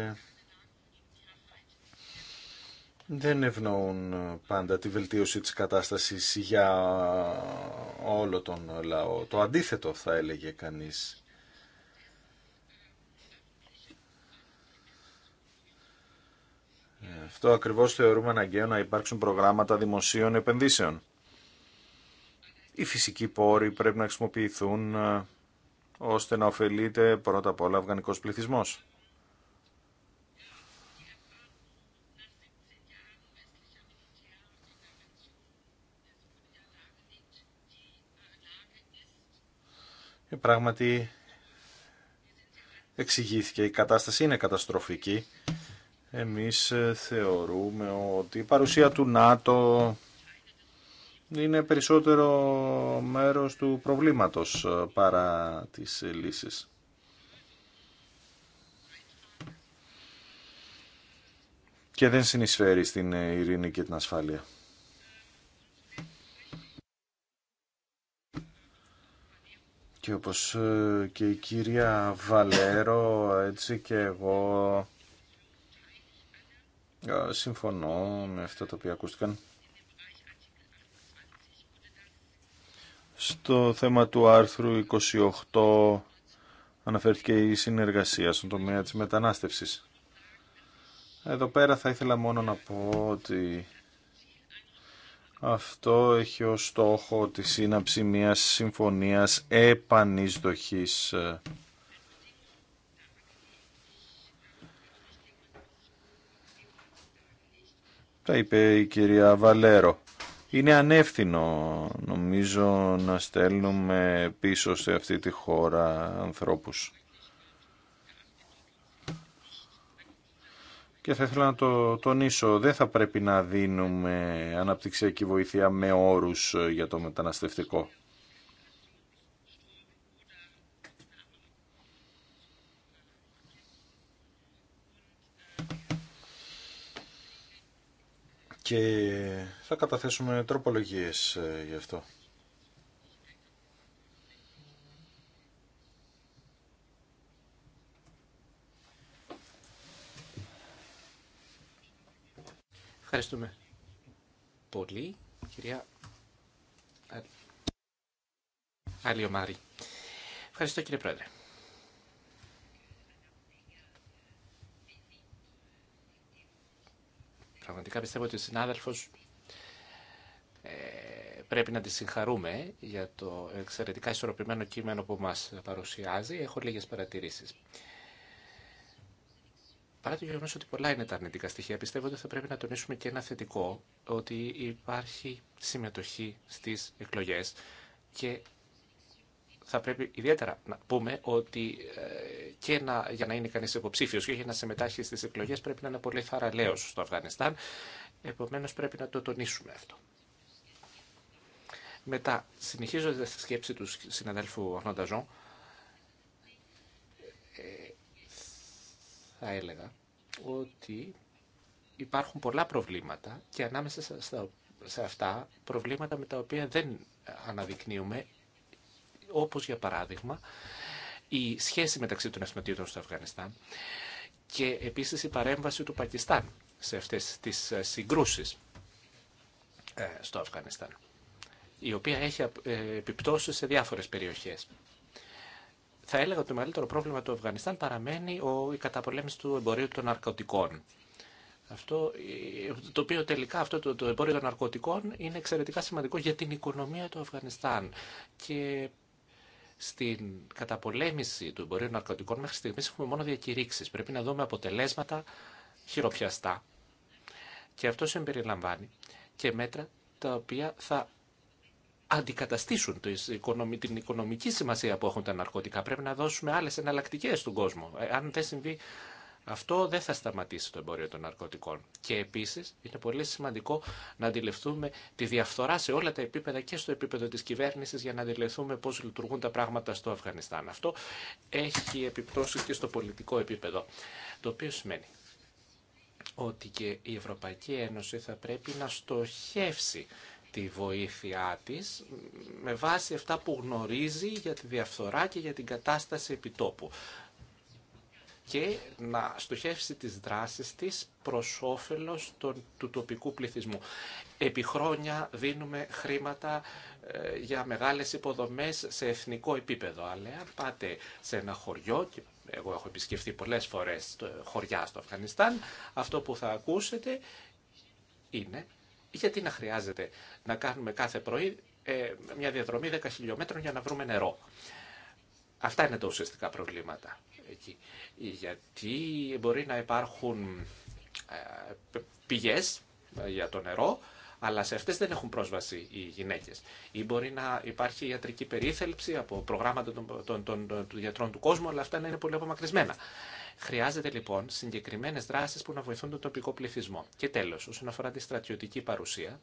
δεν ευνοούν πάντα τη βελτίωση της κατάστασης για όλο τον λαό. Το αντίθετο θα έλεγε κανείς. Ε, αυτό ακριβώς θεωρούμε αναγκαίο να υπάρξουν προγράμματα δημοσίων επενδύσεων. Οι φυσικοί πόροι πρέπει να χρησιμοποιηθούν ε, ώστε να ωφελείται πρώτα απ' όλα ο αφγανικός πληθυσμός. Και ε, πράγματι εξηγήθηκε η κατάσταση, είναι καταστροφική. Εμείς ε, θεωρούμε ότι η παρουσία του ΝΑΤΟ είναι περισσότερο μέρος του προβλήματος ε, παρά της λύσης. Και δεν συνεισφέρει στην ειρήνη και την ασφάλεια. και όπως ε, και η κυρία Βαλέρο, έτσι και εγώ ε, συμφωνώ με αυτά τα οποία ακούστηκαν. Στο θέμα του άρθρου 28 αναφέρθηκε η συνεργασία στον τομέα της μετανάστευσης. Εδώ πέρα θα ήθελα μόνο να πω ότι αυτό έχει ως στόχο τη σύναψη μιας συμφωνίας επανεισδοχής. Τα είπε η κυρία Βαλέρο. Είναι ανεύθυνο νομίζω να στέλνουμε πίσω σε αυτή τη χώρα ανθρώπους. και θα ήθελα να το τονίσω, δεν θα πρέπει να δίνουμε αναπτυξιακή βοήθεια με όρους για το μεταναστευτικό. Και θα καταθέσουμε τροπολογίες ε, γι' αυτό. Ευχαριστούμε πολύ, κυρία Αλιομάρη. Ευχαριστώ κύριε Πρόεδρε. Πραγματικά πιστεύω ότι ο συνάδελφος ε, πρέπει να τη συγχαρούμε για το εξαιρετικά ισορροπημένο κείμενο που μας παρουσιάζει. Έχω λίγες παρατηρήσεις. Παρά το γεγονό ότι πολλά είναι τα αρνητικά στοιχεία, πιστεύω ότι θα πρέπει να τονίσουμε και ένα θετικό, ότι υπάρχει συμμετοχή στι εκλογέ και θα πρέπει ιδιαίτερα να πούμε ότι ε, και για να είναι κανεί υποψήφιο και για να συμμετάχει στι εκλογέ πρέπει να είναι πολύ θαραλέο στο Αφγανιστάν. Επομένω πρέπει να το τονίσουμε αυτό. Μετά, συνεχίζοντα τη σκέψη του συναδέλφου Αχνονταζόν, θα έλεγα ότι υπάρχουν πολλά προβλήματα και ανάμεσα σε αυτά προβλήματα με τα οποία δεν αναδεικνύουμε, όπως για παράδειγμα η σχέση μεταξύ των εθνοτήτων στο Αφγανιστάν και επίσης η παρέμβαση του Πακιστάν σε αυτές τις ε, συγκρούσεις ε, στο Αφγανιστάν, η οποία έχει ε, επιπτώσεις σε διάφορες περιοχές θα έλεγα ότι το μεγαλύτερο πρόβλημα του Αφγανιστάν παραμένει η καταπολέμηση του εμπορίου των ναρκωτικών. Αυτό, ε, το οποίο τελικά αυτό το, το εμπόριο των ναρκωτικών είναι εξαιρετικά σημαντικό για την οικονομία του Αφγανιστάν. Και στην καταπολέμηση του εμπορίου των ναρκωτικών μέχρι στιγμής έχουμε μόνο διακηρύξεις. Πρέπει να δούμε αποτελέσματα χειροπιαστά. Και αυτό συμπεριλαμβάνει και μέτρα τα οποία θα αντικαταστήσουν την οικονομική σημασία που έχουν τα ναρκωτικά. Πρέπει να δώσουμε άλλε εναλλακτικέ στον κόσμο. Ε, αν δεν συμβεί αυτό δεν θα σταματήσει το εμπόριο των ναρκωτικών. Και επίση είναι πολύ σημαντικό να αντιληφθούμε τη διαφθορά σε όλα τα επίπεδα και στο επίπεδο τη κυβέρνηση για να αντιληφθούμε πώ λειτουργούν τα πράγματα στο Αφγανιστάν. Αυτό έχει επιπτώσει και στο πολιτικό επίπεδο, το οποίο σημαίνει ότι και η Ευρωπαϊκή Ένωση θα πρέπει να στοχεύσει τη βοήθειά της με βάση αυτά που γνωρίζει για τη διαφθορά και για την κατάσταση επιτόπου και να στοχεύσει τις δράσεις της προς όφελος του τοπικού πληθυσμού. Επί χρόνια δίνουμε χρήματα ε, για μεγάλες υποδομές σε εθνικό επίπεδο, αλλά αν πάτε σε ένα χωριό, και εγώ έχω επισκεφθεί πολλές φορές χωριά στο Αφγανιστάν, αυτό που θα ακούσετε είναι γιατί να χρειάζεται να κάνουμε κάθε πρωί ε, μια διαδρομή 10 χιλιόμετρων για να βρούμε νερό. Αυτά είναι τα ουσιαστικά προβλήματα εκεί. Γιατί μπορεί να υπάρχουν ε, πηγές ε, για το νερό, αλλά σε αυτές δεν έχουν πρόσβαση οι γυναίκες. Ή μπορεί να υπάρχει ιατρική περίθελψη από προγράμματα των, των, των γιατρών του κόσμου, αλλά αυτά να είναι πολύ απομακρυσμένα. Χρειάζεται λοιπόν συγκεκριμένε δράσει που να βοηθούν τον τοπικό πληθυσμό. Και τέλο, όσον αφορά τη στρατιωτική παρουσία,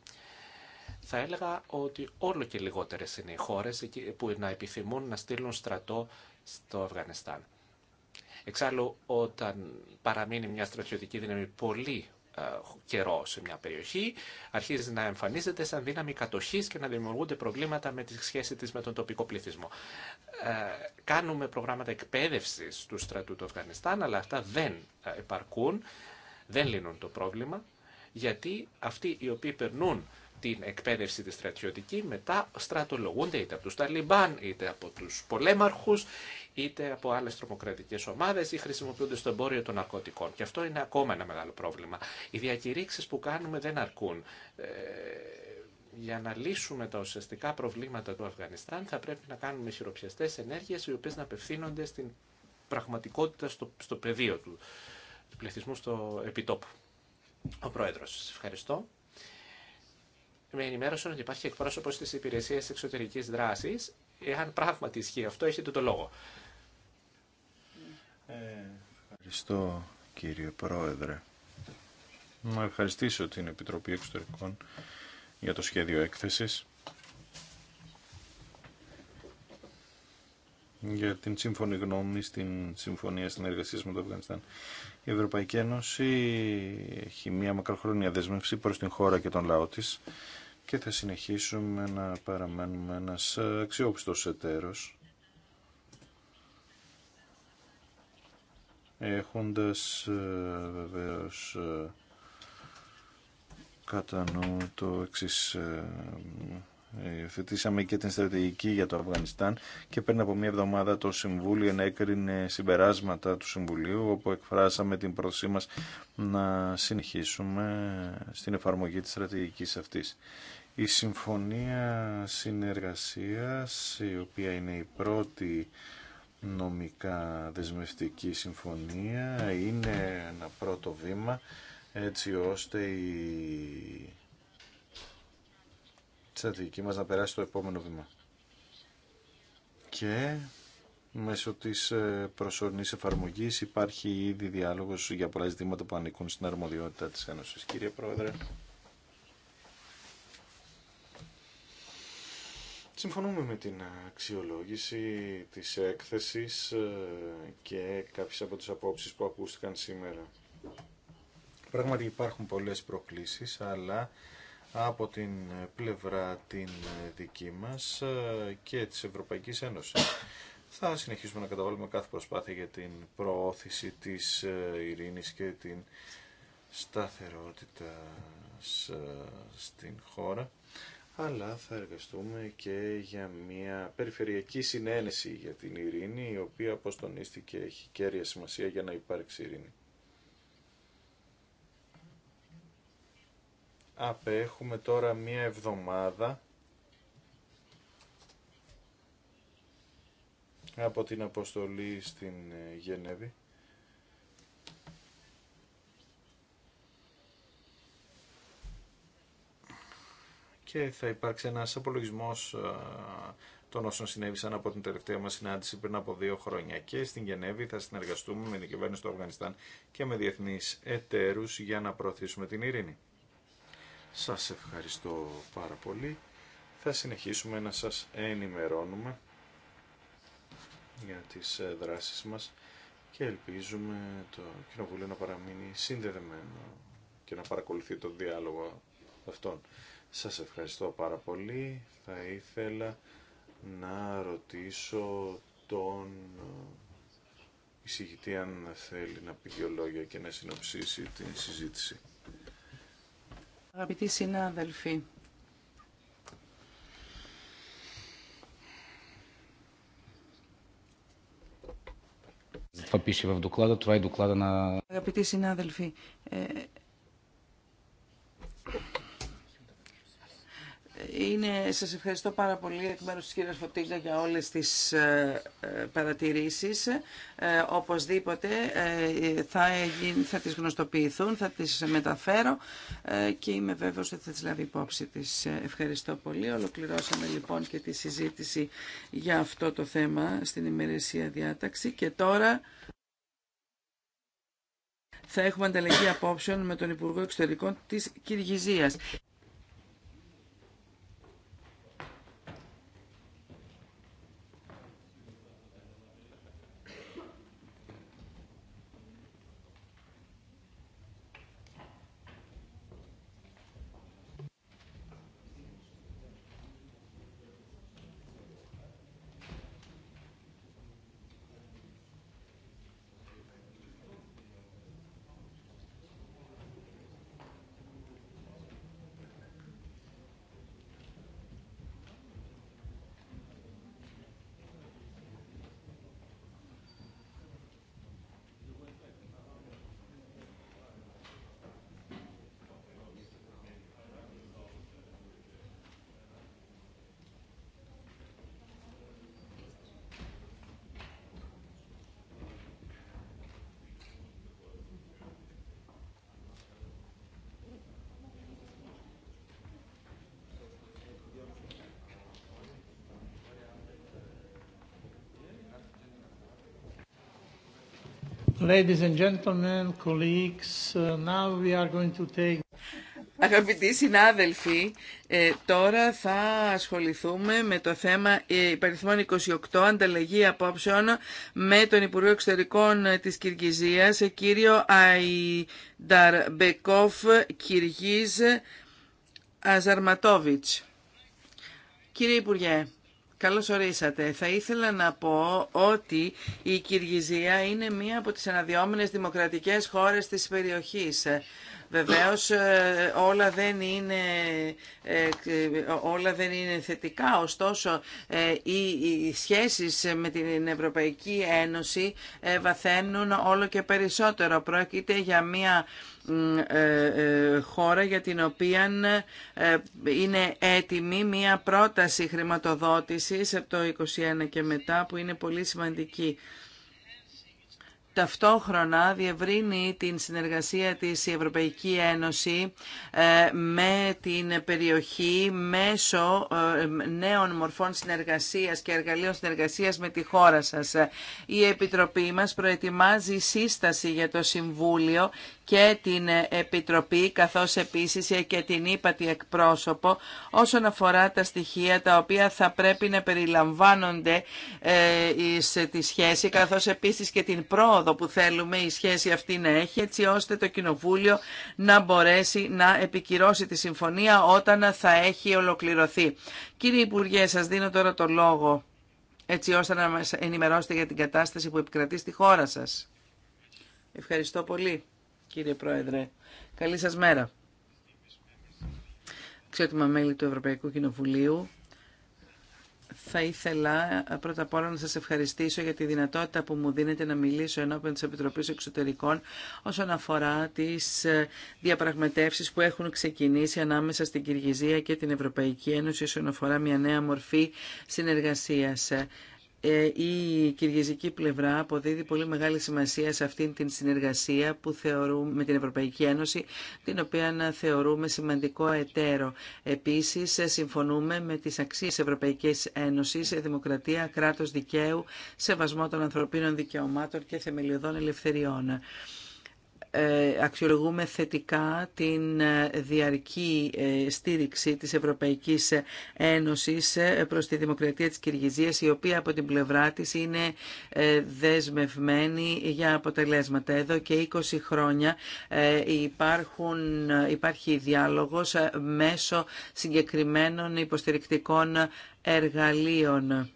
θα έλεγα ότι όλο και λιγότερε είναι οι χώρε που να επιθυμούν να στείλουν στρατό στο Αφγανιστάν. Εξάλλου, όταν παραμείνει μια στρατιωτική δύναμη πολύ ε, καιρό σε μια περιοχή, αρχίζει να εμφανίζεται σαν δύναμη κατοχής και να δημιουργούνται προβλήματα με τη σχέση της με τον τοπικό πληθυσμό. Ε, κάνουμε προγράμματα εκπαίδευσης του στρατού του Αφγανιστάν, αλλά αυτά δεν επαρκούν, δεν λύνουν το πρόβλημα, γιατί αυτοί οι οποίοι περνούν την εκπαίδευση τη στρατιωτική, μετά στρατολογούνται είτε από τους Ταλιμπάν, είτε από τους πολέμαρχους, είτε από άλλε τρομοκρατικέ ομάδε ή χρησιμοποιούνται στο εμπόριο των ναρκωτικών. Και αυτό είναι ακόμα ένα μεγάλο πρόβλημα. Οι διακηρύξει που κάνουμε δεν αρκούν. Ε, για να λύσουμε τα ουσιαστικά προβλήματα του Αφγανιστάν θα πρέπει να κάνουμε χειροπιαστέ ενέργειες οι οποίε να απευθύνονται στην πραγματικότητα στο, στο πεδίο του, του πληθυσμού στο επιτόπου. Ο πρόεδρο, σα ευχαριστώ. Με ενημέρωσαν ότι υπάρχει εκπρόσωπο τη υπηρεσία εξωτερική δράση. Εάν πράγματι ισχύει αυτό, έχετε το λόγο. Ε, ευχαριστώ κύριε Πρόεδρε. Να ευχαριστήσω την Επιτροπή Εξωτερικών για το σχέδιο έκθεσης. για την σύμφωνη γνώμη στην Συμφωνία Συνεργασίας με το Αφγανιστάν. Η Ευρωπαϊκή Ένωση έχει μια μακροχρόνια δέσμευση προς την χώρα και τον λαό της και θα συνεχίσουμε να παραμένουμε ένας αξιόπιστος εταίρος έχοντας ε, βεβαίως ε, κατά νου το εξής ε, Υιοθετήσαμε και την στρατηγική για το Αφγανιστάν και πριν από μία εβδομάδα το Συμβούλιο ενέκρινε συμπεράσματα του Συμβουλίου όπου εκφράσαμε την πρόθεσή μας να συνεχίσουμε στην εφαρμογή της στρατηγικής αυτής. Η Συμφωνία Συνεργασίας, η οποία είναι η πρώτη νομικά δεσμευτική συμφωνία, είναι ένα πρώτο βήμα έτσι ώστε η στρατηγική μας να περάσει το επόμενο βήμα. Και μέσω της ε, προσωρινής εφαρμογής υπάρχει ήδη διάλογος για πολλά ζητήματα που ανήκουν στην αρμοδιότητα της Ένωσης. Κύριε Πρόεδρε. Συμφωνούμε με την αξιολόγηση της έκθεσης ε, και κάποιες από τις απόψεις που ακούστηκαν σήμερα. Πράγματι υπάρχουν πολλές προκλήσεις, αλλά από την πλευρά την δική μας ε, και της Ευρωπαϊκής Ένωσης. Θα συνεχίσουμε να καταβάλουμε κάθε προσπάθεια για την προώθηση της ε, ειρήνης και την σταθερότητα στην χώρα αλλά θα εργαστούμε και για μια περιφερειακή συνένεση για την ειρήνη, η οποία, όπως τονίστηκε, έχει κέρια σημασία για να υπάρξει ειρήνη. Απέχουμε τώρα μία εβδομάδα από την αποστολή στην Γενέβη και θα υπάρξει ένας απολογισμός ε, των όσων συνέβησαν από την τελευταία μας συνάντηση πριν από δύο χρόνια. Και στην Γενέβη θα συνεργαστούμε με την κυβέρνηση του Αφγανιστάν και με διεθνείς εταίρου για να προωθήσουμε την ειρήνη. Σας ευχαριστώ πάρα πολύ. Θα συνεχίσουμε να σας ενημερώνουμε για τις ε, δράσεις μα και ελπίζουμε το Κοινοβούλιο να παραμείνει συνδεδεμένο και να παρακολουθεί το διάλογο αυτών. Σας ευχαριστώ πάρα πολύ. Θα ήθελα να ρωτήσω τον ε, εισηγητή αν θέλει να πει δύο λόγια και να συνοψίσει την συζήτηση. Αγαπητοί συνάδελφοι, Αγαπητοί συνάδελφοι, ε, Είναι, σας ευχαριστώ πάρα πολύ εκ μέρους της κυρίας Φωτίγκα για όλες τις ε, ε παρατηρήσεις. Ε, οπωσδήποτε ε, θα, θα τις γνωστοποιηθούν, θα τις μεταφέρω ε, και είμαι βέβαιος ότι θα τις λάβει υπόψη της. Ε, ευχαριστώ πολύ. Ολοκληρώσαμε λοιπόν και τη συζήτηση για αυτό το θέμα στην ημερησία διάταξη και τώρα... Θα έχουμε ανταλλαγή απόψεων με τον Υπουργό Εξωτερικών της Κυργιζίας. Αγαπητοί συνάδελφοι, ε, τώρα θα ασχοληθούμε με το θέμα ε, υπαριθμών 28, ανταλλαγή απόψεων με τον Υπουργό Εξωτερικών ε, της Κυργιζίας, κύριο Μπεκόφ Κυργίζ Αζαρματόβιτς. Κύριε Υπουργέ, Καλώς ορίσατε. Θα ήθελα να πω ότι η Κυργιζία είναι μία από τις αναδυόμενες δημοκρατικές χώρες της περιοχής. Βεβαίως ε, όλα δεν είναι, ε, ε, όλα δεν είναι θετικά, ωστόσο οι, οι σχέσεις με την Ευρωπαϊκή Ένωση βαθαίνουν όλο και περισσότερο. Πρόκειται για μια ε, ε, χώρα για την οποία ε, είναι έτοιμη μία πρόταση χρηματοδότησης από το 2021 και μετά που είναι πολύ σημαντική ταυτόχρονα διευρύνει την συνεργασία της η Ευρωπαϊκή Ένωση ε, με την περιοχή μέσω ε, νέων μορφών συνεργασίας και εργαλείων συνεργασίας με τη χώρα σας. Η Επιτροπή μας προετοιμάζει σύσταση για το Συμβούλιο και την Επιτροπή καθώς επίσης και την ύπατη εκπρόσωπο όσον αφορά τα στοιχεία τα οποία θα πρέπει να περιλαμβάνονται σε τη σχέση καθώς επίσης και την πρόοδο που θέλουμε η σχέση αυτή να έχει έτσι ώστε το Κοινοβούλιο να μπορέσει να επικυρώσει τη συμφωνία όταν θα έχει ολοκληρωθεί. Κύριε Υπουργέ, σας δίνω τώρα το λόγο έτσι ώστε να μας ενημερώσετε για την κατάσταση που επικρατεί στη χώρα σας. Ευχαριστώ πολύ, κύριε Πρόεδρε. Καλή σας μέρα. Ξέτοιμα μέλη του Ευρωπαϊκού Κοινοβουλίου. Θα ήθελα ε, πρώτα απ' όλα να σας ευχαριστήσω για τη δυνατότητα που μου δίνετε να μιλήσω ενώπιον της Επιτροπής Εξωτερικών όσον αφορά τις ε, διαπραγματεύσεις που έχουν ξεκινήσει ανάμεσα στην Κυργυζία και την Ευρωπαϊκή Ένωση όσον αφορά μια νέα μορφή συνεργασίας. Ε, η κυριαζική πλευρά αποδίδει πολύ μεγάλη σημασία σε αυτήν την συνεργασία που θεωρούμε με την Ευρωπαϊκή Ένωση, την οποία θεωρούμε σημαντικό εταίρο. Επίσης, συμφωνούμε με τις αξίες Ευρωπαϊκής Ένωσης, δημοκρατία, κράτος δικαίου, σεβασμό των ανθρωπίνων δικαιωμάτων και θεμελιωδών ελευθεριών. Ε, αξιολογούμε θετικά την ε, διαρκή ε, στήριξη της Ευρωπαϊκής Ένωσης προς τη Δημοκρατία της Κυργιζίας, η οποία από την πλευρά της είναι δεσμευμένη για αποτελέσματα. Εδώ και 20 χρόνια υπάρχουν, υπάρχει διάλογος μέσω συγκεκριμένων υποστηρικτικών εργαλείων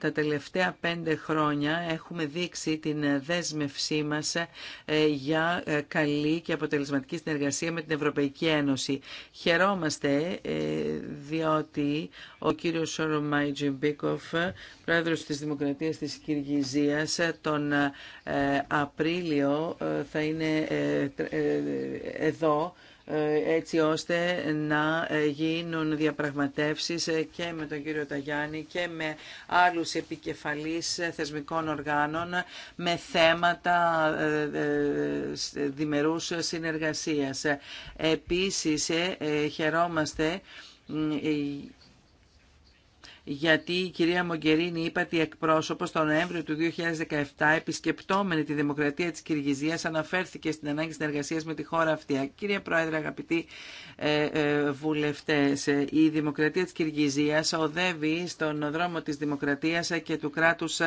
τα τελευταία πέντε χρόνια έχουμε δείξει την δέσμευσή μας ε, για ε, καλή και αποτελεσματική συνεργασία με την Ευρωπαϊκή Ένωση. Χαιρόμαστε ε, διότι ο κύριος Σόρο Τζιμπίκοφ, πρόεδρος της Δημοκρατίας της Κυργιζίας, τον Απρίλιο θα είναι εδώ ε, έτσι ώστε να ε, γίνουν διαπραγματεύσεις ε, και με τον κύριο Ταγιάννη και με άλλους επικεφαλείς θεσμικών οργάνων με θέματα διμερούς συνεργασίας. Επίσης, χαιρόμαστε γιατί η κυρία Μογκερίνη είπα ότι εκπρόσωπο τον Νοέμβριο του 2017 επισκεπτόμενη τη Δημοκρατία της Κυργυζία, αναφέρθηκε στην ανάγκη συνεργασία με τη χώρα αυτή. Κύριε Πρόεδρε, αγαπητοί ε, ε βουλευτές, ε, η Δημοκρατία της Κυργυζία οδεύει στον δρόμο της δημοκρατίας ε, και του κράτους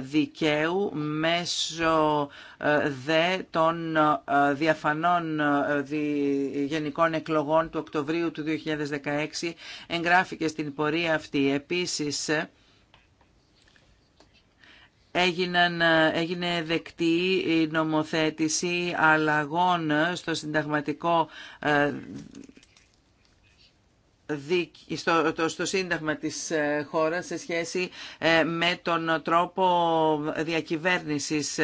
δικαίου μέσω δε των διαφανών γενικών εκλογών του Οκτωβρίου του 2016 εγγράφηκε στην πορεία αυτή ότι Επίσης, έγιναν, έγινε δεκτή η νομοθέτηση αλλαγών στο συνταγματικό ε, στο, το, στο σύνταγμα της ε, χώρας σε σχέση ε, με τον τρόπο διακυβέρνησης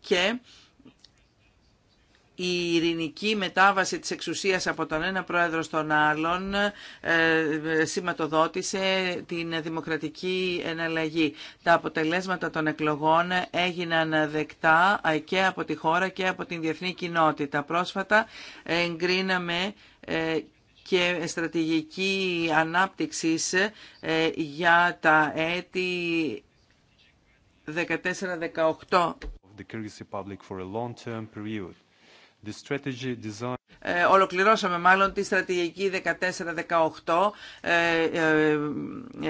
και η ειρηνική μετάβαση της εξουσίας από τον ένα πρόεδρο στον άλλον ε, σηματοδότησε την δημοκρατική εναλλαγή. Τα αποτελέσματα των εκλογών έγιναν δεκτά και από τη χώρα και από την διεθνή κοινότητα. Πρόσφατα εγκρίναμε ε, και στρατηγική ανάπτυξης ε, για τα έτη 14-18. The strategy design ε, ολοκληρώσαμε μάλλον τη στρατηγική 14-18 ε, ε,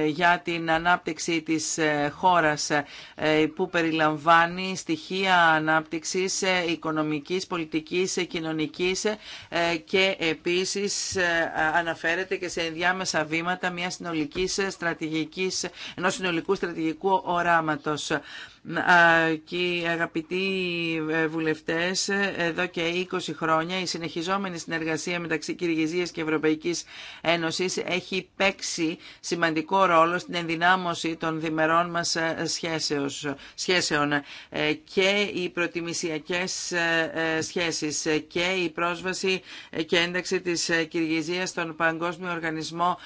για την ανάπτυξη της χώρας που περιλαμβάνει στοιχεία ανάπτυξης οικονομικής, πολιτικής, κοινωνικής και επίσης αναφέρεται και σε ενδιάμεσα βήματα μια συνολικής στρατηγικής, ενός συνολικού στρατηγικού οράματος. Αγαπητοί βουλευτές, εδώ και 20 χρόνια η αναπτυσσόμενη συνεργασία μεταξύ Κυργιζίας και Ευρωπαϊκής Ένωσης έχει παίξει σημαντικό ρόλο στην ενδυνάμωση των διμερών μας ε, σχέσεων ε, και οι προτιμησιακές ε, σχέσεις και η πρόσβαση και ένταξη της Κυριγιζίας στον Παγκόσμιο Οργανισμό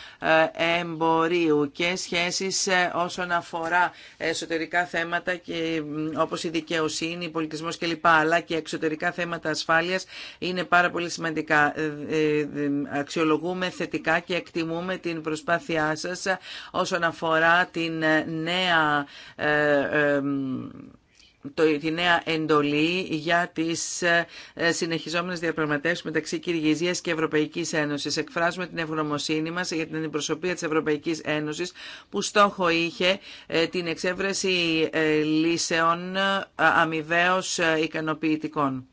Εμπορίου και σχέσεις όσον αφορά εσωτερικά θέματα και όπως η δικαιοσύνη, η πολιτισμός κλπ. αλλά και εξωτερικά θέματα ασφάλειας είναι πάρα πολύ σημαντικό σημαντικά. Ε, ε, ε, αξιολογούμε θετικά και εκτιμούμε την προσπάθειά σας όσον αφορά την νέα τη νέα εντολή για τις συνεχιζόμενες διαπραγματεύσεις μεταξύ Κυργιζίας και Ευρωπαϊκής Ένωσης. Εκφράζουμε την ευγνωμοσύνη μας για την αντιπροσωπεία της Ευρωπαϊκής Ένωσης που στόχο είχε την εξέβρεση λύσεων αμοιβαίως ικανοποιητικών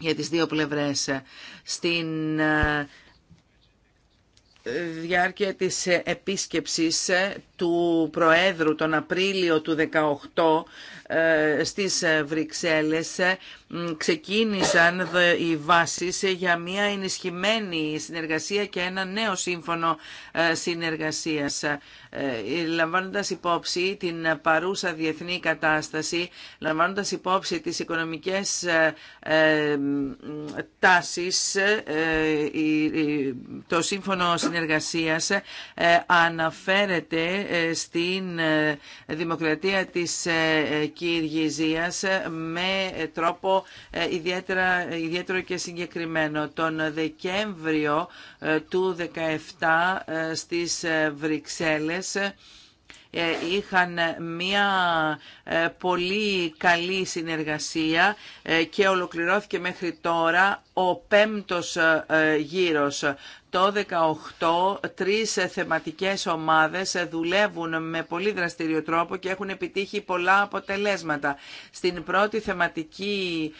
για τις δύο πλευρές. Ε, στην ε, διάρκεια της ε, επίσκεψης του Προέδρου τον Απρίλιο του 18 ε, στις ε, Βρυξέλλες ε, ξεκίνησαν οι βάσεις για μια ενισχυμένη συνεργασία και ένα νέο σύμφωνο συνεργασίας. Λαμβάνοντας υπόψη την παρούσα διεθνή κατάσταση, λαμβάνοντας υπόψη τις οικονομικές τάσεις, το σύμφωνο συνεργασίας αναφέρεται στην δημοκρατία της με τρόπο ε, ιδιαίτερα, ιδιαίτερο και συγκεκριμένο. Τον Δεκέμβριο ε, του 2017 ε, στις Βρυξέλλες είχαν μια πολύ καλή συνεργασία και ολοκληρώθηκε μέχρι τώρα ο πέμπτος ε, ε, γύρος. Το 18 τρεις ε, θεματικές ομάδες δουλεύουν με πολύ δραστηριο τρόπο και έχουν επιτύχει πολλά αποτελέσματα. Στην πρώτη θεματική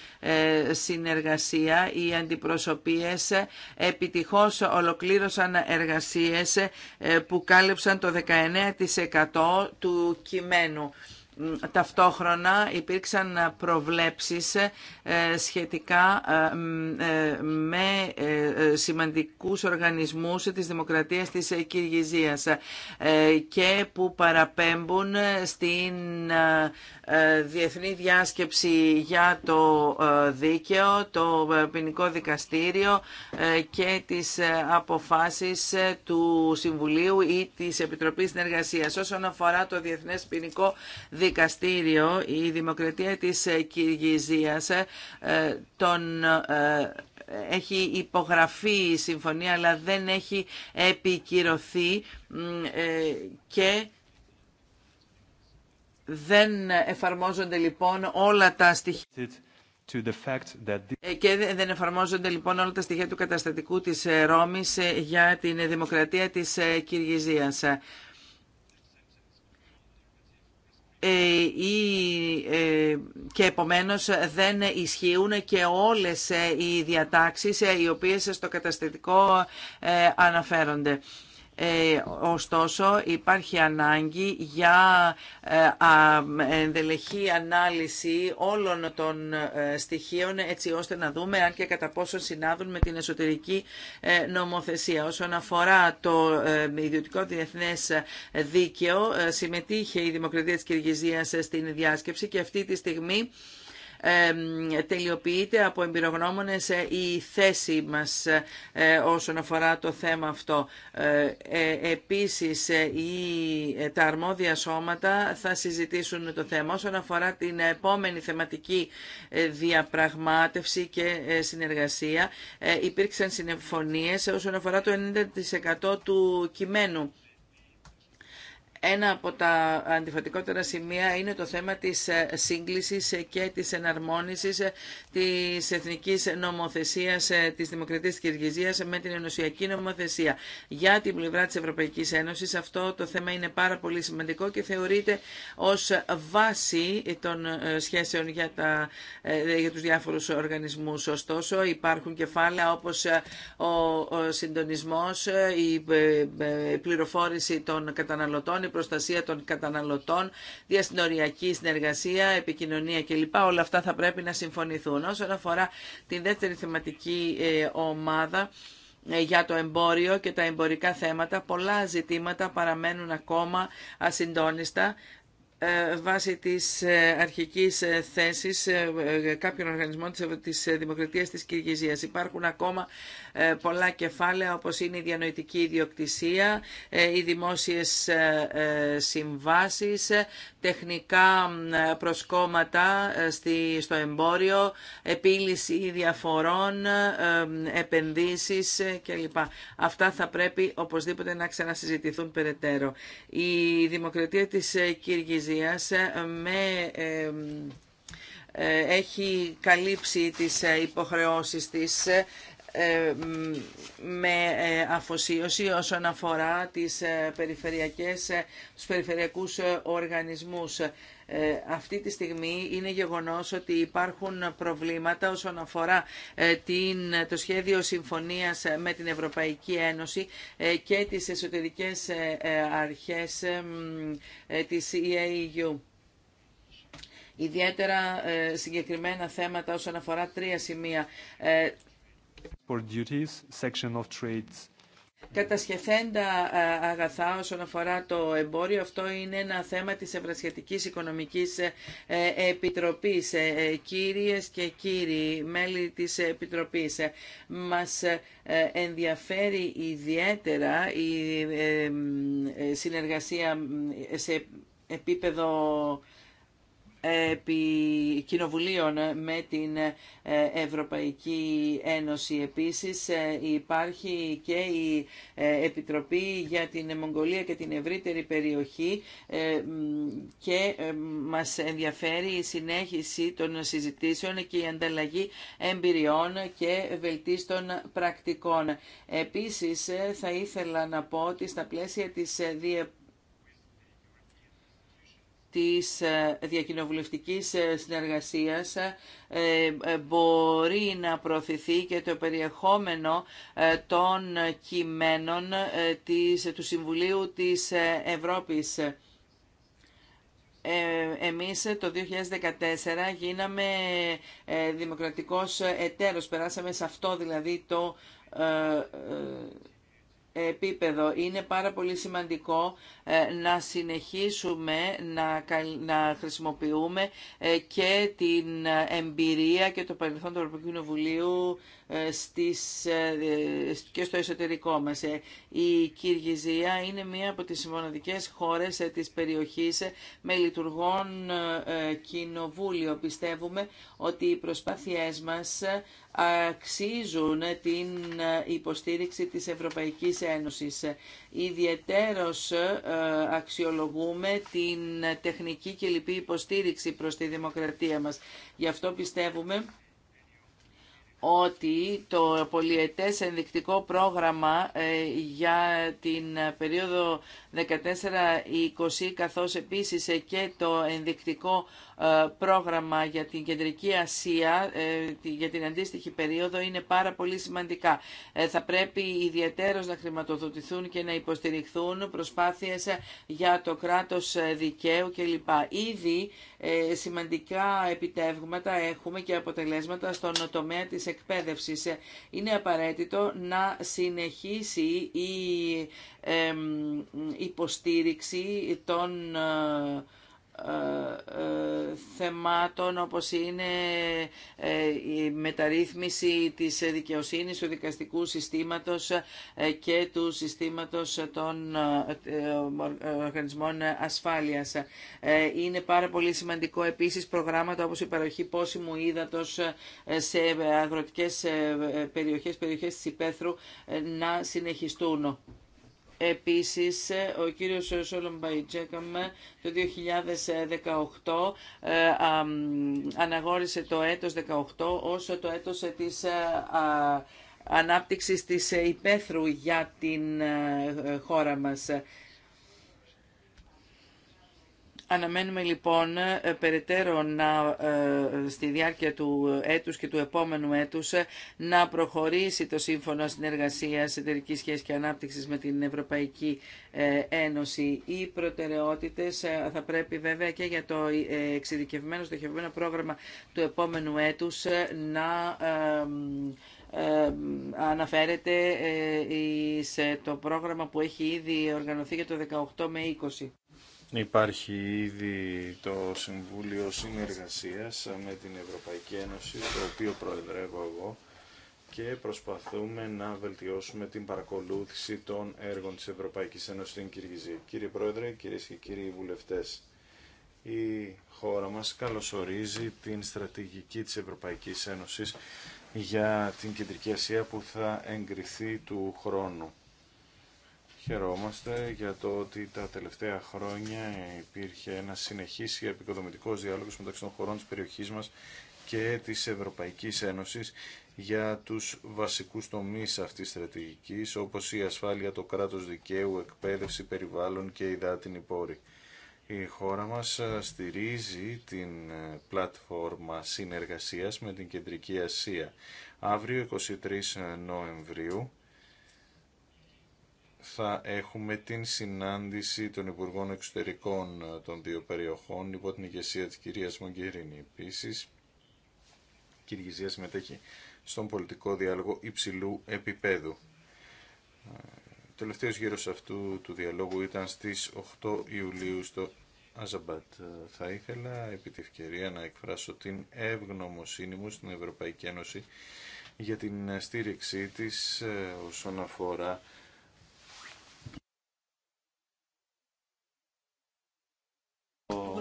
συνεργασία οι αντιπροσωπείες επιτυχώς ολοκλήρωσαν εργασίες που κάλυψαν το 19% του κειμένου. Ταυτόχρονα υπήρξαν προβλέψεις ε, σχετικά ε, ε, με σημαντικούς οργανισμούς της Δημοκρατίας της Κυργιζίας και που παραπέμπουν στην ε, διεθνή διάσκεψη για το ε, δίκαιο, το ε, ποινικό δικαστήριο και τις αποφάσεις του Συμβουλίου ή της Επιτροπής Συνεργασίας. Όσον αφορά το Διεθνές Ποινικό Δικαστήριο, η Δημοκρατία της Κυργιζίας τον έχει υπογραφεί η συμφωνία αλλά δεν έχει επικυρωθεί και δεν εφαρμόζονται λοιπόν όλα τα στοιχεία ε, και δεν εφαρμόζονται λοιπόν όλα τα στοιχεία του καταστατικού της ε, Ρώμης ε, για την δημοκρατία της Κυργιζίας. και επομένως δεν ισχύουν και όλες οι διατάξεις οι οποίες στο καταστατικό αναφέρονται. Ε, ωστόσο υπάρχει ανάγκη για ε, ενδελεχή ανάλυση όλων των ε, στοιχείων έτσι ώστε να δούμε αν και κατά πόσο συνάδουν με την εσωτερική ε, νομοθεσία. Όσον αφορά το ιδιωτικό διεθνές δίκαιο συμμετείχε η Δημοκρατία της Κυργιζίας στην διάσκεψη και αυτή τη στιγμή τελειοποιείται από εμπειρογνώμονες ε, η θέση μας ε, ε, όσον αφορά το θέμα αυτό. Επίσης, τα αρμόδια σώματα θα συζητήσουν το θέμα όσον αφορά την επόμενη θεματική διαπραγμάτευση και συνεργασία. Υπήρξαν συνεφωνίες όσον αφορά το 90% του κειμένου. Ένα από τα αντιφατικότερα σημεία είναι το θέμα της ε, σύγκλησης ε, και της εναρμόνισης ε, της εθνικής νομοθεσίας της Δημοκρατίας της Κυργιζίας με την ενωσιακή νομοθεσία. Για την πλευρά της Ευρωπαϊκής Ένωσης αυτό το θέμα είναι πάρα πολύ σημαντικό και θεωρείται ως βάση των σχέσεων για, τα, για τους διάφορους οργανισμούς. Ωστόσο υπάρχουν κεφάλαια όπως ο συντονισμός, η πληροφόρηση των καταναλωτών, η προστασία των καταναλωτών, διασυνοριακή συνεργασία, επικοινωνία κλπ. Όλα αυτά θα πρέπει να συμφωνηθούν. Όσον αφορά την δεύτερη θεματική ε, ομάδα, ε, για το εμπόριο και τα εμπορικά θέματα, πολλά ζητήματα παραμένουν ακόμα ασυντόνιστα ε, βάσει της ε, αρχικής ε, θέσης κάποιων οργανισμών της Δημοκρατίας της Κυργιζίας. Υπάρχουν ακόμα πολλά κεφάλαια όπως είναι η διανοητική ιδιοκτησία, οι δημόσιες συμβάσεις, τεχνικά προσκόμματα στο εμπόριο, επίλυση διαφορών, επενδύσεις κλπ. Αυτά θα πρέπει οπωσδήποτε να ξανασυζητηθούν περαιτέρω. Η Δημοκρατία της ε, με ε, έχει καλύψει τις ε, υποχρεώσεις της με αφοσίωση όσον αφορά τις περιφερειακές, τους περιφερειακούς οργανισμούς. Ε, αυτή τη στιγμή είναι γεγονός ότι υπάρχουν προβλήματα όσον αφορά ε, την, το σχέδιο συμφωνίας ε, με την Ευρωπαϊκή Ένωση και τις εσωτερικές αρχές της EAU. Ιδιαίτερα συγκεκριμένα θέματα όσον αφορά τρία σημεία. duties, section of Κατασκευθέντα αγαθά όσον αφορά το εμπόριο, αυτό είναι ένα θέμα της Ευρασιατικής Οικονομικής ε, Επιτροπής. Ε, ε, κύριες και κύριοι, μέλη της Επιτροπής, μας ενδιαφέρει ιδιαίτερα η συνεργασία σε επίπεδο επί κοινοβουλίων με την ε, Ευρωπαϊκή Ένωση. Επίσης ε, υπάρχει και η ε, Επιτροπή για την Μογγολία και την ευρύτερη περιοχή και μας ενδιαφέρει η συνέχιση των συζητήσεων και η ανταλλαγή εμπειριών και βελτίστων πρακτικών. Επίσης θα ήθελα να πω ότι στα πλαίσια της διεπιστήμης της ε, διακοινοβουλευτικής ε, συνεργασίας ε, μπορεί να προωθηθεί και το περιεχόμενο των κειμένων της, του Συμβουλίου της Ευρώπης. Εμείς το 2014 γίναμε δημοκρατικός εταίρος, περάσαμε σε αυτό δηλαδή το επίπεδο. Είναι πάρα πολύ σημαντικό ε, να συνεχίσουμε να χρησιμοποιούμε ε, και την εμπειρία και το παρελθόν του Ευρωπαϊκού Κοινοβουλίου ε, στις, και στο εσωτερικό μας. Η Κυργιζία είναι μία από τις μοναδικές χώρες της περιοχής με λειτουργών κοινοβούλιο. Πιστεύουμε ότι οι προσπάθειές μας αξίζουν την υποστήριξη της Ευρωπαϊκής Ένωσης. Ιδιαιτέρως ε, αξιολογούμε την τεχνική και λοιπή υποστήριξη προς τη δημοκρατία μας. Γι' αυτό πιστεύουμε ότι το πολιετές ενδεικτικό πρόγραμμα ε, για την περίοδο 14-20 καθώς επίσης και το ενδεικτικό ε, πρόγραμμα για την Κεντρική Ασία ε, για την αντίστοιχη περίοδο είναι πάρα πολύ σημαντικά. Ε, θα πρέπει ιδιαίτερως να χρηματοδοτηθούν και να υποστηριχθούν προσπάθειες για το κράτος δικαίου κλπ. Ήδη σημαντικά επιτεύγματα έχουμε και αποτελέσματα στον τομέα της εκπαίδευσης. Είναι απαραίτητο να συνεχίσει η υποστήριξη των ε, ε, θεμάτων όπως είναι ε, η μεταρρύθμιση της δικαιοσύνης, του δικαστικού συστήματος και του συστήματος των οργανισμών ασφάλειας. Είναι πάρα πολύ σημαντικό επίσης προγράμματα όπως η παροχή πόσιμου ύδατος σε αγροτικές περιοχές, περιοχές της υπαίθρου να συνεχιστούν. Επίσης, ο κύριος Σόλον το 2018 ε, αναγόρισε το έτος 18 όσο το έτος της ε, ανάπτυξης της υπαίθρου για την ε, χώρα μας. Αναμένουμε λοιπόν ε, περαιτέρω να, ε, στη διάρκεια του έτους και του επόμενου έτους ε, να προχωρήσει το Σύμφωνο Συνεργασίας Εταιρική σχέση και Ανάπτυξης με την Ευρωπαϊκή Ένωση. Οι προτεραιότητες θα πρέπει βέβαια και για το εξειδικευμένο στοχευμένο πρόγραμμα του επόμενου έτους να ε, αναφέρεται σε το πρόγραμμα που έχει ήδη οργανωθεί για το 18 με 20. Υπάρχει ήδη το Συμβούλιο Συνεργασίας με την Ευρωπαϊκή Ένωση, το οποίο προεδρεύω εγώ και προσπαθούμε να βελτιώσουμε την παρακολούθηση των έργων της Ευρωπαϊκής Ένωσης στην Κυργυζή. Κύριε Πρόεδρε, κυρίες και κύριοι βουλευτές, η χώρα μας καλωσορίζει την στρατηγική της Ευρωπαϊκής Ένωσης για την Κεντρική Ασία που θα εγκριθεί του χρόνου χαιρόμαστε για το ότι τα τελευταία χρόνια υπήρχε ένα συνεχής και επικοδομητικός διάλογος μεταξύ των χωρών της περιοχής μας και της Ευρωπαϊκής Ένωσης για τους βασικούς τομείς αυτής της στρατηγικής, όπως η ασφάλεια, το κράτος δικαίου, εκπαίδευση, περιβάλλον και υδάτινη πόρη. Η χώρα μας ε, στηρίζει την ε, πλατφόρμα συνεργασίας με την Κεντρική Ασία. Αύριο 23 ε, Νοεμβρίου θα έχουμε την συνάντηση των Υπουργών Εξωτερικών ε, των δύο περιοχών υπό την ηγεσία της κυρίας Μογκερίνη. Επίσης, η Κυργυζία συμμετέχει στον πολιτικό διάλογο υψηλού επίπεδου. Ο ε, τελευταίος γύρος αυτού του διαλόγου ήταν στις 8 Ιουλίου στο Αζαμπάτ. Ε, θα ήθελα επί τη ευκαιρία να εκφράσω την ευγνωμοσύνη μου στην Ευρωπαϊκή Ένωση για την στήριξή της όσον αφορά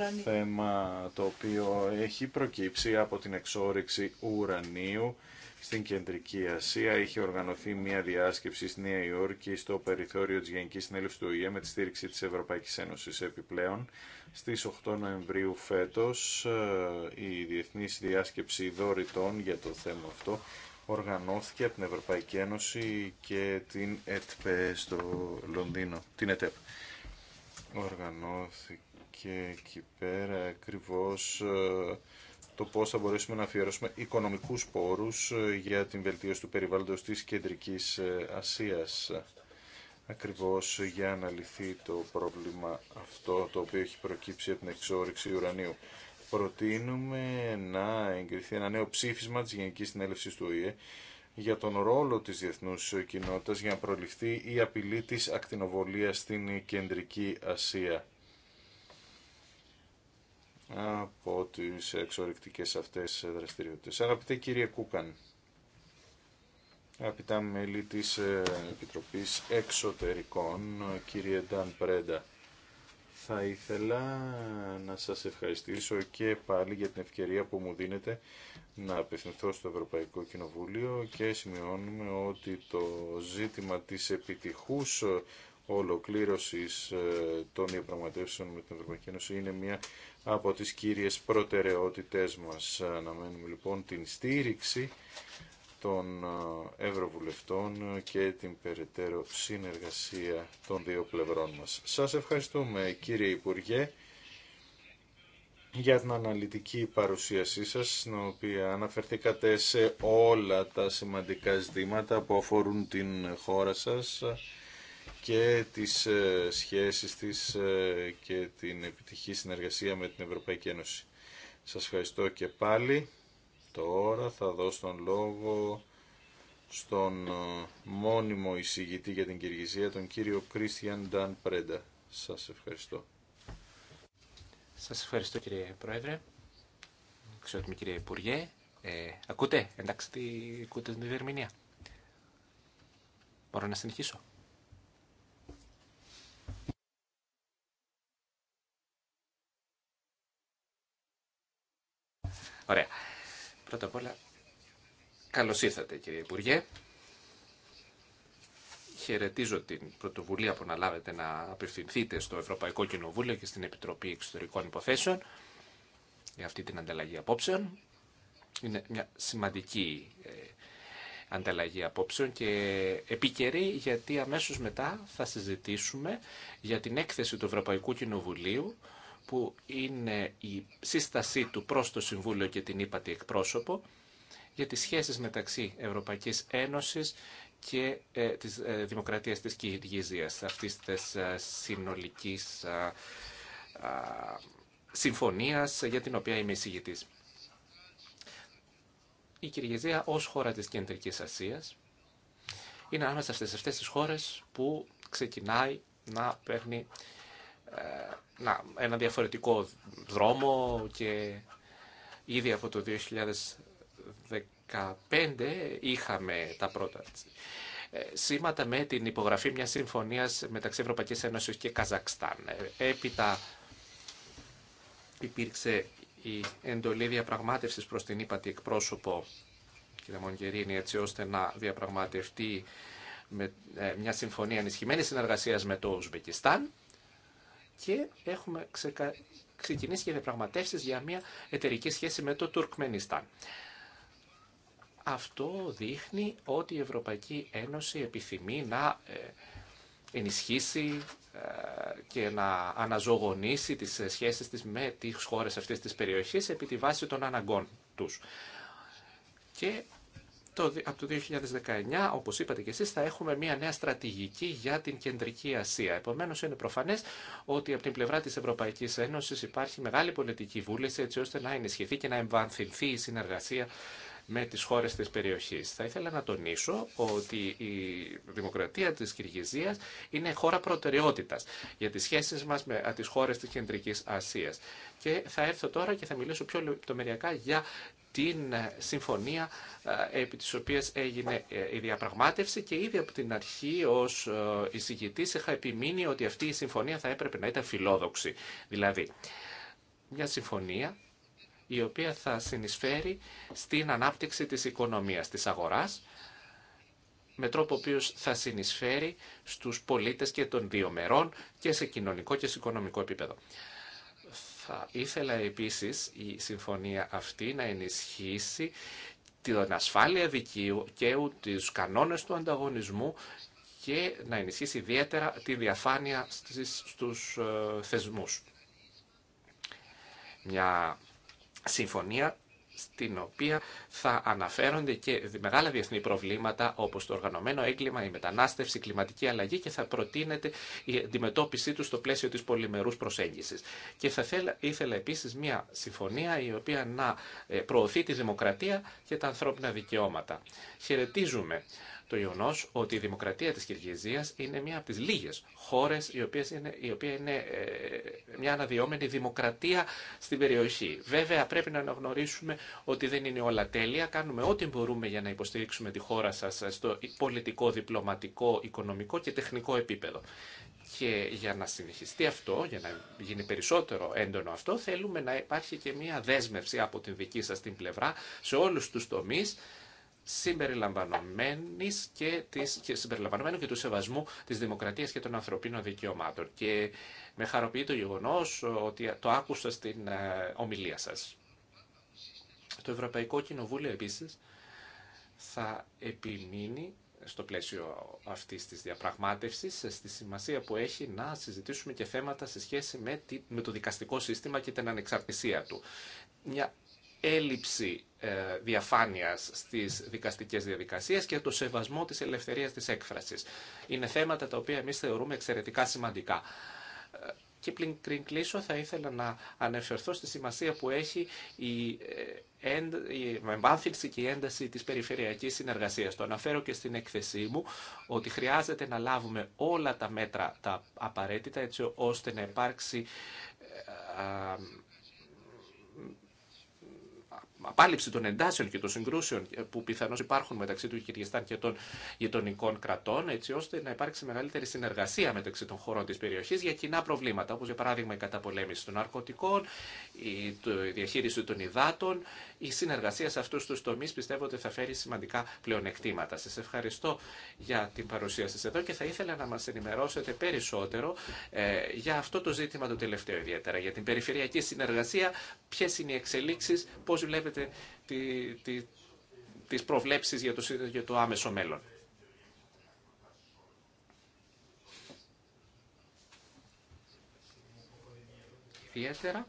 θέμα το οποίο έχει προκύψει από την εξόρυξη ουρανίου στην Κεντρική Ασία. Είχε οργανωθεί μια διάσκεψη στη Νέα Υόρκη στο περιθώριο της Γενικής Συνέλευσης του ΟΗΕ με τη στήριξη της Ευρωπαϊκής Ένωσης επιπλέον. Στις 8 Νοεμβρίου φέτος ε, η Διεθνής Διάσκεψη Δωρητών για το θέμα αυτό οργανώθηκε από την Ευρωπαϊκή Ένωση και την ΕΤΠΕ στο Λονδίνο, την ΕΤΕΠ. Οργανώθηκε και εκεί πέρα ακριβώς ε, το πώς θα μπορέσουμε να αφιερώσουμε οικονομικούς πόρους ε, για την βελτίωση του περιβάλλοντος της Κεντρικής ε, Ασίας. Ακριβώς για να λυθεί το πρόβλημα αυτό το οποίο έχει προκύψει από την εξόριξη ουρανίου. Προτείνουμε να εγκριθεί ένα νέο ψήφισμα της Γενικής Συνέλευσης του ΟΗΕ για τον ρόλο της διεθνούς κοινότητας για να προληφθεί η απειλή της ακτινοβολίας στην Κεντρική Ασία από τις εξορρυκτικές αυτές δραστηριότητες. Αγαπητέ κύριε Κούκαν, αγαπητά μέλη της ε, Επιτροπής Εξωτερικών, κύριε Νταν Πρέντα, θα ήθελα να σας ευχαριστήσω και πάλι για την ευκαιρία που μου δίνετε να απευθυνθώ στο Ευρωπαϊκό Κοινοβούλιο και σημειώνουμε ότι το ζήτημα της επιτυχούς ολοκλήρωσης ε, των διαπραγματεύσεων με την Ευρωπαϊκή Ένωση είναι μια από τις κύριες προτεραιότητές μας. Αναμένουμε λοιπόν την στήριξη των ε, Ευρωβουλευτών και την περαιτέρω συνεργασία των δύο πλευρών μας. Σας ευχαριστούμε κύριε Υπουργέ για την αναλυτική παρουσίασή σας, στην οποία αναφερθήκατε σε όλα τα σημαντικά ζητήματα που αφορούν την χώρα σας και τις ε, σχέσεις της ε, και την επιτυχή συνεργασία με την Ευρωπαϊκή Ένωση. Σας ευχαριστώ και πάλι. Τώρα θα δώσω τον λόγο στον ε, μόνιμο εισηγητή για την Κυργυζία, τον κύριο Κρίστιαν Νταν Πρέντα. Σας ευχαριστώ. Σας ευχαριστώ κύριε Πρόεδρε, ότι κύριε Υπουργέ. Ε, ακούτε, εντάξει, ακούτε την διερμηνία. Μπορώ να συνεχίσω. Ωραία. Πρώτα απ' όλα, καλώ ήρθατε κύριε Υπουργέ. Χαιρετίζω την πρωτοβουλία που αναλάβετε να απευθυνθείτε στο Ευρωπαϊκό Κοινοβούλιο και στην Επιτροπή Εξωτερικών Υποθέσεων για αυτή την ανταλλαγή απόψεων. Είναι μια σημαντική ε, ανταλλαγή απόψεων και επικαιρή γιατί αμέσως μετά θα συζητήσουμε για την έκθεση του Ευρωπαϊκού Κοινοβουλίου που είναι η σύστασή του προς το Συμβούλιο και την ύπατη εκπρόσωπο για τις σχέσεις μεταξύ Ευρωπαϊκής Ένωσης και ε, της ε, Δημοκρατίας της τη αυτής της ε, συνολικής ε, ε, συμφωνίας για την οποία είμαι εισηγητής. Η Κυργιζία ως χώρα της Κεντρικής Ασίας είναι ανάμεσα σε αυτές τις χώρες που ξεκινάει να παίρνει να, ένα διαφορετικό δρόμο και ήδη από το 2015 είχαμε τα πρώτα ε, σήματα με την υπογραφή μιας συμφωνίας μεταξύ Ευρωπαϊκής Ένωσης και Καζακστάν. Ε, έπειτα υπήρξε η εντολή διαπραγμάτευσης προς την ύπατη εκπρόσωπο κ. Μογκερίνη έτσι ώστε να διαπραγματευτεί με ε, μια συμφωνία ενισχυμένη συνεργασίας με το Ουσβεκιστάν και έχουμε ξεκινήσει και διαπραγματεύσεις για μια εταιρική σχέση με το Τουρκμενιστάν. Αυτό δείχνει ότι η Ευρωπαϊκή Ένωση επιθυμεί να ε, ενισχύσει ε, και να αναζωογονήσει τις σχέσεις της με τις χώρες αυτής της περιοχής επί τη βάση των αναγκών τους από το 2019, όπως είπατε και εσείς, θα έχουμε μια νέα στρατηγική για την Κεντρική Ασία. Επομένως, είναι προφανές ότι από την πλευρά της Ευρωπαϊκής Ένωσης υπάρχει μεγάλη πολιτική βούληση έτσι ώστε να ενισχυθεί και να εμβανθυνθεί η συνεργασία με τις χώρες της περιοχής. Θα ήθελα να τονίσω ότι η δημοκρατία της Κυργιζίας είναι χώρα προτεραιότητας για τις σχέσεις μας με τις χώρες της Κεντρικής Ασίας. Και θα έρθω τώρα και θα μιλήσω πιο λεπτομεριακά για την ε, συμφωνία ε, επί της οποίας έγινε ε, η διαπραγμάτευση και ήδη από την αρχή ως εισηγητής είχα επιμείνει ότι αυτή η συμφωνία θα έπρεπε να ήταν φιλόδοξη. Δηλαδή, μια συμφωνία η οποία θα συνεισφέρει στην ανάπτυξη της οικονομίας, της αγοράς, με τρόπο ο οποίος θα συνεισφέρει στους πολίτες και των δύο μερών και σε κοινωνικό και σε οικονομικό επίπεδο. Θα ήθελα επίσης η συμφωνία αυτή να ενισχύσει την ασφάλεια δικαίου, τους κανόνες του ανταγωνισμού και να ενισχύσει ιδιαίτερα τη διαφάνεια στους ε, θεσμούς. Μια συμφωνία στην οποία θα αναφέρονται και μεγάλα διεθνή προβλήματα όπως το οργανωμένο έγκλημα, η μετανάστευση, η κλιματική αλλαγή και θα προτείνεται η αντιμετώπιση του στο πλαίσιο της πολυμερούς προσέγγισης. Και θα ήθελα επίσης μια συμφωνία η οποία να ε, προωθεί τη δημοκρατία και τα ανθρώπινα δικαιώματα. Χαιρετίζουμε το γεγονό ότι η δημοκρατία τη Κυργυζία χώρε η οποία είναι, η οποία είναι μια αναδυόμενη δημοκρατία στην περιοχή. Βέβαια, πρέπει να αναγνωρίσουμε ότι δεν είναι όλα τέλεια. Κάνουμε ό,τι μπορούμε για να υποστηρίξουμε τη χώρα σα στο πολιτικό, διπλωματικό, οικονομικό και τεχνικό επίπεδο. Και για να συνεχιστεί αυτό, για να γίνει περισσότερο έντονο αυτό, θέλουμε να υπάρχει και μία δέσμευση από την δική σας την πλευρά σε όλους τους τομεί συμπεριλαμβανομένης και, της, συμπεριλαμβανομένου και του σεβασμού της δημοκρατίας και των ανθρωπίνων δικαιωμάτων. Και με χαροποιεί το γεγονός ότι το άκουσα στην ε, ομιλία σας. Το Ευρωπαϊκό Κοινοβούλιο επίσης θα επιμείνει στο πλαίσιο αυτής της διαπραγμάτευσης, στη σημασία που έχει να συζητήσουμε και θέματα σε σχέση με, το δικαστικό σύστημα και την ανεξαρτησία του. Μια έλλειψη ε, διαφάνειας στις δικαστικές διαδικασίες και το σεβασμό της ελευθερίας της έκφρασης. Είναι θέματα τα οποία εμείς θεωρούμε εξαιρετικά σημαντικά. Ε, και πριν κλείσω θα ήθελα να αναφερθώ στη σημασία που έχει η ε, εμπάθυνση και η ένταση της περιφερειακής συνεργασίας. Το αναφέρω και στην εκθεσή μου ότι χρειάζεται να λάβουμε όλα τα μέτρα τα απαραίτητα έτσι ώστε να υπάρξει απάλληψη των εντάσεων και των συγκρούσεων που πιθανώ υπάρχουν μεταξύ του Κυριαστάν και των γειτονικών κρατών, έτσι ώστε να υπάρξει μεγαλύτερη συνεργασία μεταξύ των χωρών τη περιοχή για κοινά προβλήματα, όπω για παράδειγμα η καταπολέμηση των ναρκωτικών, η διαχείριση των υδάτων, η συνεργασία σε αυτούς τους τομείς πιστεύω ότι θα φέρει σημαντικά πλεονεκτήματα. Σας ευχαριστώ για την παρουσία σα εδώ και θα ήθελα να μας ενημερώσετε περισσότερο ε, για αυτό το ζήτημα το τελευταίο ιδιαίτερα, για την περιφερειακή συνεργασία, Ποιε είναι οι εξελίξεις, πώς βλέπετε τη, τη, τις προβλέψεις για το, για το άμεσο μέλλον. ιδιαίτερα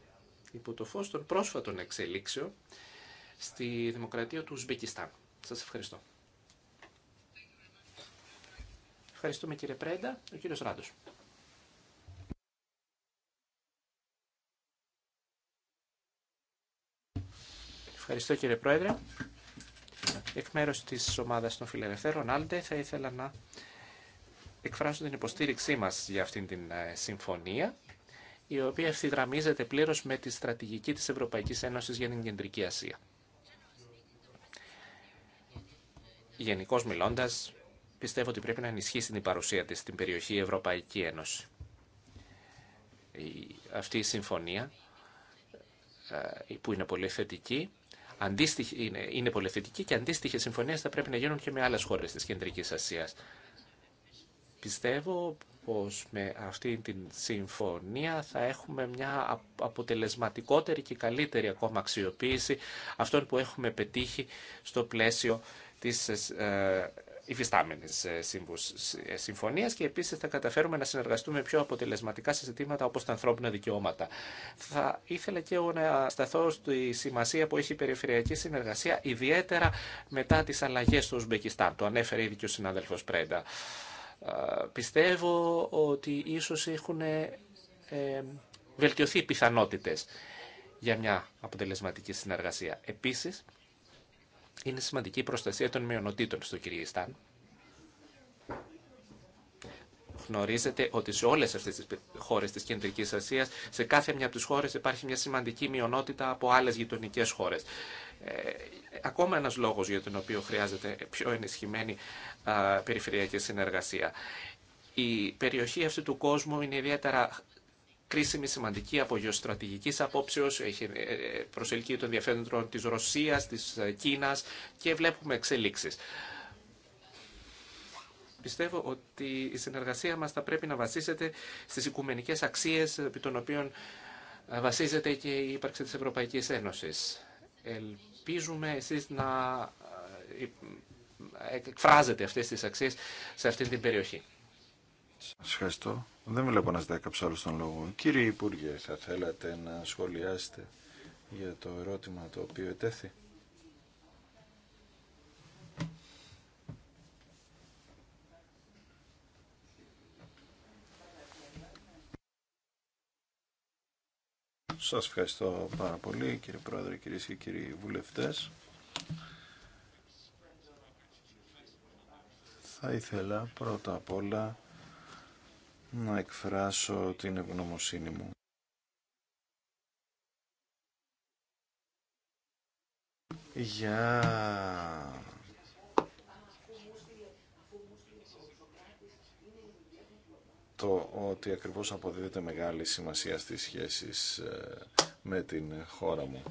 υπό το φως των πρόσφατων εξελίξεων στη δημοκρατία του Ουσμπεκιστάν. Σας ευχαριστώ. Ευχαριστούμε κύριε Πρέντα. Ο κύριος Ράντος. Ευχαριστώ κύριε Πρόεδρε. Εκ μέρους της ομάδας των φιλελευθέρων, Άλντε, θα ήθελα να εκφράσω την υποστήριξή μας για αυτήν την ε, συμφωνία, η οποία ευθυγραμμίζεται πλήρως με τη στρατηγική της Ευρωπαϊκής Ένωσης για την Κεντρική Ασία. γενικώ μιλώντα, πιστεύω ότι πρέπει να ενισχύσει την παρουσία τη στην περιοχή Ευρωπαϊκή Ένωση. Η, αυτή η συμφωνία ε, που είναι πολύ θετική, είναι, είναι πολύ θετική και αντίστοιχε συμφωνίε θα πρέπει να γίνουν και με άλλε χώρε τη Κεντρική Ασία. Πιστεύω πως με αυτή τη συμφωνία θα έχουμε μια αποτελεσματικότερη και καλύτερη ακόμα αξιοποίηση αυτών που έχουμε πετύχει στο πλαίσιο της ε, υφιστάμενης ε, ε, συμφωνίας και επίσης θα καταφέρουμε να συνεργαστούμε πιο αποτελεσματικά σε ζητήματα όπως τα ανθρώπινα δικαιώματα. Θα ήθελα και εγώ να σταθώ στη σημασία που έχει η περιφερειακή συνεργασία, ιδιαίτερα μετά τις αλλαγές στο Ουσμπεκιστάν. Το ανέφερε ήδη και ο συνάδελφος Πρέντα. Πιστεύω ότι ίσως έχουν βελτιωθεί οι πιθανότητες για μια αποτελεσματική συνεργασία. Επίσης, είναι σημαντική η προστασία των μειονοτήτων στο Κυριγιστάν. Γνωρίζετε ότι σε όλες αυτές τις χώρες της Κεντρικής Ασίας, σε κάθε μια από τις χώρες υπάρχει μια σημαντική μειονότητα από άλλες γειτονικέ χώρες. Ε, ακόμα ένας λόγος για τον οποίο χρειάζεται πιο ενισχυμένη περιφερειακή συνεργασία. Η περιοχή αυτή του κόσμου είναι ιδιαίτερα κρίσιμη, σημαντική από γεωστρατηγική απόψεω. Έχει ε, ε, προσελκύει το ενδιαφέρον τη Ρωσία, τη ε, Κίνα και βλέπουμε εξελίξει. Πιστεύω ότι η συνεργασία μας θα πρέπει να βασίζεται στις οικουμενικές αξίες επί των οποίων βασίζεται και η ύπαρξη της Ευρωπαϊκής Ένωσης. Ελπίζουμε εσείς να εκφράζετε αυτές τις αξίες σε αυτή την περιοχή. Σας ευχαριστώ. Δεν βλέπω να ζητάει κάποιο άλλο τον λόγο. Κύριε Υπουργέ, θα θέλατε να σχολιάσετε για το ερώτημα το οποίο ετέθη. Σας ευχαριστώ πάρα πολύ κύριε Πρόεδρε, κυρίες και κύριοι βουλευτές. Θα ήθελα πρώτα απ' όλα να εκφράσω την ευγνωμοσύνη μου. Για το ότι ακριβώς αποδίδεται μεγάλη σημασία στις σχέσεις ε, με την χώρα μου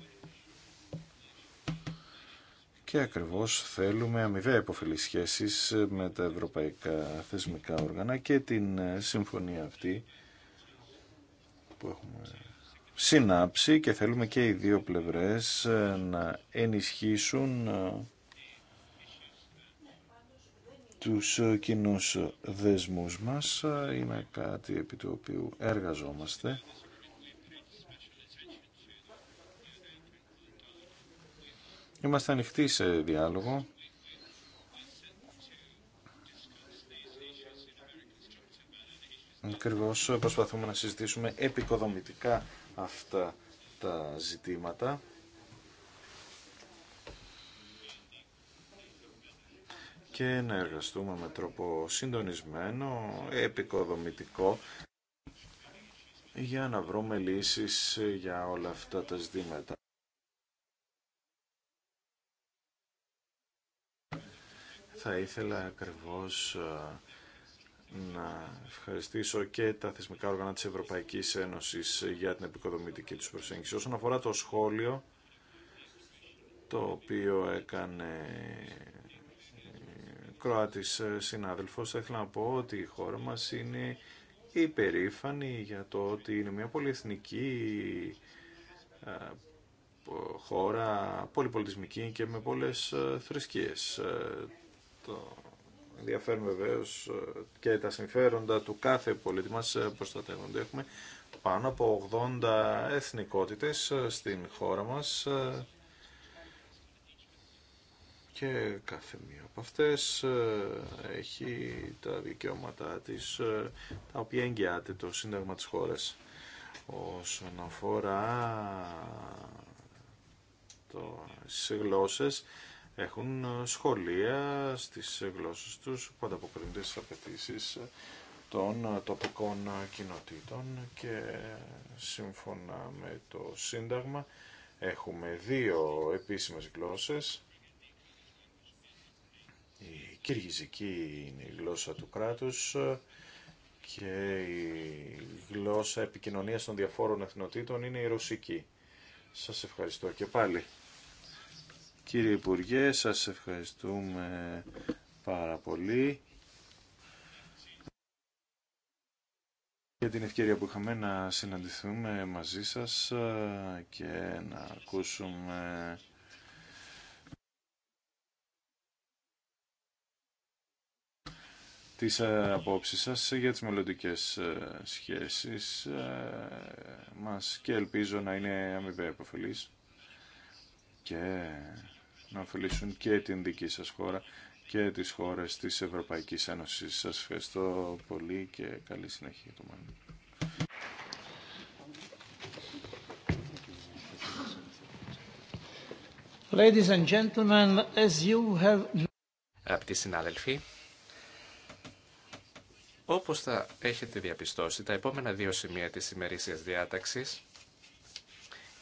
και ακριβώς θέλουμε αμοιβαία υποφελή σχέσεις με τα ευρωπαϊκά θεσμικά όργανα και την ε, συμφωνία αυτή που έχουμε συνάψει και θέλουμε και οι δύο πλευρές ε, να ενισχύσουν ε, τους κοινούς δεσμούς μας. Είναι κάτι επί του οποίου εργαζόμαστε Είμαστε ανοιχτοί σε διάλογο. Ακριβώ προσπαθούμε να συζητήσουμε επικοδομητικά αυτά τα ζητήματα. και να εργαστούμε με τρόπο συντονισμένο, επικοδομητικό για να βρούμε λύσεις για όλα αυτά τα ζητήματα. θα ήθελα ακριβώς ε, να ευχαριστήσω και τα θεσμικά όργανα της Ευρωπαϊκής Ένωσης για την επικοδομητική τους προσέγγιση. Όσον αφορά το σχόλιο, το οποίο έκανε ε, Κροάτης ε, συνάδελφος, θα ήθελα να πω ότι η χώρα μας είναι υπερήφανη για το ότι είναι μια πολυεθνική χώρα, πολυπολιτισμική και με πολλές θρησκείες το ενδιαφέρον βεβαίω ε, και τα συμφέροντα του κάθε πολίτη μας ε, προστατεύονται. Έχουμε πάνω από 80 εθνικότητες ε, στην χώρα μας και κάθε μία από αυτές έχει τα δικαιώματα της τα οποία εγγυάται το Σύνταγμα της χώρας. Όσον αφορά το, στις γλώσσες, έχουν ε, σχολεία στις γλώσσες τους που ανταποκρίνονται στις απαιτήσει των ε, τοπικών ε, κοινοτήτων και σύμφωνα με το Σύνταγμα έχουμε δύο επίσημες γλώσσες. Η κυργιζική είναι η γλώσσα του κράτους και η γλώσσα επικοινωνίας των διαφόρων εθνοτήτων είναι η ρωσική. Σας ευχαριστώ και πάλι. Κύριε Υπουργέ, σας ευχαριστούμε πάρα πολύ για την ευκαιρία που είχαμε να συναντηθούμε μαζί σας και να ακούσουμε τις ε, απόψεις σας για τις μελλοντικέ ε, σχέσεις ε, μας και ελπίζω να είναι αμοιβαία επωφελής και να ωφελήσουν και την δική σας χώρα και τις χώρες της Ευρωπαϊκής Ένωσης. Σας ευχαριστώ πολύ και καλή συνέχεια του μάλλον. Ladies and gentlemen, as you have... Αγαπητοί συνάδελφοι, όπως θα έχετε διαπιστώσει, τα επόμενα δύο σημεία της ημερήσιας διάταξης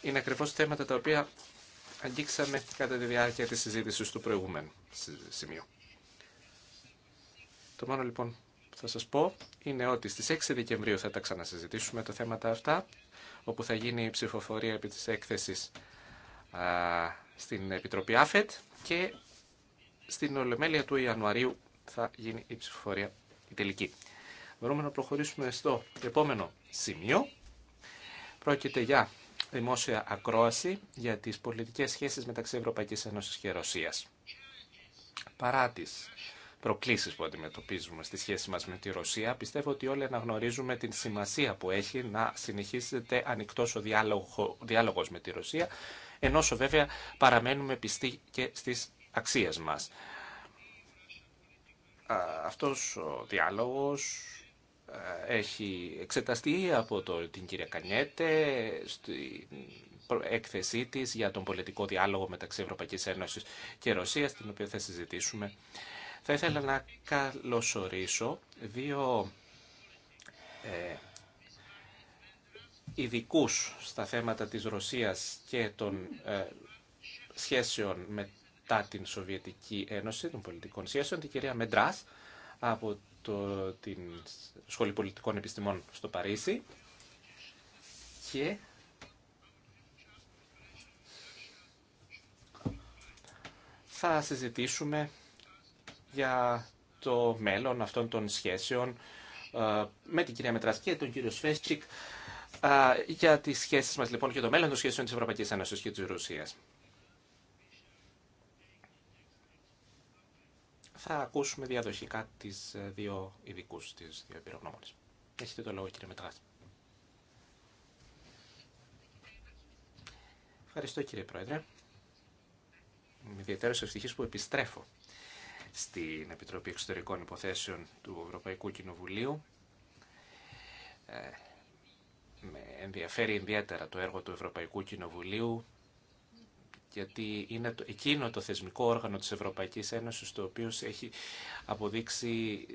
είναι ακριβώς θέματα τα οποία αγγίξαμε κατά τη διάρκεια της συζήτησης του προηγούμενου σημείου. Το μόνο λοιπόν που θα σας πω είναι ότι στις 6 Δεκεμβρίου θα τα ξανασυζητήσουμε τα θέματα αυτά, όπου θα γίνει η ψηφοφορία επί της έκθεσης α, στην Επιτροπή ΑΦΕΤ και στην Ολομέλεια του Ιανουαρίου θα γίνει η ψηφοφορία η τελική. Μπορούμε να προχωρήσουμε στο επόμενο σημείο. Πρόκειται για δημόσια ακρόαση για τις πολιτικές σχέσεις μεταξύ Ευρωπαϊκής Ένωσης και Ρωσίας. Παρά τις προκλήσεις που αντιμετωπίζουμε στη σχέση μας με τη Ρωσία, πιστεύω ότι όλοι αναγνωρίζουμε την σημασία που έχει να συνεχίσετε ανοιχτός ο διάλογος με τη Ρωσία, ενώ βέβαια παραμένουμε πιστοί και στις αξίες μας. Αυτός ο διάλογος ε, έχει εξεταστεί από το, την κυρία Κανιέτε στη έκθεσή της για τον πολιτικό διάλογο μεταξύ Ευρωπαϊκής Ένωσης και Ρωσίας, την οποία θα συζητήσουμε. Θα ήθελα να καλωσορίσω δύο ε, ειδικού στα θέματα της Ρωσίας και των ε, σχέσεων μετά την Σοβιετική Ένωση, των πολιτικών σχέσεων, την κυρία Μεντράς από το, την Σχολή Πολιτικών Επιστημών στο Παρίσι και θα συζητήσουμε για το μέλλον αυτών των σχέσεων ε, με την κυρία Μετράς και τον κύριο Σφέστσικ ε, για τις σχέσεις μας λοιπόν και το μέλλον των σχέσεων της Ευρωπαϊκής Ένωσης και της Ρωσίας. θα ακούσουμε διαδοχικά τις ε, δύο ειδικού τις δύο εμπειρογνώμονες. Έχετε το λόγο κύριε Μετράς. Ευχαριστώ κύριε Πρόεδρε. Είμαι ιδιαίτερο ευτυχή που επιστρέφω στην Επιτροπή Εξωτερικών Υποθέσεων του Ευρωπαϊκού Κοινοβουλίου. Ε, με ενδιαφέρει ιδιαίτερα το έργο του Ευρωπαϊκού Κοινοβουλίου γιατί είναι το, εκείνο το θεσμικό όργανο της Ευρωπαϊκής Ένωσης το οποίο έχει αποδείξει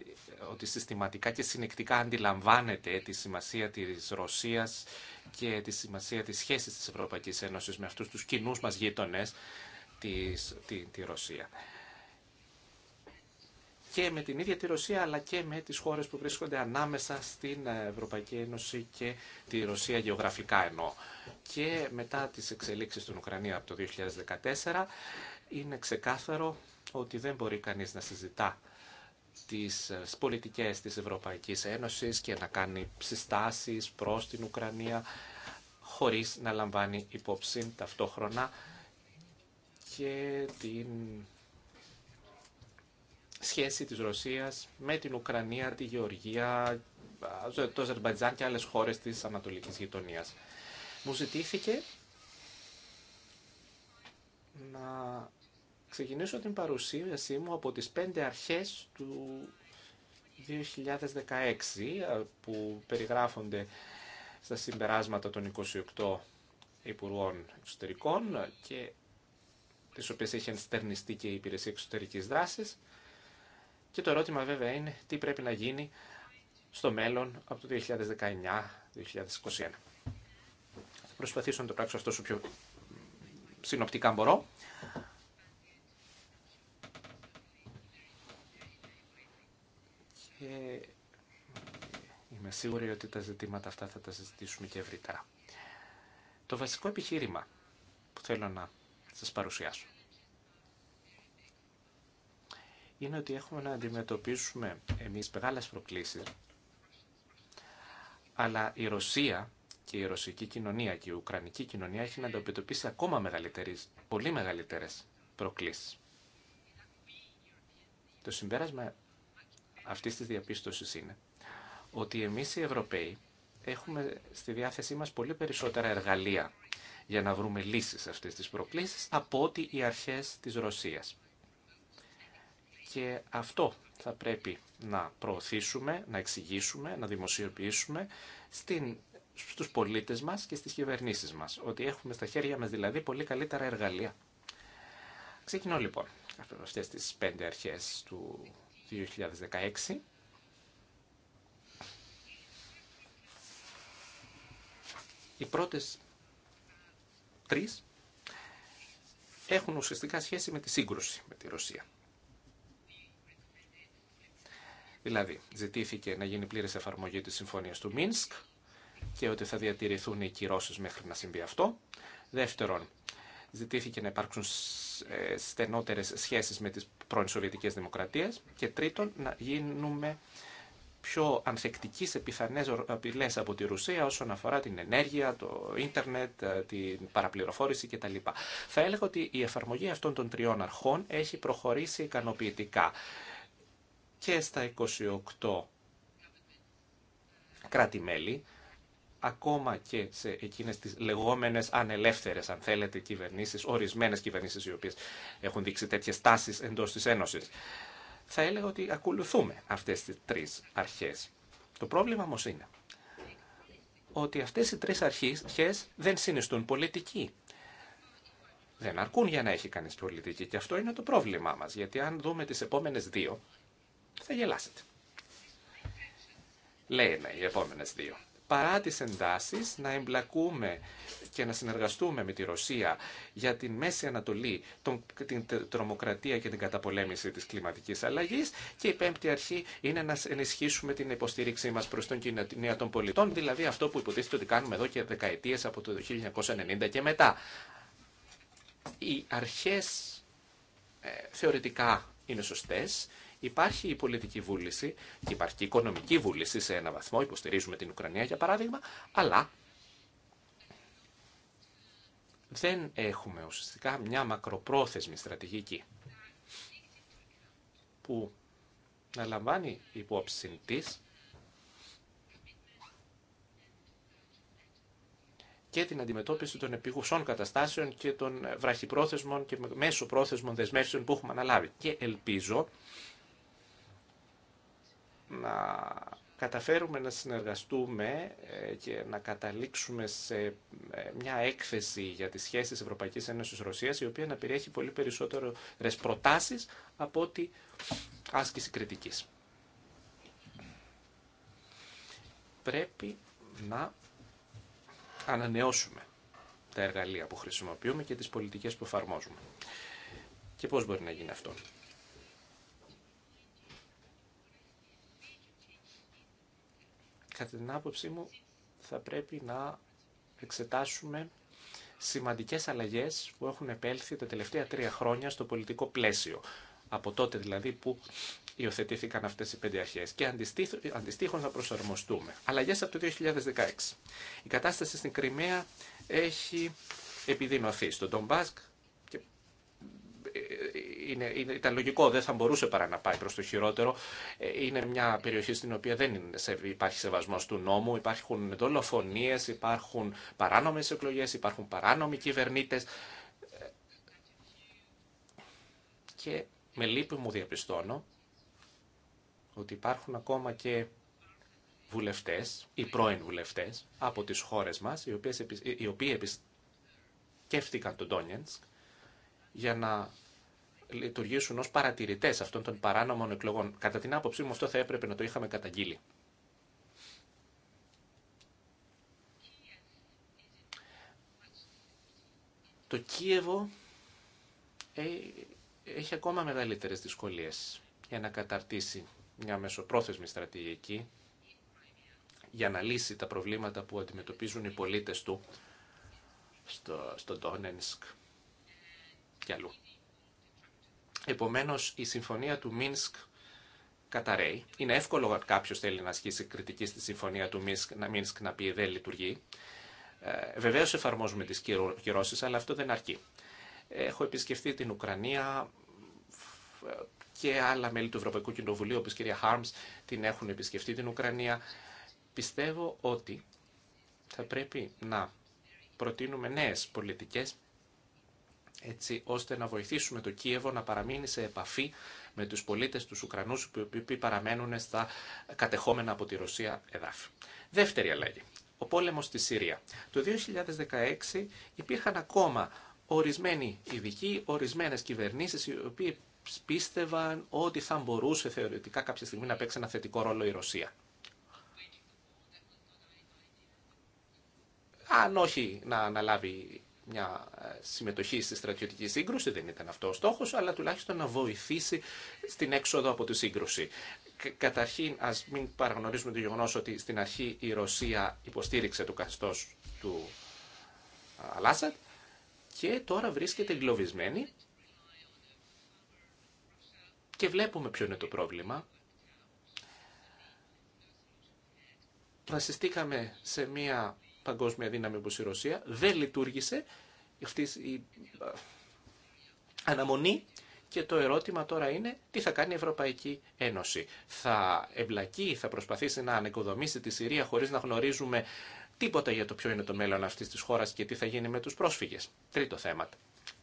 ότι συστηματικά και συνεκτικά αντιλαμβάνεται τη σημασία της Ρωσίας και τη σημασία της σχέσης της Ευρωπαϊκής Ένωσης με αυτούς τους κοινούς μας γείτονες της, τη, τη Ρωσία και με την ίδια τη Ρωσία αλλά και με τις χώρες που βρίσκονται ανάμεσα στην Ευρωπαϊκή Ένωση και τη Ρωσία γεωγραφικά εννοώ. Και μετά τις εξελίξεις στην Ουκρανία από το 2014 είναι ξεκάθαρο ότι δεν μπορεί κανείς να συζητά τις ε, πολιτικές της Ευρωπαϊκής Ένωσης και να κάνει συστάσεις προς την Ουκρανία χωρίς να λαμβάνει υπόψη ταυτόχρονα και την σχέση της Ρωσίας με την Ουκρανία, τη Γεωργία, το Αζερμπαϊτζάν και άλλες χώρες της Ανατολικής Γειτονίας. Μου ζητήθηκε να ξεκινήσω την παρουσίασή μου από τις πέντε αρχές του 2016 που περιγράφονται στα συμπεράσματα των 28 Υπουργών Εξωτερικών και τις οποίες έχει ενστερνιστεί και η Υπηρεσία Εξωτερικής Δράσης και το ερώτημα βέβαια είναι τι πρέπει να γίνει στο μέλλον από το 2019-2021. Θα προσπαθήσω να το πράξω αυτό όσο πιο συνοπτικά μπορώ. Και είμαι σίγουρη ότι τα ζητήματα αυτά θα τα συζητήσουμε και ευρύτερα. Το βασικό επιχείρημα που θέλω να σας παρουσιάσω είναι ότι έχουμε να αντιμετωπίσουμε εμείς μεγάλες προκλήσεις, αλλά η Ρωσία και η ρωσική κοινωνία και η ουκρανική κοινωνία έχει να αντιμετωπίσει ακόμα μεγαλύτερες, πολύ μεγαλύτερες προκλήσεις. Το συμπέρασμα αυτής της διαπίστωσης είναι ότι εμείς οι Ευρωπαίοι έχουμε στη διάθεσή μας πολύ περισσότερα εργαλεία για να βρούμε λύσεις σε αυτές τις προκλήσεις από ό,τι οι αρχές της Ρωσίας. Και αυτό θα πρέπει να προωθήσουμε, να εξηγήσουμε, να δημοσιοποιήσουμε στην, στους πολίτες μας και στις κυβερνήσεις μας. Ότι έχουμε στα χέρια μας δηλαδή πολύ καλύτερα εργαλεία. Ξεκινώ λοιπόν από αυτές τις πέντε αρχές του 2016. Οι πρώτες τρεις έχουν ουσιαστικά σχέση με τη σύγκρουση με τη Ρωσία. Δηλαδή, ζητήθηκε να γίνει πλήρης εφαρμογή τη συμφωνία του Μίνσκ και ότι θα διατηρηθούν οι κυρώσει μέχρι να συμβεί αυτό. Δεύτερον, ζητήθηκε να υπάρξουν ε, στενότερε σχέσει με τι πρώην Σοβιετικέ Δημοκρατίες και τρίτον, να γίνουμε πιο ανθεκτικοί σε πιθανέ απειλέ από τη Ρουσία όσον αφορά την ενέργεια, το ίντερνετ, ε, την παραπληροφόρηση κτλ. Θα έλεγα ότι η εφαρμογή αυτών των τριών αρχών έχει προχωρήσει ικανοποιητικά και στα 28 κράτη-μέλη, ακόμα και σε εκείνες τις λεγόμενες ανελεύθερες, αν θέλετε, κυβερνήσεις, ορισμένες κυβερνήσεις οι οποίες έχουν δείξει τέτοιες τάσεις εντός της Ένωσης. Θα έλεγα ότι ακολουθούμε αυτές τις τρεις αρχές. Το πρόβλημα όμως είναι ότι αυτές οι τρεις αρχές δεν συνιστούν πολιτική. Δεν αρκούν για να έχει κανείς πολιτική και αυτό είναι το πρόβλημά μας, γιατί αν δούμε τις επόμενες δύο, θα γελάσετε. Λένε οι επόμενε δύο. Παρά τι εντάσει να εμπλακούμε και να συνεργαστούμε με τη Ρωσία για την Μέση Ανατολή, τον, την τρομοκρατία και την καταπολέμηση της κλιματικής αλλαγής. Και η πέμπτη αρχή είναι να ενισχύσουμε την υποστήριξή μας προς τον κοινωνία των πολιτών, δηλαδή αυτό που υποτίθεται ότι κάνουμε εδώ και δεκαετίε από το 1990 και μετά. Οι αρχέ ε, θεωρητικά είναι σωστές, Υπάρχει η πολιτική βούληση και υπάρχει η οικονομική βούληση σε ένα βαθμό, υποστηρίζουμε την Ουκρανία για παράδειγμα, αλλά δεν έχουμε ουσιαστικά μια μακροπρόθεσμη στρατηγική που να λαμβάνει υπόψη τη και την αντιμετώπιση των επίγουσων καταστάσεων και των βραχυπρόθεσμων και μέσοπρόθεσμων δεσμεύσεων που έχουμε αναλάβει. Και ελπίζω να καταφέρουμε να συνεργαστούμε ε, και να καταλήξουμε σε ε, μια έκθεση για τις σχέσεις Ευρωπαϊκής Ένωσης Ρωσίας η οποία να περιέχει πολύ περισσότερες προτάσεις από ότι άσκηση κριτικής. Πρέπει να ανανεώσουμε τα εργαλεία που χρησιμοποιούμε και τις πολιτικές που εφαρμόζουμε. Και πώς μπορεί να γίνει αυτό. κατά την άποψή μου θα πρέπει να εξετάσουμε σημαντικές αλλαγές που έχουν επέλθει τα τελευταία τρία χρόνια στο πολιτικό πλαίσιο. Από τότε δηλαδή που υιοθετήθηκαν αυτές οι πέντε αρχές και αντιστοίχως να προσαρμοστούμε. Αλλαγές από το 2016. Η κατάσταση στην Κρυμαία έχει επιδεινωθεί. Στον Τον και ε, είναι, είναι, ήταν λογικό, δεν θα μπορούσε παρά να πάει προς το χειρότερο. Ε, είναι μια περιοχή στην οποία δεν υπάρχει σεβασμός του νόμου, υπάρχουν δολοφονίες, υπάρχουν παράνομες εκλογές, υπάρχουν παράνομοι κυβερνήτες. Και με λύπη μου διαπιστώνω ότι υπάρχουν ακόμα και βουλευτές ή πρώην βουλευτές από τις χώρες μας, οι, οποίοι επισκέφτηκαν τον Τόνιενσκ για να λειτουργήσουν ω παρατηρητές αυτών των παράνομων εκλογών. Κατά την άποψή μου αυτό θα έπρεπε να το είχαμε καταγγείλει. Το Κίεβο ε, έχει ακόμα μεγαλύτερες δυσκολίες για να καταρτήσει μια μεσοπρόθεσμη στρατηγική για να λύσει τα προβλήματα που αντιμετωπίζουν οι πολίτες του στο, στο Ντόνενσκ και αλλού. Επομένως, η συμφωνία του Μίνσκ καταραίει. Είναι εύκολο αν κάποιο θέλει να ασκήσει κριτική στη συμφωνία του Μίνσκ να, Μίνσκ, να πει δεν λειτουργεί. Ε, Βεβαίω εφαρμόζουμε τι κυρώσει, αλλά αυτό δεν αρκεί. Έχω επισκεφτεί την Ουκρανία και άλλα μέλη του Ευρωπαϊκού Κοινοβουλίου, όπως η κυρία Χάρμς, την έχουν επισκεφτεί την Ουκρανία. Πιστεύω ότι θα πρέπει να προτείνουμε νέες πολιτικές έτσι ώστε να βοηθήσουμε το Κίεβο να παραμείνει σε επαφή με τους πολίτες τους Ουκρανούς που παραμένουν στα κατεχόμενα από τη Ρωσία εδάφη. Δεύτερη αλλαγή. Ο πόλεμος στη Συρία. Το 2016 υπήρχαν ακόμα ορισμένοι ειδικοί, ορισμένες κυβερνήσεις οι οποίοι πίστευαν ότι θα μπορούσε θεωρητικά κάποια στιγμή να παίξει ένα θετικό ρόλο η Ρωσία. Αν όχι να αναλάβει μια ε, συμμετοχή στη στρατιωτική σύγκρουση, δεν ήταν αυτό ο στόχος, αλλά τουλάχιστον να βοηθήσει στην έξοδο από τη σύγκρουση. Καταρχήν, ας μην παραγνωρίζουμε το γεγονό ότι στην αρχή η Ρωσία υποστήριξε το καστός του Αλάσαντ ε, και τώρα βρίσκεται εγκλωβισμένη και βλέπουμε ποιο είναι το πρόβλημα. Βασιστήκαμε σε μία παγκόσμια δύναμη όπως η Ρωσία, δεν λειτουργήσε αυτή η ε, αναμονή και το ερώτημα τώρα είναι τι θα κάνει η Ευρωπαϊκή Ένωση. Θα εμπλακεί, θα προσπαθήσει να ανεκοδομήσει τη Συρία χωρίς να γνωρίζουμε τίποτα για το ποιο είναι το μέλλον αυτής της χώρας και τι θα γίνει με τους πρόσφυγες. Τρίτο θέμα.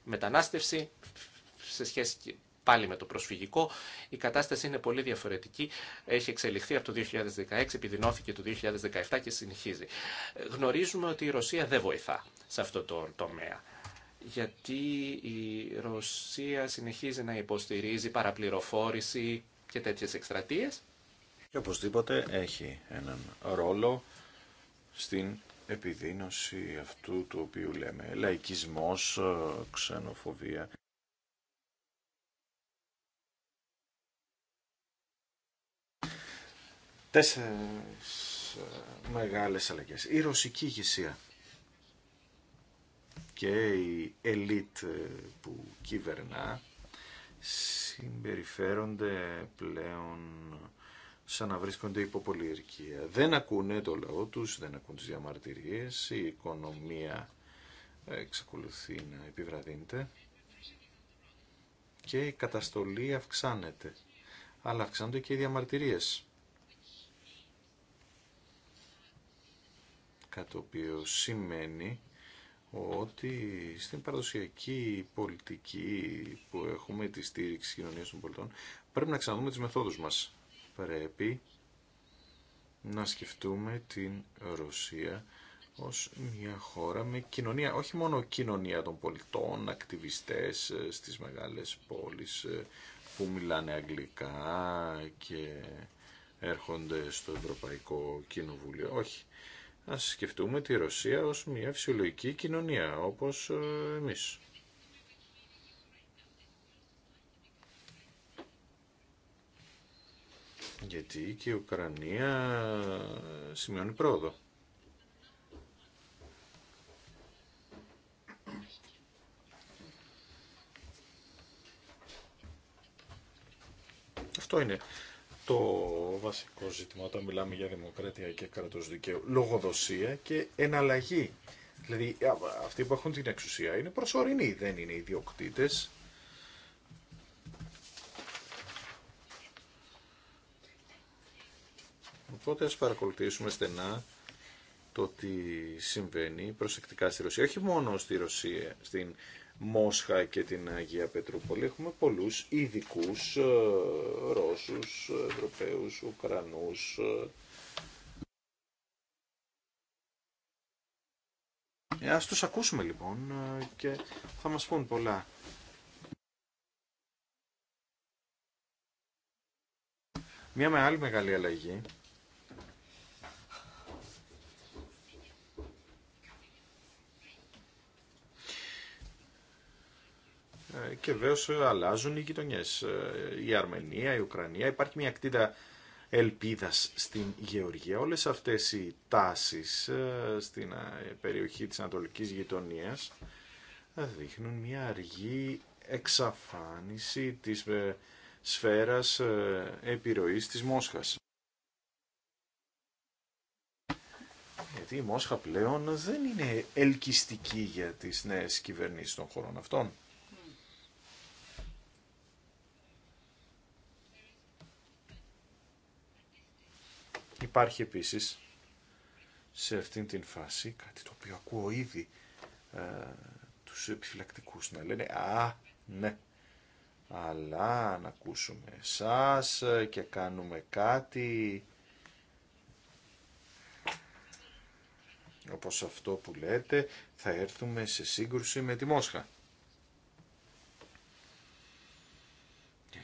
Μετανάστευση σε σχέση πάλι με το προσφυγικό. Η κατάσταση είναι πολύ διαφορετική. Έχει εξελιχθεί από το 2016, επιδεινώθηκε το 2017 και συνεχίζει. Γνωρίζουμε ότι η Ρωσία δεν βοηθά σε αυτό το τομέα γιατί η Ρωσία συνεχίζει να υποστηρίζει παραπληροφόρηση και τέτοιες εκστρατείες. Και οπωσδήποτε έχει έναν ρόλο στην επιδείνωση αυτού του οποίου λέμε λαϊκισμός, ε, ξενοφοβία Τέσσερις ε, μεγάλες αλλαγές. Η ρωσική ηγεσία και η ελίτ ε, που κυβερνά συμπεριφέρονται πλέον σαν να βρίσκονται υπό πολυερκία. Δεν ακούνε το λαό τους, δεν ακούν τις διαμαρτυρίες, η οικονομία ε, εξακολουθεί να επιβραδύνεται και η καταστολή αυξάνεται. Αλλά αυξάνονται και οι διαμαρτυρίες. το οποίο σημαίνει ότι στην παραδοσιακή πολιτική που έχουμε τη στήριξη κοινωνία των πολιτών πρέπει να ξαναδούμε τις μεθόδους μας. Πρέπει να σκεφτούμε την Ρωσία ως μια χώρα με κοινωνία, όχι μόνο κοινωνία των πολιτών, ακτιβιστές ε, στις μεγάλες πόλεις ε, που μιλάνε αγγλικά και έρχονται στο Ευρωπαϊκό Κοινοβούλιο. Όχι. Ας σκεφτούμε τη Ρωσία ως μια φυσιολογική κοινωνία, όπως ε, εμείς. Γιατί και η Ουκρανία ε, σημειώνει πρόοδο. Αυτό είναι το βασικό ζήτημα όταν μιλάμε για δημοκρατία και κράτος δικαίου, λογοδοσία και εναλλαγή. Δηλαδή αυτοί που έχουν την εξουσία είναι προσωρινοί, δεν είναι ιδιοκτήτε, Οπότε ας παρακολουθήσουμε στενά το τι συμβαίνει προσεκτικά στη Ρωσία, όχι μόνο στη Ρωσία, στην Μόσχα και την Αγία Πετρούπολη έχουμε πολλούς ειδικού ε, Ρώσους, Ευρωπαίους, Ουκρανούς. Ε. ε, ας τους ακούσουμε λοιπόν ε, και θα μας πούν πολλά. Μια με άλλη μεγάλη αλλαγή Ε, και βέβαια ε, αλλάζουν οι γειτονιέ. Ε, η Αρμενία, η Ουκρανία, υπάρχει μια ακτίδα ελπίδας στην Γεωργία. Όλες αυτές οι τάσεις στην περιοχή της Ανατολικής Γειτονίας δείχνουν μια αργή εξαφάνιση της σφαίρας επιρροής της Μόσχας. Γιατί η Μόσχα πλέον δεν είναι ελκυστική για τις νέες κυβερνήσεις των χωρών αυτών. Υπάρχει επίσης σε αυτήν την φάση κάτι το οποίο ακούω ήδη ε, τους επιφυλακτικούς να λένε «Α, ναι, αλλά να ακούσουμε εσάς ε, και κάνουμε κάτι όπως αυτό που λέτε θα έρθουμε σε σύγκρουση με τη Μόσχα».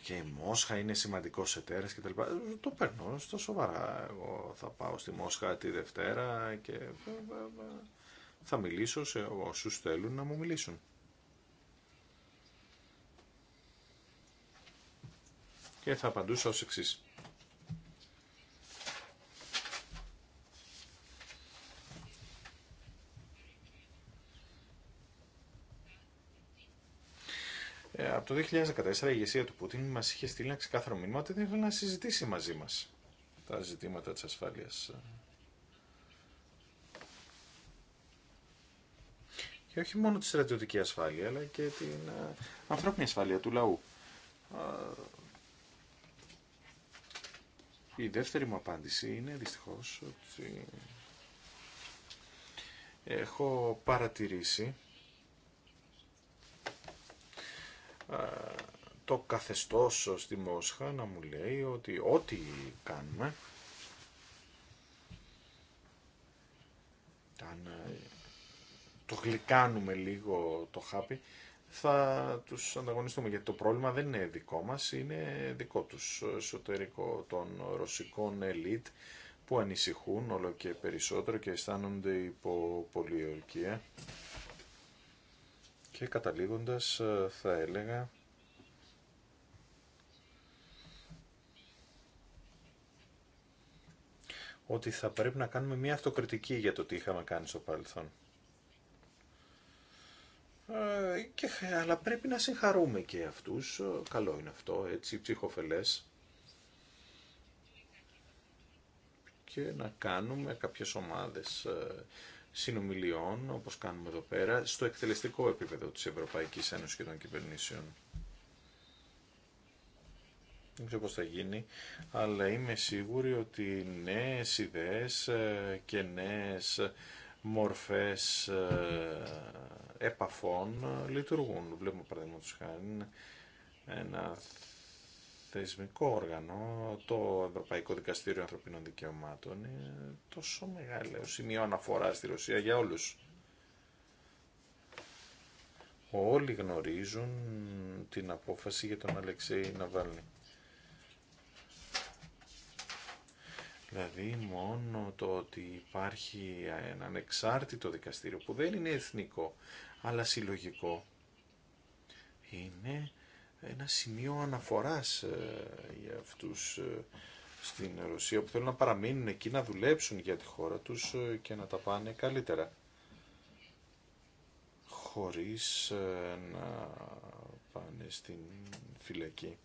και η Μόσχα είναι σημαντικός τα λοιπά. Το παίρνω στο σοβαρά. Εγώ θα πάω στη Μόσχα τη Δευτέρα και θα μιλήσω σε όσους θέλουν να μου μιλήσουν. Και θα απαντούσα ως εξής. Ε, από το 2014 η ηγεσία του Πούτιν μας είχε στείλει ένα ξεκάθαρο μήνυμα ότι δεν ήθελε να συζητήσει μαζί μα τα ζητήματα της ασφάλειας. Και όχι μόνο τη στρατιωτική ασφάλεια, αλλά και την ε, ανθρώπινη ασφάλεια του λαού. Η δεύτερη μου απάντηση είναι δυστυχώς ότι έχω παρατηρήσει το καθεστώς στη Μόσχα να μου λέει ότι ό,τι κάνουμε αν ε, το γλυκάνουμε λίγο το χάπι θα τους ανταγωνιστούμε γιατί το πρόβλημα δεν είναι δικό μας είναι δικό τους εσωτερικό των ρωσικών ελίτ που ανησυχούν όλο και περισσότερο και αισθάνονται υπό πολιορκία και καταλήγοντας ε, θα έλεγα ότι θα πρέπει να κάνουμε μια αυτοκριτική για το τι είχαμε κάνει στο παρελθόν. Ε, και, αλλά πρέπει να συγχαρούμε και αυτούς, ε, καλό είναι αυτό, έτσι, ψυχοφελές. Και να κάνουμε κάποιες ομάδες συνομιλιών, όπως κάνουμε εδώ πέρα, στο εκτελεστικό επίπεδο της Ευρωπαϊκής Ένωσης και των κυβερνήσεων. Δεν ξέρω πώς θα γίνει, αλλά είμαι σίγουρη ότι νέες ιδέες ε, και νέες μορφές ε, επαφών ε, λειτουργούν. Βλέπουμε παραδείγματος χάρη ένα θεσμικό όργανο, το Ευρωπαϊκό Δικαστήριο Ανθρωπίνων Δικαιωμάτων, είναι τόσο μεγάλο σημείο αναφορά στη Ρωσία για όλους. Όλοι γνωρίζουν την απόφαση για τον Αλεξέη Ναβάλνη. Δηλαδή μόνο το ότι υπάρχει ένα ανεξάρτητο δικαστήριο που δεν είναι εθνικό αλλά συλλογικό είναι ένα σημείο αναφοράς ε, για αυτούς ε, στην Ρωσία που θέλουν να παραμείνουν εκεί, να δουλέψουν για τη χώρα τους ε, και να τα πάνε καλύτερα. Χωρίς να πάνε στην φυλακή.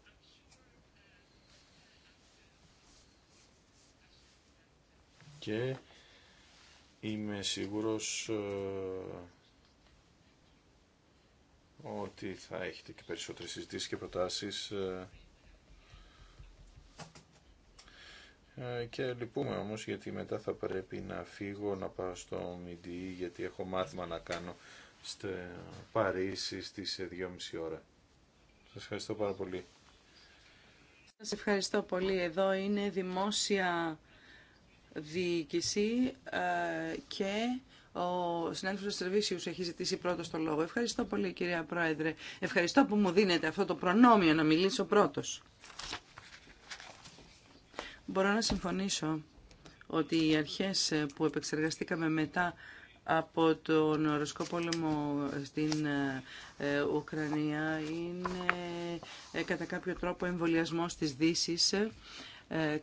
Και είμαι σίγουρος ότι θα έχετε και περισσότερες συζητήσεις και προτάσεις ε, ε, και λυπούμε όμως γιατί μετά θα πρέπει να φύγω να πάω στο Μιντι γιατί έχω μάθημα να κάνω στο Παρίσι στις 2.30 ε, ώρα. Σας ευχαριστώ πάρα πολύ. Σας ευχαριστώ πολύ. Εδώ είναι δημόσια διοίκηση και ο συνάδελφος Στρεβίσιους έχει ζητήσει πρώτος το λόγο. Ευχαριστώ πολύ κυρία Πρόεδρε. Ευχαριστώ που μου δίνετε αυτό το προνόμιο να μιλήσω πρώτος. Μπορώ να συμφωνήσω ότι οι αρχές που επεξεργαστήκαμε μετά από τον Ρωσικό πόλεμο στην ε, ε, Ουκρανία είναι ε, κατά κάποιο τρόπο εμβολιασμό της δύση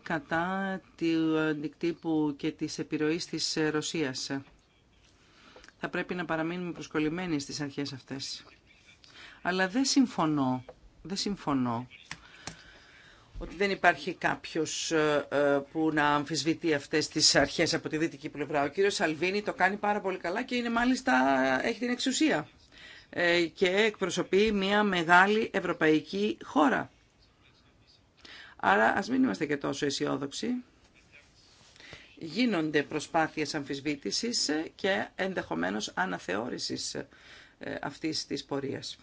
κατά του αντικτύπου και της επιρροής της Ρωσίας θα πρέπει να παραμείνουμε προσκολλημένοι στις αρχές αυτές. Αλλά δεν συμφωνώ, δεν συμφωνώ ότι δεν υπάρχει κάποιος ε, ε, που να αμφισβητεί αυτές τις αρχές από τη δυτική πλευρά. Ο κύριος Σαλβίνη το κάνει πάρα πολύ καλά και είναι μάλιστα, έχει την εξουσία ε, και εκπροσωπεί μια μεγάλη ευρωπαϊκή χώρα. Άρα ας μην είμαστε και τόσο αισιόδοξοι γίνονται προσπάθειες αμφισβήτησης και ενδεχομένως αναθεώρησης ε, αυτής της πορείας.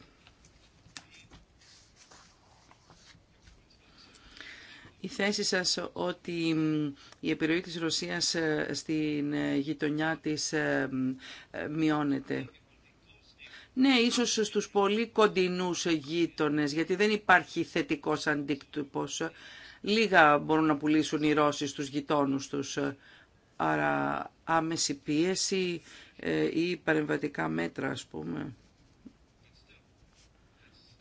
Η θέση σας ότι η επιρροή της Ρωσίας ε, στην ε, γειτονιά της μειώνεται. Ναι, ίσως στους πολύ κοντινούς γείτονες, γιατί δεν υπάρχει θετικός αντίκτυπος. Λίγα μπορούν να πουλήσουν οι Ρώσοι στους γειτόνους τους. Άρα άμεση πίεση ε, ή παρεμβατικά μέτρα, ας πούμε.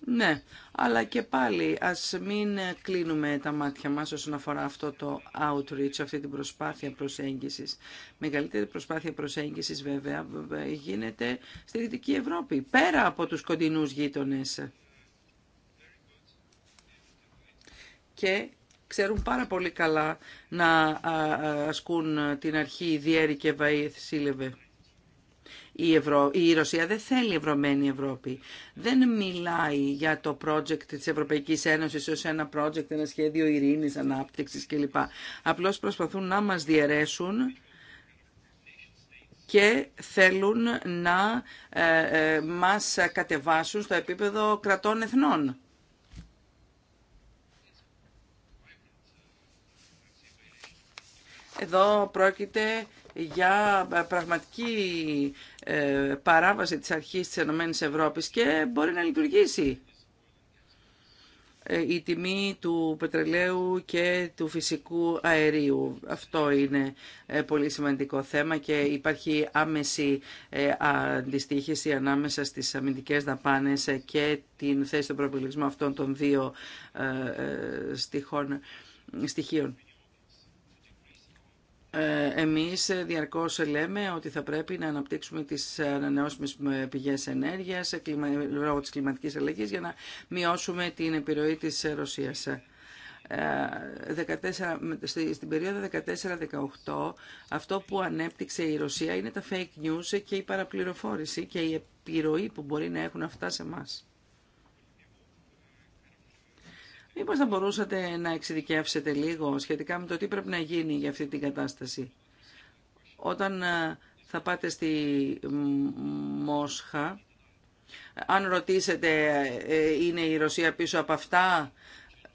Ναι, αλλά και πάλι ας μην κλείνουμε τα μάτια μας όσον αφορά αυτό το outreach, αυτή την προσπάθεια προσέγγισης. Μεγαλύτερη προσπάθεια προσέγγισης βέβαια γίνεται στη Δυτική Ευρώπη, πέρα από τους κοντινούς γείτονες. Και ξέρουν πάρα πολύ καλά να ασκούν την αρχή «Διέρη και Βασίλευε». Η, Ευρω... η Ρωσία δεν θέλει ευρωμένη Ευρώπη. Δεν μιλάει για το project της Ευρωπαϊκής Ένωσης ως ένα project, ένα σχέδιο ειρήνης, ανάπτυξης κλπ. Απλώς προσπαθούν να μας διαιρέσουν και θέλουν να ε, ε, μας κατεβάσουν στο επίπεδο κρατών εθνών. Εδώ πρόκειται για πραγματική ε, παράβαση της αρχής της ΕΕ και μπορεί να λειτουργήσει ε, η τιμή του πετρελαίου και του φυσικού αερίου. Αυτό είναι ε, πολύ σημαντικό θέμα και υπάρχει άμεση αντιστοίχηση ανάμεσα στις αμυντικές δαπάνες και την θέση του προπολογισμού αυτών των δύο στοιχείων. Ε, εμείς διαρκώς λέμε ότι θα πρέπει να αναπτύξουμε τις ανανεώσιμες πηγές ενέργειας λόγω της κλιματικής αλλαγής για να μειώσουμε την επιρροή της Ρωσίας. 14, ε, στην περίοδο 14-18 αυτό που ανέπτυξε η Ρωσία είναι τα fake news και η παραπληροφόρηση και η επιρροή που μπορεί να έχουν αυτά σε μας. Μήπως θα μπορούσατε να εξειδικεύσετε λίγο σχετικά με το τι πρέπει να γίνει για αυτή την κατάσταση. Όταν ε, θα πάτε στη Μόσχα, αν ρωτήσετε ε, ε, είναι η Ρωσία πίσω από αυτά,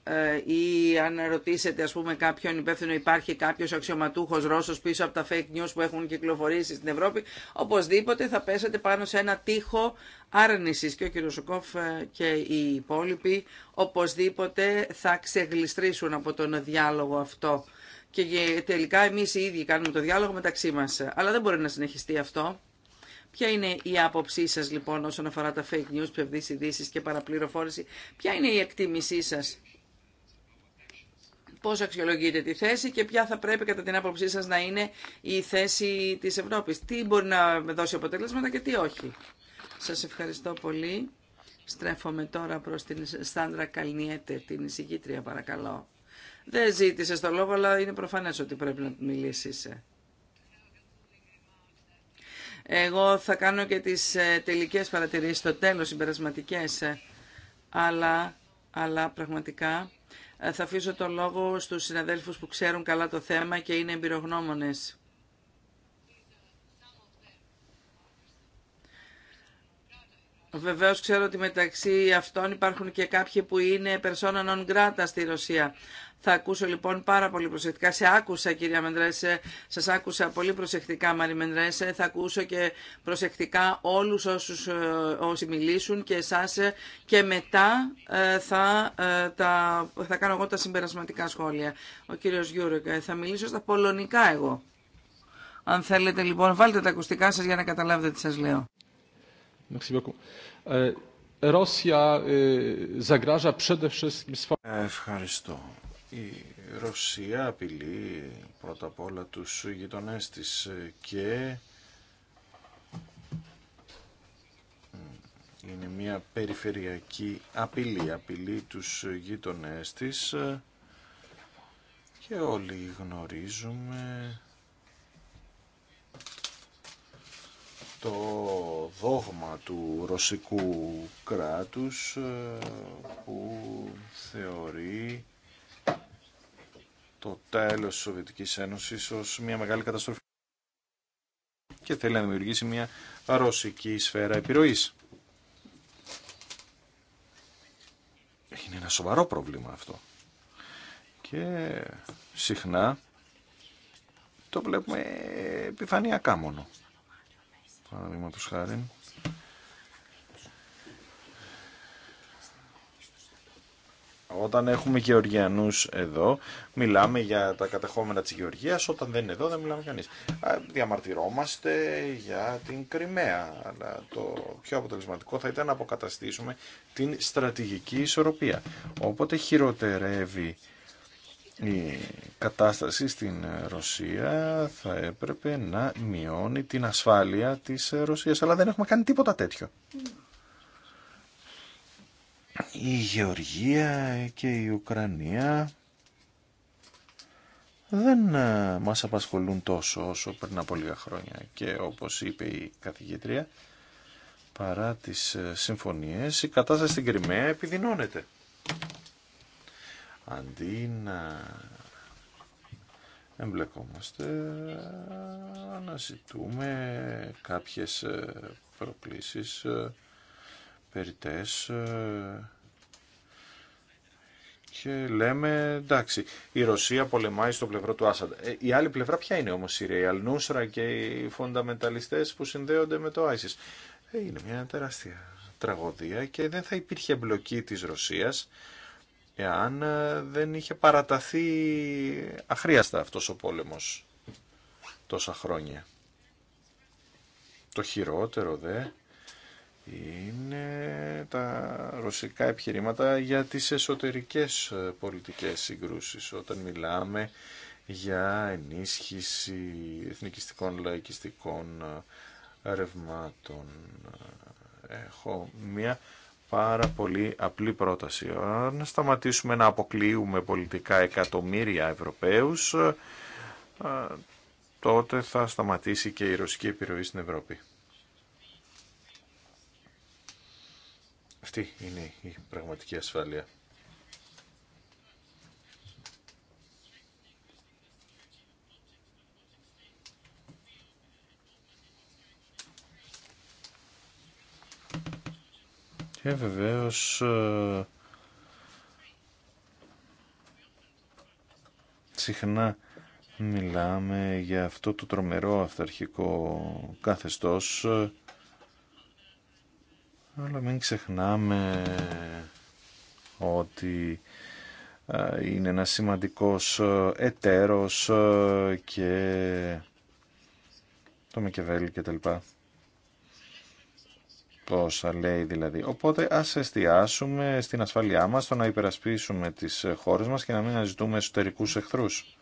ε, ή αν ρωτήσετε ας πούμε κάποιον υπεύθυνο υπάρχει κάποιος αξιωματούχος Ρώσος πίσω από τα fake news που έχουν κυκλοφορήσει στην Ευρώπη, οπωσδήποτε θα πέσετε πάνω σε ένα τείχο άρνησης και ο κ. Σουκόφ ε, και οι υπόλοιποι οπωσδήποτε θα ξεγλιστρήσουν από τον διάλογο αυτό. Και τελικά εμείς οι ίδιοι κάνουμε το διάλογο μεταξύ μας. Αλλά δεν μπορεί να συνεχιστεί αυτό. Ποια είναι η άποψή σα, λοιπόν όσον αφορά τα fake news, ψευδεί ειδήσει και παραπληροφόρηση. Ποια είναι η εκτίμησή σα πώς αξιολογείτε τη θέση και ποια θα πρέπει κατά την άποψή σας να είναι η θέση της Ευρώπης. Τι μπορεί να δώσει αποτελέσματα και τι όχι. Σας ευχαριστώ πολύ. Στρέφομαι τώρα προς την Σάντρα Καλνιέτε, την εισηγήτρια παρακαλώ. Δεν ζήτησε το λόγο, αλλά είναι προφανές ότι πρέπει να μιλήσεις. Εγώ θα κάνω και τις ε, τελικές παρατηρήσεις στο τέλος, συμπερασματικέ. αλλά, αλλά πραγματικά ε, θα αφήσω το λόγο στους συναδέλφους που ξέρουν καλά το θέμα και είναι εμπειρογνώμονες. Βεβαίω ξέρω ότι μεταξύ αυτών υπάρχουν και κάποιοι που είναι persona non grata στη Ρωσία. Θα ακούσω λοιπόν πάρα πολύ προσεκτικά. Σε άκουσα κυρία Μεντρέσε, σας άκουσα πολύ προσεκτικά Μαρή Μεντρέσε. Θα ακούσω και προσεκτικά όλους όσους, ε, όσοι μιλήσουν και εσάς ε, και μετά ε, θα, θα κάνω εγώ τα συμπερασματικά σχόλια. Ο κύριος Γιούρεκ, θα μιλήσω στα πολωνικά εγώ. Αν θέλετε λοιπόν βάλτε τα ακουστικά σας για να καταλάβετε τι σας λέω. E, e, Ευχαριστώ. Η Ρωσία απειλεί πρώτα απ' όλα τους γειτονές της ε, και ε, είναι μια περιφερειακή απειλή. Απειλεί τους γείτονές της ε, και όλοι γνωρίζουμε το δόγμα του ρωσικού κράτους ε, που θεωρεί το τέλος της Σοβιετικής Ένωσης ως μια μεγάλη καταστροφή και θέλει να δημιουργήσει μια ρωσική σφαίρα επιρροής. Είναι ένα σοβαρό πρόβλημα αυτό. Και συχνά το βλέπουμε επιφανειακά μόνο χάρη. Όταν έχουμε Γεωργιανούς εδώ, μιλάμε για τα κατεχόμενα της Γεωργίας, όταν δεν είναι εδώ δεν μιλάμε κανείς. Διαμαρτυρόμαστε για την Κρυμαία, αλλά το πιο αποτελεσματικό θα ήταν να αποκαταστήσουμε την στρατηγική ισορροπία. Όποτε χειροτερεύει η κατάσταση στην Ρωσία θα έπρεπε να μειώνει την ασφάλεια της Ρωσίας, αλλά δεν έχουμε κάνει τίποτα τέτοιο. Η Γεωργία και η Ουκρανία δεν ε, μας απασχολούν τόσο όσο πριν από λίγα χρόνια και όπως είπε η καθηγήτρια, παρά τις ε, συμφωνίες, η κατάσταση στην Κρυμαία επιδεινώνεται. Αντί να εμπλεκόμαστε, να ζητούμε κάποιες ε, προκλήσεις ε, περιτές ε, και λέμε εντάξει η Ρωσία πολεμάει στο πλευρό του Άσαντ. Η άλλη πλευρά ποια είναι όμως η Ρεία, η και οι φονταμενταλιστές που συνδέονται με το ISIS. Είναι μια τεράστια τραγωδία και δεν θα υπήρχε εμπλοκή της Ρωσίας εάν ε, δεν είχε παραταθεί αχρίαστα αυτός ο πόλεμος τόσα χρόνια. Το χειρότερο δε είναι τα ρωσικά επιχειρήματα για τις εσωτερικές ε, πολιτικές συγκρούσεις όταν μιλάμε για ενίσχυση εθνικιστικών λαϊκιστικών ε, ρευμάτων. Έχω μία πάρα πολύ απλή πρόταση. Αν σταματήσουμε να αποκλείουμε πολιτικά εκατομμύρια Ευρωπαίους, ε, τότε θα σταματήσει και η ρωσική επιρροή στην Ευρώπη. Αυτή είναι η πραγματική ασφάλεια. Και βεβαίως ε, συχνά μιλάμε για αυτό το τρομερό αυταρχικό καθεστώς ε, αλλά μην ξεχνάμε ότι ε, είναι ένα σημαντικός εταίρος και το Μεκεβέλη και τα λοιπά. Τόσα λέει δηλαδή. Οπότε ας εστιάσουμε στην ασφαλειά μας, στο να υπερασπίσουμε τις χώρες μας και να μην αναζητούμε εσωτερικούς εχθρούς.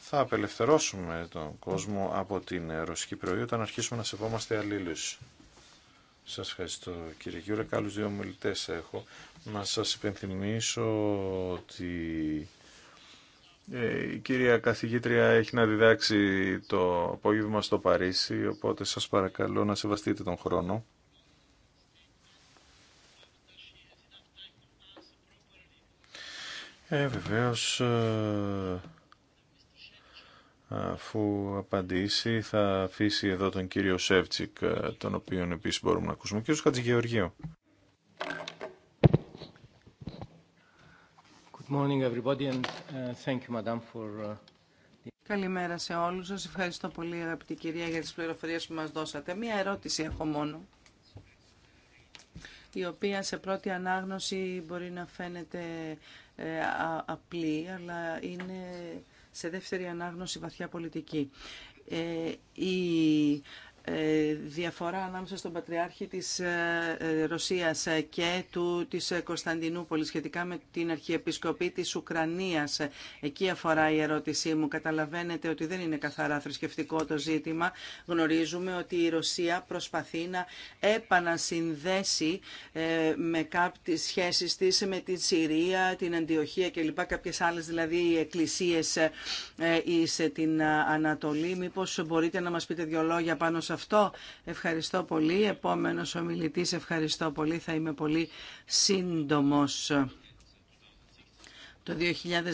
Θα απελευθερώσουμε τον κόσμο από την ρωσική προϊόντα όταν αρχίσουμε να σεβόμαστε αλλήλους. Σας ευχαριστώ κύριε Γιούρα. Κάλους δύο μιλητές έχω. Να σας υπενθυμίσω ότι ε, η κυρία καθηγήτρια έχει να διδάξει το απόγευμα στο Παρίσι, οπότε σας παρακαλώ να σεβαστείτε τον χρόνο. Ε, βεβαίως, ε, αφού απαντήσει θα αφήσει εδώ τον κύριο Σεύτσικ, ε, τον οποίον επίσης μπορούμε να ακούσουμε. Κύριος Χατζηγεωργίου. Good Καλημέρα σε όλους. Σας ευχαριστώ πολύ αγαπητή κυρία για τις πληροφορίες που μας δώσατε. Μία ερώτηση έχω μόνο, η οποία σε πρώτη ανάγνωση μπορεί να φαίνεται ε, απλή, αλλά είναι σε δεύτερη ανάγνωση βαθιά πολιτική. Ε, ε, διαφορά ανάμεσα στον Πατριάρχη της ε, ε, Ρωσίας και του της Κωνσταντινούπολης σχετικά με την Αρχιεπισκοπή της Ουκρανίας. Εκεί αφορά η ερώτησή μου. Καταλαβαίνετε ότι δεν είναι καθαρά θρησκευτικό το ζήτημα. Γνωρίζουμε ότι η Ρωσία προσπαθεί να επανασυνδέσει με κάποιες σχέσεις της με την Συρία, την Αντιοχία κλπ. Κάποιες άλλες δηλαδή εκκλησίες εις την Ανατολή. Μήπως μπορείτε να μας πείτε δυο πάνω αυτό. Ευχαριστώ πολύ. Επόμενος ομιλητής, ευχαριστώ πολύ. Θα είμαι πολύ σύντομος. Το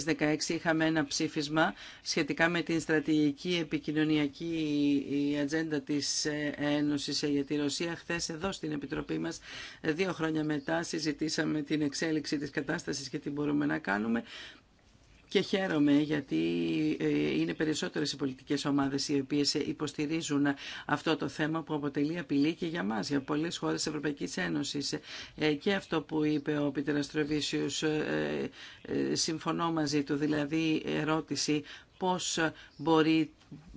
2016 είχαμε ένα ψήφισμα σχετικά με την στρατηγική επικοινωνιακή ατζέντα της Ένωσης για τη Ρωσία. Χθες εδώ στην Επιτροπή μας, δύο χρόνια μετά, συζητήσαμε την εξέλιξη της κατάστασης και τι μπορούμε να κάνουμε και χαίρομαι γιατί ε, είναι περισσότερες οι πολιτικές ομάδες οι οποίες υποστηρίζουν αυτό το θέμα που αποτελεί απειλή και για μας, για πολλές χώρες της Ευρωπαϊκής Ένωσης. Ε, και αυτό που είπε ο Πίτερ Αστροβίσιος, ε, συμφωνώ μαζί του, δηλαδή ερώτηση πώς μπορεί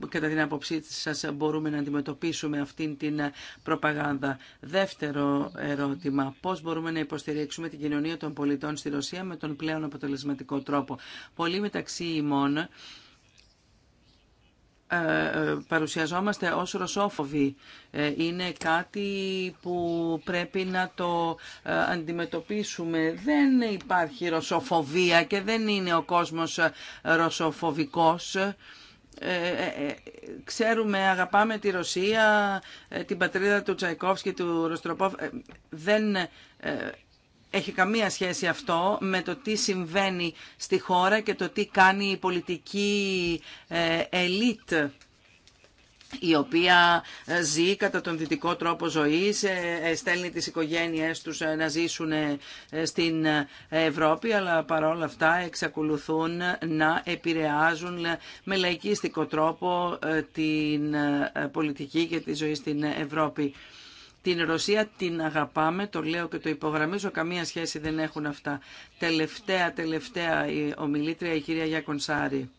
κατά την άποψή σας μπορούμε να αντιμετωπίσουμε αυτήν την προπαγάνδα. Δεύτερο ερώτημα, πώς μπορούμε να υποστηρίξουμε την κοινωνία των πολιτών στη Ρωσία με τον πλέον αποτελεσματικό τρόπο. Πολλοί μεταξύ ημών ε, ε, παρουσιαζόμαστε ως ρωσόφοβοι. Ε, είναι κάτι που πρέπει να το αντιμετωπίσουμε. Δεν υπάρχει ρωσοφοβία και δεν είναι ο κόσμος ρωσοφοβικός. Ε, ε, ε, ξέρουμε, αγαπάμε τη Ρωσία, την πατρίδα του Τσαϊκόφσκι, του Ροστροπόφ. δεν έχει καμία σχέση αυτό με το τι συμβαίνει στη χώρα και το τι κάνει η πολιτική ελίτ η οποία ε, ζει κατά τον δυτικό τρόπο ζωής, ε, ε, στέλνει τις οικογένειές τους να ζήσουν στην Ευρώπη, αλλά παρόλα αυτά εξακολουθούν να επηρεάζουν με λαϊκίστικο τρόπο την πολιτική και τη ζωή στην Ευρώπη. Την Ρωσία την αγαπάμε, το λέω και το υπογραμμίζω, καμία σχέση δεν έχουν αυτά. Τελευταία, τελευταία η ομιλήτρια, η κυρία Γιάκονσάρη.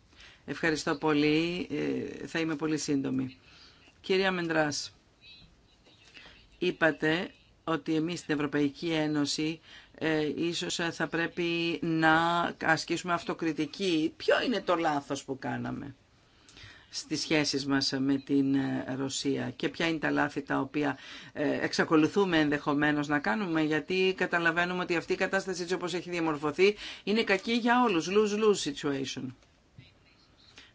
Ευχαριστώ πολύ, θα είμαι πολύ σύντομη. Κυρία Μεντράς, είπατε ότι εμείς στην Ευρωπαϊκή Ένωση ε, ίσως ε, θα πρέπει να ασκήσουμε αυτοκριτική. Ποιο είναι το λάθος που κάναμε στις σχέσεις μας με την ε, Ρωσία και ποια είναι τα λάθη τα οποία ε, εξακολουθούμε ενδεχομένως να κάνουμε γιατί καταλαβαίνουμε ότι αυτή η κατάσταση έτσι όπως έχει διαμορφωθεί είναι κακή για όλους, lose-lose situation.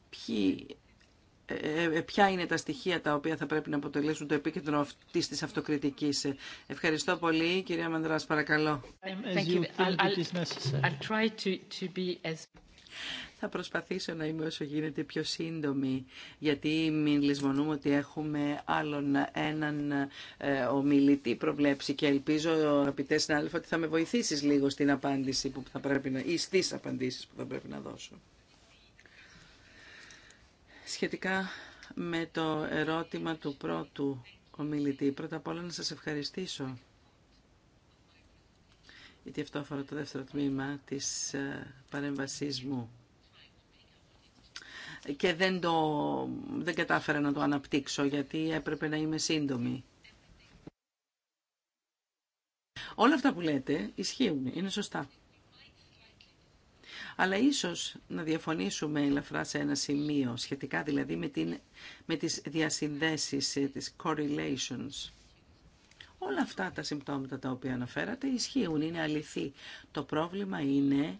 Ποιοι ε, ε, ποια είναι τα στοιχεία τα οποία θα πρέπει να αποτελέσουν το επίκεντρο αυτής της αυτοκριτικής. Ευχαριστώ πολύ. Κυρία Μανδράς, παρακαλώ. Θα προσπαθήσω να είμαι όσο γίνεται πιο σύντομη, γιατί μην λησμονούμε ότι έχουμε άλλον έναν ε, ομιλητή προβλέψει και ελπίζω, αγαπητέ συνάδελφοι, ότι θα με βοηθήσεις λίγο στην απάντηση που θα πρέπει να, ή στις απαντήσεις που θα πρέπει να δώσω σχετικά με το ερώτημα του πρώτου ομιλητή. Πρώτα απ' όλα να σας ευχαριστήσω γιατί αυτό αφορά το δεύτερο τμήμα της ε, παρέμβασής μου και δεν, το, δεν κατάφερα να το αναπτύξω γιατί έπρεπε να είμαι σύντομη. Όλα αυτά που λέτε ισχύουν, είναι σωστά αλλά ίσως να διαφωνήσουμε ελαφρά σε ένα σημείο, σχετικά δηλαδή με, την, με τις διασυνδέσεις, ε, τις correlations. Όλα αυτά τα συμπτώματα τα οποία αναφέρατε ισχύουν, είναι αληθή. Το πρόβλημα είναι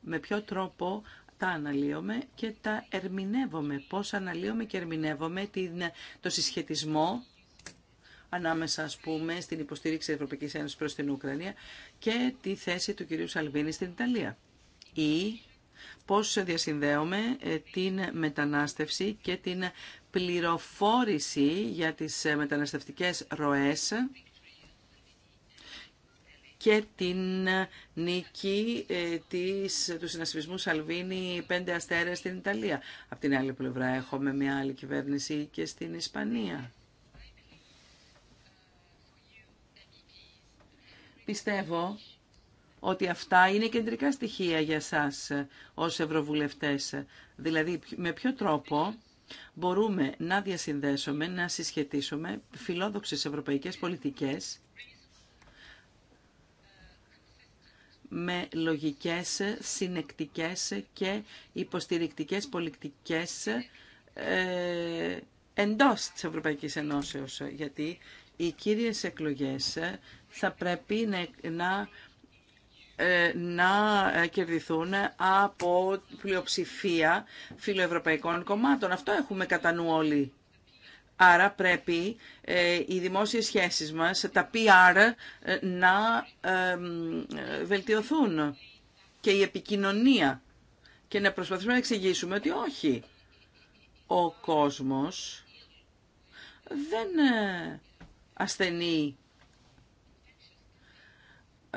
με ποιο τρόπο τα αναλύομαι και τα ερμηνεύομαι. Πώς αναλύομαι και ερμηνεύομαι την, το συσχετισμό ανάμεσα, ας πούμε, στην υποστήριξη της Ευρωπαϊκής Ένωσης προς την Ουκρανία και τη θέση του κυρίου Σαλβίνη στην Ιταλία ή πώς διασυνδέουμε την μετανάστευση και την πληροφόρηση για τις ε, μεταναστευτικές ροές και την νίκη ε, της, του συνασπισμού Σαλβίνη πέντε αστέρες στην Ιταλία. Από την άλλη πλευρά έχουμε μια άλλη κυβέρνηση και στην Ισπανία. Πιστεύω ότι αυτά είναι κεντρικά στοιχεία για σας ως ευρωβουλευτές. Δηλαδή, με ποιο τρόπο μπορούμε να διασυνδέσουμε, να συσχετίσουμε φιλόδοξες ευρωπαϊκές πολιτικές με λογικές, συνεκτικές και υποστηρικτικές πολιτικές ε, εντός της Ευρωπαϊκής Ενώσεως. Γιατί οι κύριες εκλογές θα πρέπει να ε, να ε, κερδιθούν από πλειοψηφία φιλοευρωπαϊκών κομμάτων. Αυτό έχουμε κατά νου όλοι. Άρα πρέπει ε, οι δημόσιες σχέσεις μας, τα PR, να βελτιωθούν και η επικοινωνία και να προσπαθήσουμε να εξηγήσουμε ότι όχι. Ο κόσμος δεν ασθενεί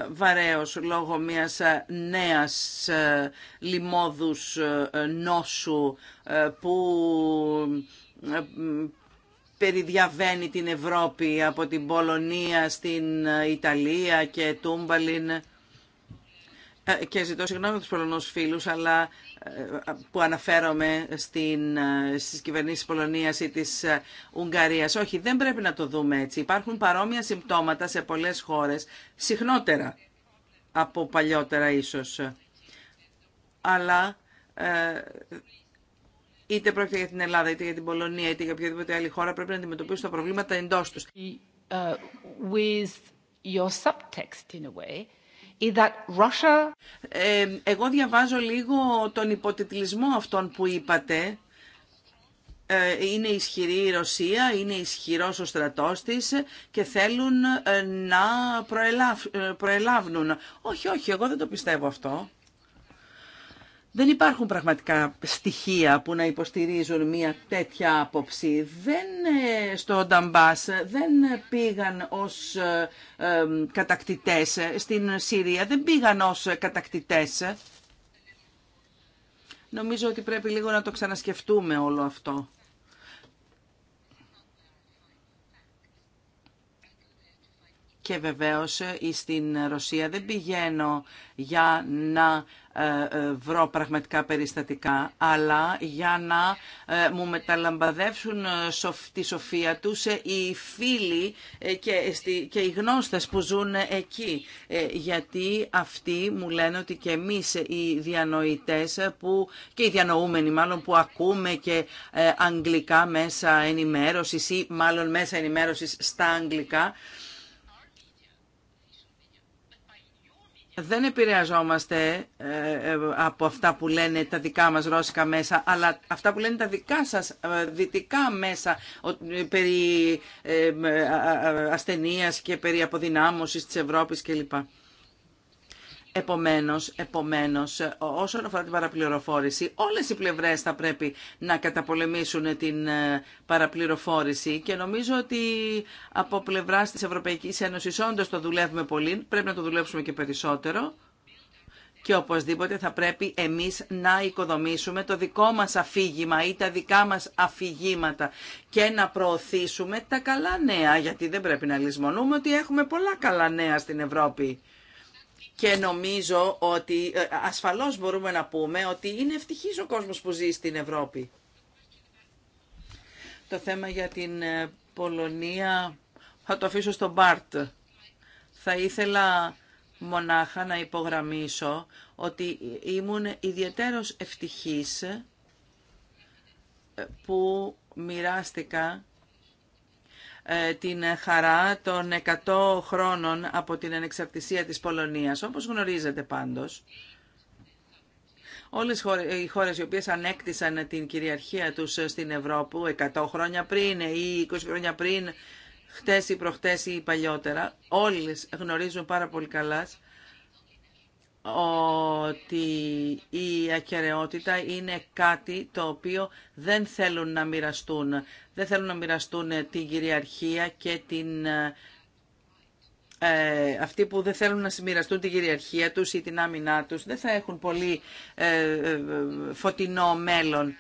βαρέως λόγω μιας ε, νέας ε, λιμόδους ε, νόσου που περιδιαβαίνει την Ευρώπη από την Πολωνία στην Ιταλία και Τούμπαλιν ε, και ζητώ συγγνώμη τους Πολωνούς φίλους, αλλά ε, που αναφέρομαι στην, ε, στις κυβερνήσεις Πολωνίας ή της Ουγγαρίας. Όχι, δεν πρέπει να το δούμε έτσι. Υπάρχουν παρόμοια συμπτώματα σε πολλές χώρες, συχνότερα από παλιότερα ίσως. Αλλά ε, είτε πρόκειται για την Ελλάδα, είτε για την Πολωνία, είτε για οποιαδήποτε άλλη χώρα, πρέπει να αντιμετωπίσουν τα προβλήματα εντός τους. Russia... Ε, εγώ διαβάζω λίγο τον υποτιτλισμό αυτών που είπατε. Ε, είναι ισχυρή η Ρωσία, είναι ισχυρός ο στρατός της και θέλουν ε, να προελάβουν. Όχι, όχι, εγώ δεν το πιστεύω αυτό. Δεν υπάρχουν πραγματικά στοιχεία που να υποστηρίζουν μια τέτοια άποψη. Δεν, ε, στο Νταμπάς δεν πήγαν ως ε, ε, κατακτητές, στην Συρία δεν πήγαν ως κατακτητές. Νομίζω ότι πρέπει λίγο να το ξανασκεφτούμε όλο αυτό. και βεβαίως στην ε, Ρωσία δεν πηγαίνω για να ε, ε, βρω πραγματικά περιστατικά, αλλά για να μου μεταλαμπαδεύσουν τη σοφία τους οι φίλοι και οι γνώστες που ζουν εκεί. Γιατί αυτοί μου λένε ότι και εμείς οι διανοητές που, και οι διανοούμενοι μάλλον που ακούμε και αγγλικά μέσα ενημέρωσης ή μάλλον μέσα ενημέρωσης στα αγγλικά, δεν επηρεαζόμαστε ε, ε, από αυτά που λένε τα δικά μας ρώσικα μέσα, αλλά αυτά που λένε τα δικά σας ε, δυτικά μέσα περί ασθενείας και περί αποδυνάμωσης της Ευρώπης κλπ. Επομένω, επομένως, όσον αφορά την παραπληροφόρηση, όλες οι πλευρές θα πρέπει να καταπολεμήσουν την ε, παραπληροφόρηση και νομίζω ότι από πλευράς τη Ευρωπαϊκής Ένωση όντω το δουλεύουμε πολύ, πρέπει να το δουλέψουμε και περισσότερο και οπωσδήποτε θα πρέπει εμείς να οικοδομήσουμε το δικό μας αφήγημα ή τα δικά μας αφηγήματα και να προωθήσουμε τα καλά νέα, γιατί δεν πρέπει να λησμονούμε ότι έχουμε πολλά καλά νέα στην Ευρώπη. Και νομίζω ότι ε, ασφαλώς μπορούμε να πούμε ότι είναι ευτυχής ο κόσμος που ζει στην Ευρώπη. Το θέμα για την ε, Πολωνία θα το αφήσω στον Μπάρτ. Θα ήθελα μονάχα να υπογραμμίσω ότι ήμουν ιδιαίτερος ευτυχής ε, που μοιράστηκα ε, την χαρά των 100 χρόνων από την ανεξαρτησία της Πολωνίας. Όπως γνωρίζετε πάντως, όλες οι χώρες οι οποίες ανέκτησαν την κυριαρχία τους στην Ευρώπη 100 χρόνια πριν ή 20 χρόνια πριν, χτες ή προχτές ή παλιότερα, όλες γνωρίζουν πάρα πολύ καλά ότι η ακαιρεότητα είναι κάτι το οποίο δεν θέλουν να μοιραστούν. Δεν θέλουν να μοιραστούν την κυριαρχία και την... Ε, αυτοί που δεν θέλουν να συμμοιραστούν την κυριαρχία τους ή την άμυνά τους δεν θα έχουν πολύ ε, ε φωτεινό μέλλον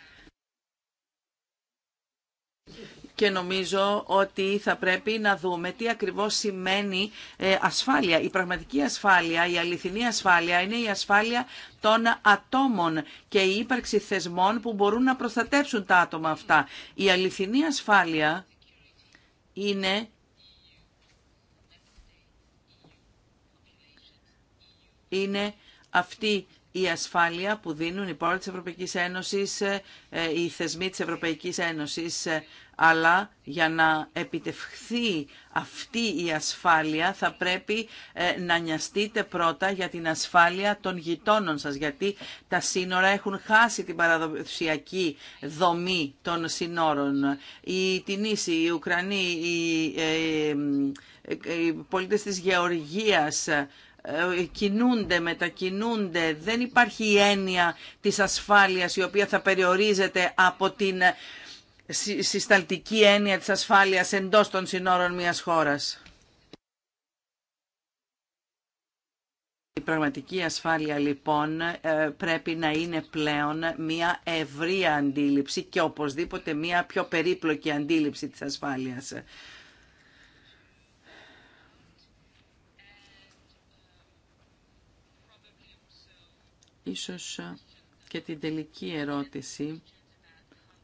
και νομίζω ότι θα πρέπει να δούμε τι ακριβώς σημαίνει ε, ασφάλεια. Η πραγματική ασφάλεια, η αληθινή ασφάλεια είναι η ασφάλεια των ατόμων και η ύπαρξη θεσμών που μπορούν να προστατεύσουν τα άτομα αυτά. Η αληθινή ασφάλεια είναι είναι αυτή η ασφάλεια που δίνουν οι πόροι της Ευρωπαϊκής Ένωσης, ε, ε, οι θεσμοί της Ευρωπαϊκής Ένωσης, ε, αλλά για να επιτευχθεί αυτή η ασφάλεια θα πρέπει να νοιαστείτε πρώτα για την ασφάλεια των γειτόνων σας, γιατί τα σύνορα έχουν χάσει την παραδοσιακή δομή των σύνορων. Οι Τινήσοι, οι Ουκρανοί, οι πολίτες της Γεωργίας, ε, κινούνται, μετακινούνται. Δεν υπάρχει η έννοια της ασφάλειας η οποία θα περιορίζεται από την ε, συσταλτική έννοια της ασφάλειας εντός των συνόρων μιας χώρας. Η πραγματική ασφάλεια λοιπόν ε, πρέπει να είναι πλέον μια ευρία αντίληψη και οπωσδήποτε μια πιο περίπλοκη αντίληψη της ασφάλειας. ίσως ε, και την τελική ερώτηση,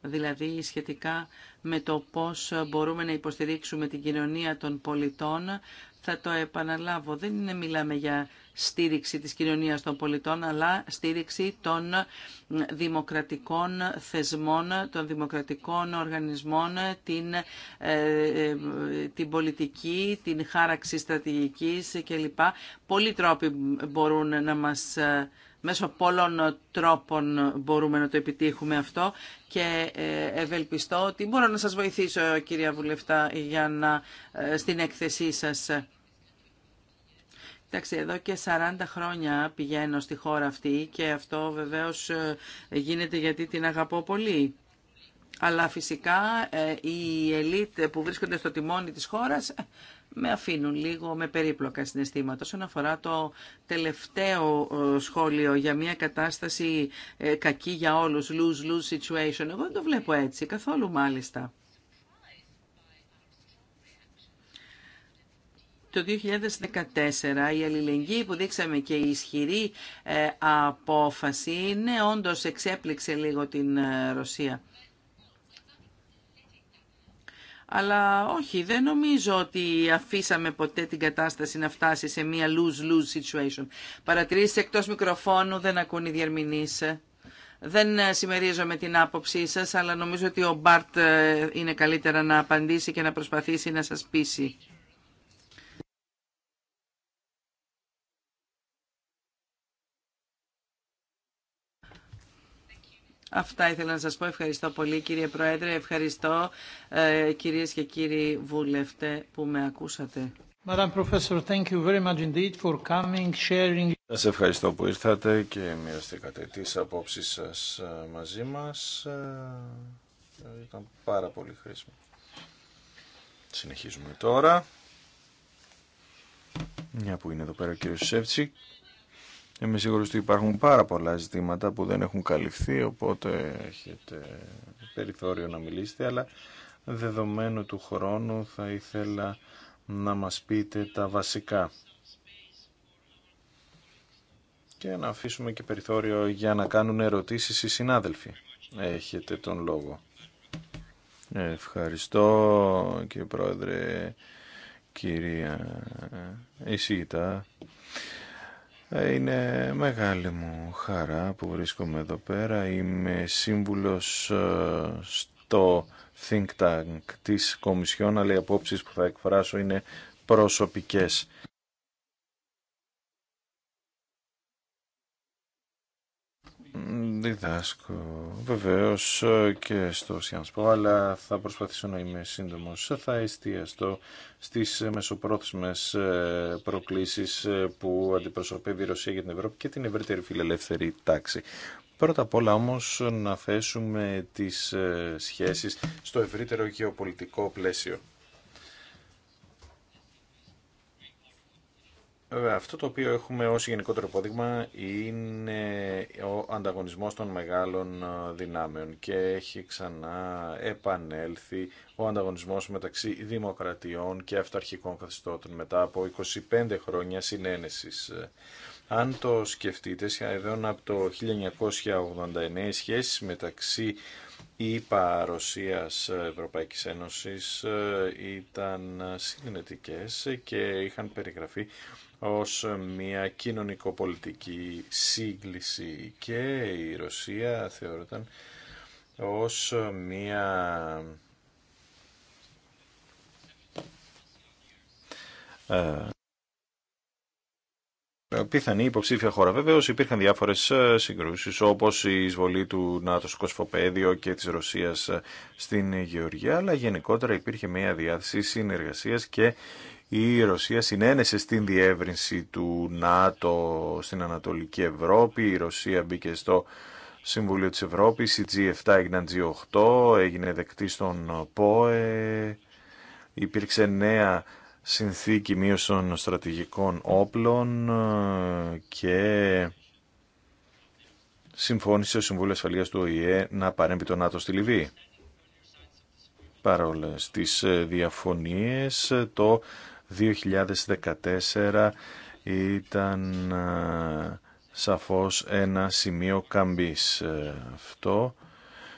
δηλαδή σχετικά με το πώς μπορούμε να υποστηρίξουμε την κοινωνία των πολιτών, θα το επαναλάβω. Δεν είναι μιλάμε για στήριξη της κοινωνίας των πολιτών, αλλά στήριξη των δημοκρατικών θεσμών, των δημοκρατικών οργανισμών, την, ε, ε, την πολιτική, την χάραξη στρατηγικής κλπ. Πολλοί τρόποι μπορούν να μας Μέσω πολλών ε, τρόπων ε, μπορούμε να το επιτύχουμε αυτό και ε, ευελπιστώ ότι μπορώ να σας βοηθήσω κυρία Βουλευτά για να, στην έκθεσή σας. Κοιτάξτε, εδώ και 40 χρόνια πηγαίνω στη χώρα αυτή και αυτό βεβαίως γίνεται γιατί την αγαπώ πολύ. Αλλά φυσικά οι ελίτ που βρίσκονται στο τιμόνι της χώρας με αφήνουν λίγο με περίπλοκα συναισθήματα. Όσον αφορά το τελευταίο ε, σχόλιο για μια κατάσταση ε, κακή για όλους, lose-lose situation, εγώ δεν το βλέπω έτσι, καθόλου μάλιστα. το 2014 η αλληλεγγύη που δείξαμε και η ισχυρή ε, απόφαση ναι όντως εξέπληξε λίγο την Ρωσία. Αλλά όχι, δεν νομίζω ότι αφήσαμε ποτέ την κατάσταση να φτάσει σε μια lose-lose situation. Παρατηρήσει εκτό μικροφώνου, δεν ακούνε οι Δεν ε, συμμερίζομαι την άποψή σας, αλλά νομίζω ότι ο Μπάρτ ε, είναι καλύτερα να απαντήσει και να προσπαθήσει να σας πείσει. Αυτά ήθελα να σας πω. Ευχαριστώ πολύ κύριε Πρόεδρε. Ευχαριστώ ε, κυρίες και κύριοι βουλευτέ που με ακούσατε. Madam Professor, thank you very much indeed for coming, sharing. Σας ευχαριστώ που ήρθατε και μοιραστήκατε τις απόψεις σας ε, μαζί μας. Ε, ε, ήταν πάρα πολύ χρήσιμο. Συνεχίζουμε τώρα. Μια που είναι εδώ πέρα ο κύριος Σεύτσικ. Είμαι σίγουρος ότι υπάρχουν πάρα πολλά ζητήματα που δεν έχουν καλυφθεί, οπότε έχετε περιθώριο να μιλήσετε, αλλά δεδομένου του χρόνου θα ήθελα να μας πείτε τα βασικά. Και να αφήσουμε και περιθώριο για να κάνουν ερωτήσεις οι συνάδελφοι. Έχετε τον λόγο. Ευχαριστώ κύριε Πρόεδρε, κυρία Ισίτα. Ε, είναι μεγάλη μου χαρά που βρίσκομαι εδώ πέρα. Είμαι σύμβουλος ε, στο Think Tank της Κομισιόν, αλλά οι απόψεις που θα εκφράσω είναι προσωπικές. Διδάσκω Βεβαίω, ε, και στο Σιάνσπο, αλλά θα προσπαθήσω να είμαι σύντομο. Θα εστιαστώ στις μεσοπρόθεσμε ε, προκλήσεις ε, που αντιπροσωπεύει η Ρωσία για την Ευρώπη και την ευρύτερη φιλελεύθερη τάξη. Πρώτα απ' όλα όμως να θέσουμε τις σχέσεις στο ευρύτερο γεωπολιτικό πλαίσιο. αυτό το οποίο έχουμε ως γενικότερο υπόδειγμα είναι ο ανταγωνισμός των μεγάλων ε, δυνάμεων και έχει ξανά επανέλθει ο ανταγωνισμός μεταξύ δημοκρατιών και αυταρχικών καθιστώτων μετά από 25 χρόνια συνένεσης. Αν το σκεφτείτε, σχεδόν από το 1989 οι σχέσεις μεταξύ η Ρωσίας Ευρωπαϊκής Ένωσης ε, ήταν συνενετικές και είχαν περιγραφεί ως μια κοινωνικοπολιτική σύγκληση και η Ρωσία θεωρούταν ως μια πιθανή υποψήφια χώρα. Βεβαίω υπήρχαν διάφορε συγκρούσει όπω η εισβολή του ΝΑΤΟ στο Κοσφοπέδιο και τη Ρωσία ε, στην Γεωργία, αλλά γενικότερα υπήρχε μια διάθεση συνεργασία και η Ρωσία συνένεσε στην διεύρυνση του ΝΑΤΟ στην Ανατολική Ευρώπη. Η Ρωσία μπήκε στο Συμβούλιο της Ευρώπης, η G7 έγιναν G8, έγινε δεκτή στον ΠΟΕ, υπήρξε νέα συνθήκη μείωση των στρατηγικών όπλων ε, και συμφώνησε ο Συμβούλιο Ασφαλείας του ΟΗΕ να παρέμβει τον ΝΑΤΟ στη Λιβύη. Παρόλε τις ε, διαφωνίες, ε, το 2014 ήταν σαφώς ένα σημείο καμπής αυτό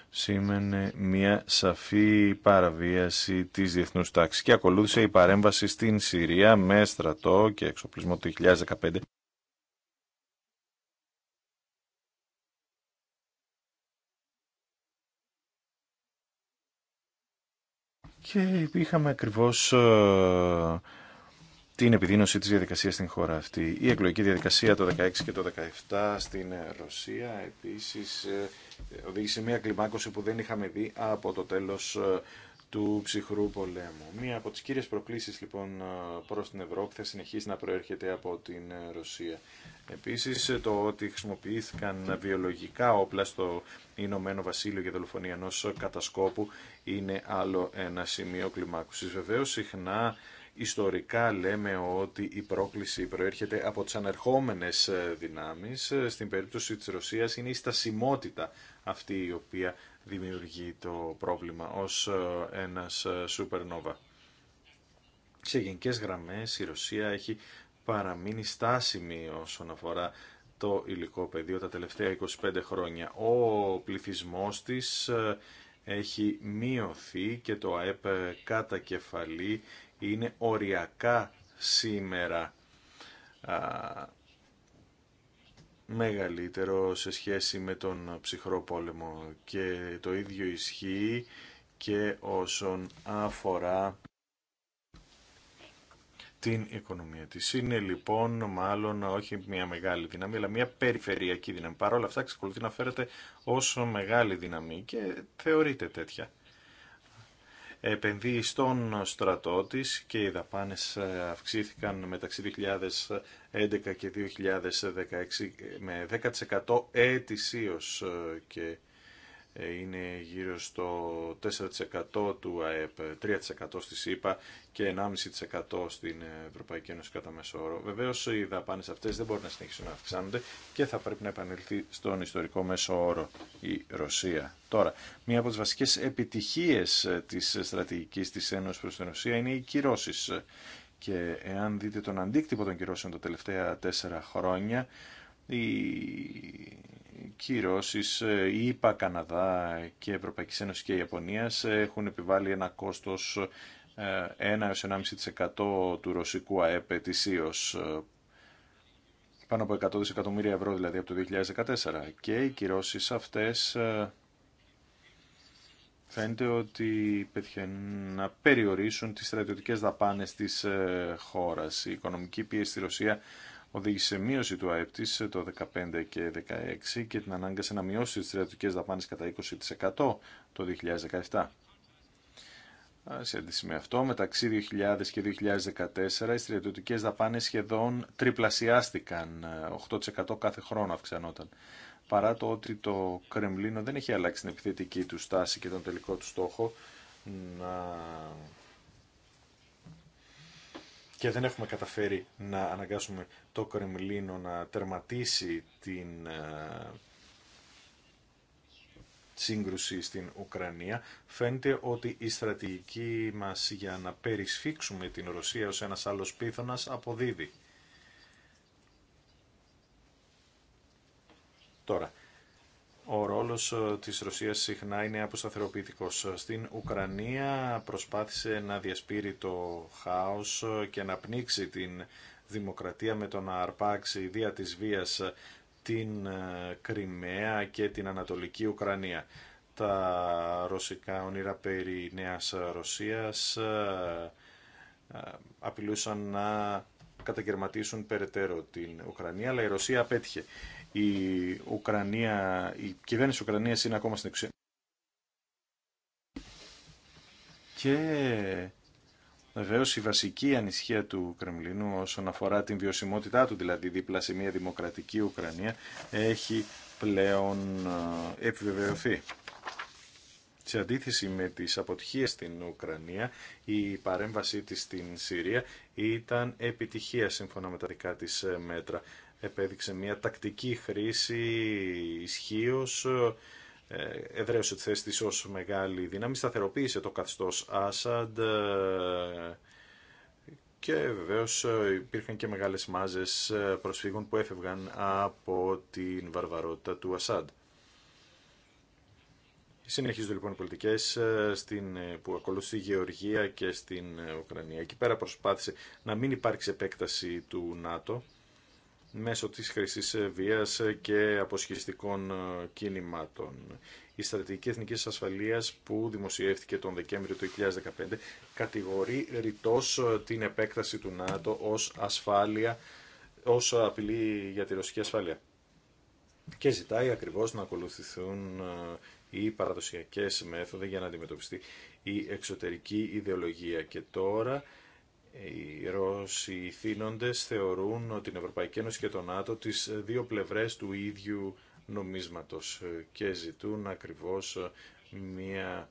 σήμαινε μια σαφή παραβίαση της διεθνούς τάξης και ακολούθησε η παρέμβαση στην Συρία με στρατό και εξοπλισμό του 2015. Και είχαμε ακριβώς ε, την επιδείνωση της διαδικασίας στην χώρα αυτή. Η εκλογική διαδικασία το 16 και το 17 στην Ρωσία επίσης ε, οδήγησε μια κλιμάκωση που δεν είχαμε δει από το τέλος ε, του ψυχρού πολέμου. Μία από τις κύριες προκλήσεις λοιπόν ε, προς την Ευρώπη θα συνεχίσει να προέρχεται από την Ρωσία. Επίσης το ότι χρησιμοποιήθηκαν βιολογικά όπλα στο Ηνωμένο Βασίλειο για δολοφονία ενός κατασκόπου είναι άλλο ένα σημείο κλιμάκωσης. Βεβαίως συχνά ιστορικά λέμε ότι η πρόκληση προέρχεται από τις ανερχόμενες ε, δυνάμεις. Ε, στην περίπτωση της Ρωσίας είναι η στασιμότητα αυτή η οποία δημιουργεί το πρόβλημα ως ε, ένας supernova. Σε γενικές γραμμές η Ρωσία έχει παραμείνει στάσιμη όσον αφορά το υλικό πεδίο τα τελευταία 25 χρόνια. Ο πληθυσμός της έχει μειωθεί και το ΑΕΠ κατά είναι οριακά σήμερα α, μεγαλύτερο σε σχέση με τον ψυχρό πόλεμο και το ίδιο ισχύει και όσον αφορά την οικονομία της. Είναι λοιπόν μάλλον όχι μια μεγάλη δύναμη, αλλά μια περιφερειακή δύναμη. Παρ' όλα αυτά εξακολουθεί να φέρεται όσο μεγάλη δύναμη και θεωρείται τέτοια επενδύει στον στρατό τη και οι δαπάνε ε, αυξήθηκαν μεταξύ 2011 και 2016 με 10% ετησίω ε, και ε, είναι γύρω στο 4% του ΑΕΠ, 3% στη ΣΥΠΑ και 1,5% στην Ευρωπαϊκή Ένωση κατά μέσο όρο. Βεβαίως οι δαπάνε αυτέ δεν μπορούν να συνεχίσουν να αυξάνονται και θα πρέπει να επανελθεί στον ιστορικό μέσο όρο η Ρωσία. Τώρα, μία από τι βασικέ επιτυχίε ε, τη στρατηγική τη Ένωσης προ την Ρωσία είναι οι κυρώσει. Και εάν δείτε τον αντίκτυπο των κυρώσεων τα τελευταία τέσσερα χρόνια, η κυρώσεις, ε, η ΙΠΑ, Καναδά και Ευρωπαϊκή Ένωση και Ιαπωνία έχουν επιβάλει ένα κόστος 1-1,5% ε, του ρωσικού ΑΕΠ ε, πάνω από 100 δισεκατομμύρια ευρώ δηλαδή από το 2014. Και οι κυρώσεις αυτές φαίνεται ότι πετυχαίνουν να περιορίσουν τις στρατιωτικές δαπάνες της χώρας. Η οικονομική πίεση στη Ρωσία οδήγησε μείωση του ΑΕΠ το 2015 και 2016 και την ανάγκασε να μειώσει τις στρατιωτικές δαπάνες κατά 20% το 2017. Σε αντίση με αυτό, μεταξύ 2000 και 2014 οι στρατιωτικές δαπάνες σχεδόν τριπλασιάστηκαν, 8% κάθε χρόνο αυξανόταν. Παρά το ότι το Κρεμλίνο δεν έχει αλλάξει την επιθετική του στάση και τον τελικό του στόχο να και δεν έχουμε καταφέρει να αναγκάσουμε το Κρεμλίνο να τερματίσει την ε, σύγκρουση στην Ουκρανία. Φαίνεται ότι η στρατηγική μας για να περισφίξουμε την Ρωσία ως ένας άλλος πίθωνας αποδίδει. Τώρα, ο ρόλος ε, της Ρωσίας συχνά είναι αποσταθεροποιητικός. Στην Ουκρανία προσπάθησε να διασπείρει το χάος ε, και να πνίξει την δημοκρατία με το να αρπάξει δια της βίας την ε, Κρυμαία και την Ανατολική Ουκρανία. Τα ρωσικά όνειρα περί Νέας Ρωσίας απειλούσαν να κατακαιρματίσουν περαιτέρω την Ουκρανία, αλλά η Ρωσία απέτυχε η Ουκρανία, η κυβέρνηση Ουκρανίας είναι ακόμα στην εξουσία. Και Βεβαίω η βασική ανησυχία του Κρεμλίνου όσον αφορά την βιωσιμότητά του, δηλαδή δίπλα σε μια δημοκρατική Ουκρανία, έχει πλέον ε, επιβεβαιωθεί. Σε αντίθεση με τις αποτυχίες στην Ουκρανία, η παρέμβασή της στην Συρία ήταν επιτυχία σύμφωνα με τα δικά της ε, μέτρα. Επέδειξε μια τακτική χρήση ισχύω ε, εδραίωσε τη θέση της ως μεγάλη δύναμη, σταθεροποίησε το καθεστώς Άσαντ ε, και βεβαίως υπήρχαν και μεγάλες μάζες προσφύγων που έφευγαν από την βαρβαρότητα του Ασάντ. Συνεχίζονται λοιπόν οι πολιτικέ ε, ε, που ακολουθεί η Γεωργία και στην ε, Ουκρανία. Εκεί πέρα προσπάθησε να μην υπάρξει επέκταση του ΝΑΤΟ μέσω της χρυσή βία και αποσχιστικών κίνηματων. Η Στρατηγική Εθνική Ασφαλείας που δημοσιεύτηκε τον Δεκέμβριο του 2015 κατηγορεί ρητός την επέκταση του ΝΑΤΟ ω ασφάλεια, ως απειλή για τη ρωσική ασφάλεια. Και ζητάει ακριβώ να ακολουθηθούν ή παραδοσιακές μέθοδοι για να αντιμετωπιστεί η εξωτερική ιδεολογία. Και τώρα οι Ρώσοι θύνοντες θεωρούν την Ευρωπαϊκή Ένωση και τον Άτο τις δύο πλευρές του ίδιου νομίσματος και ζητούν ακριβώς μια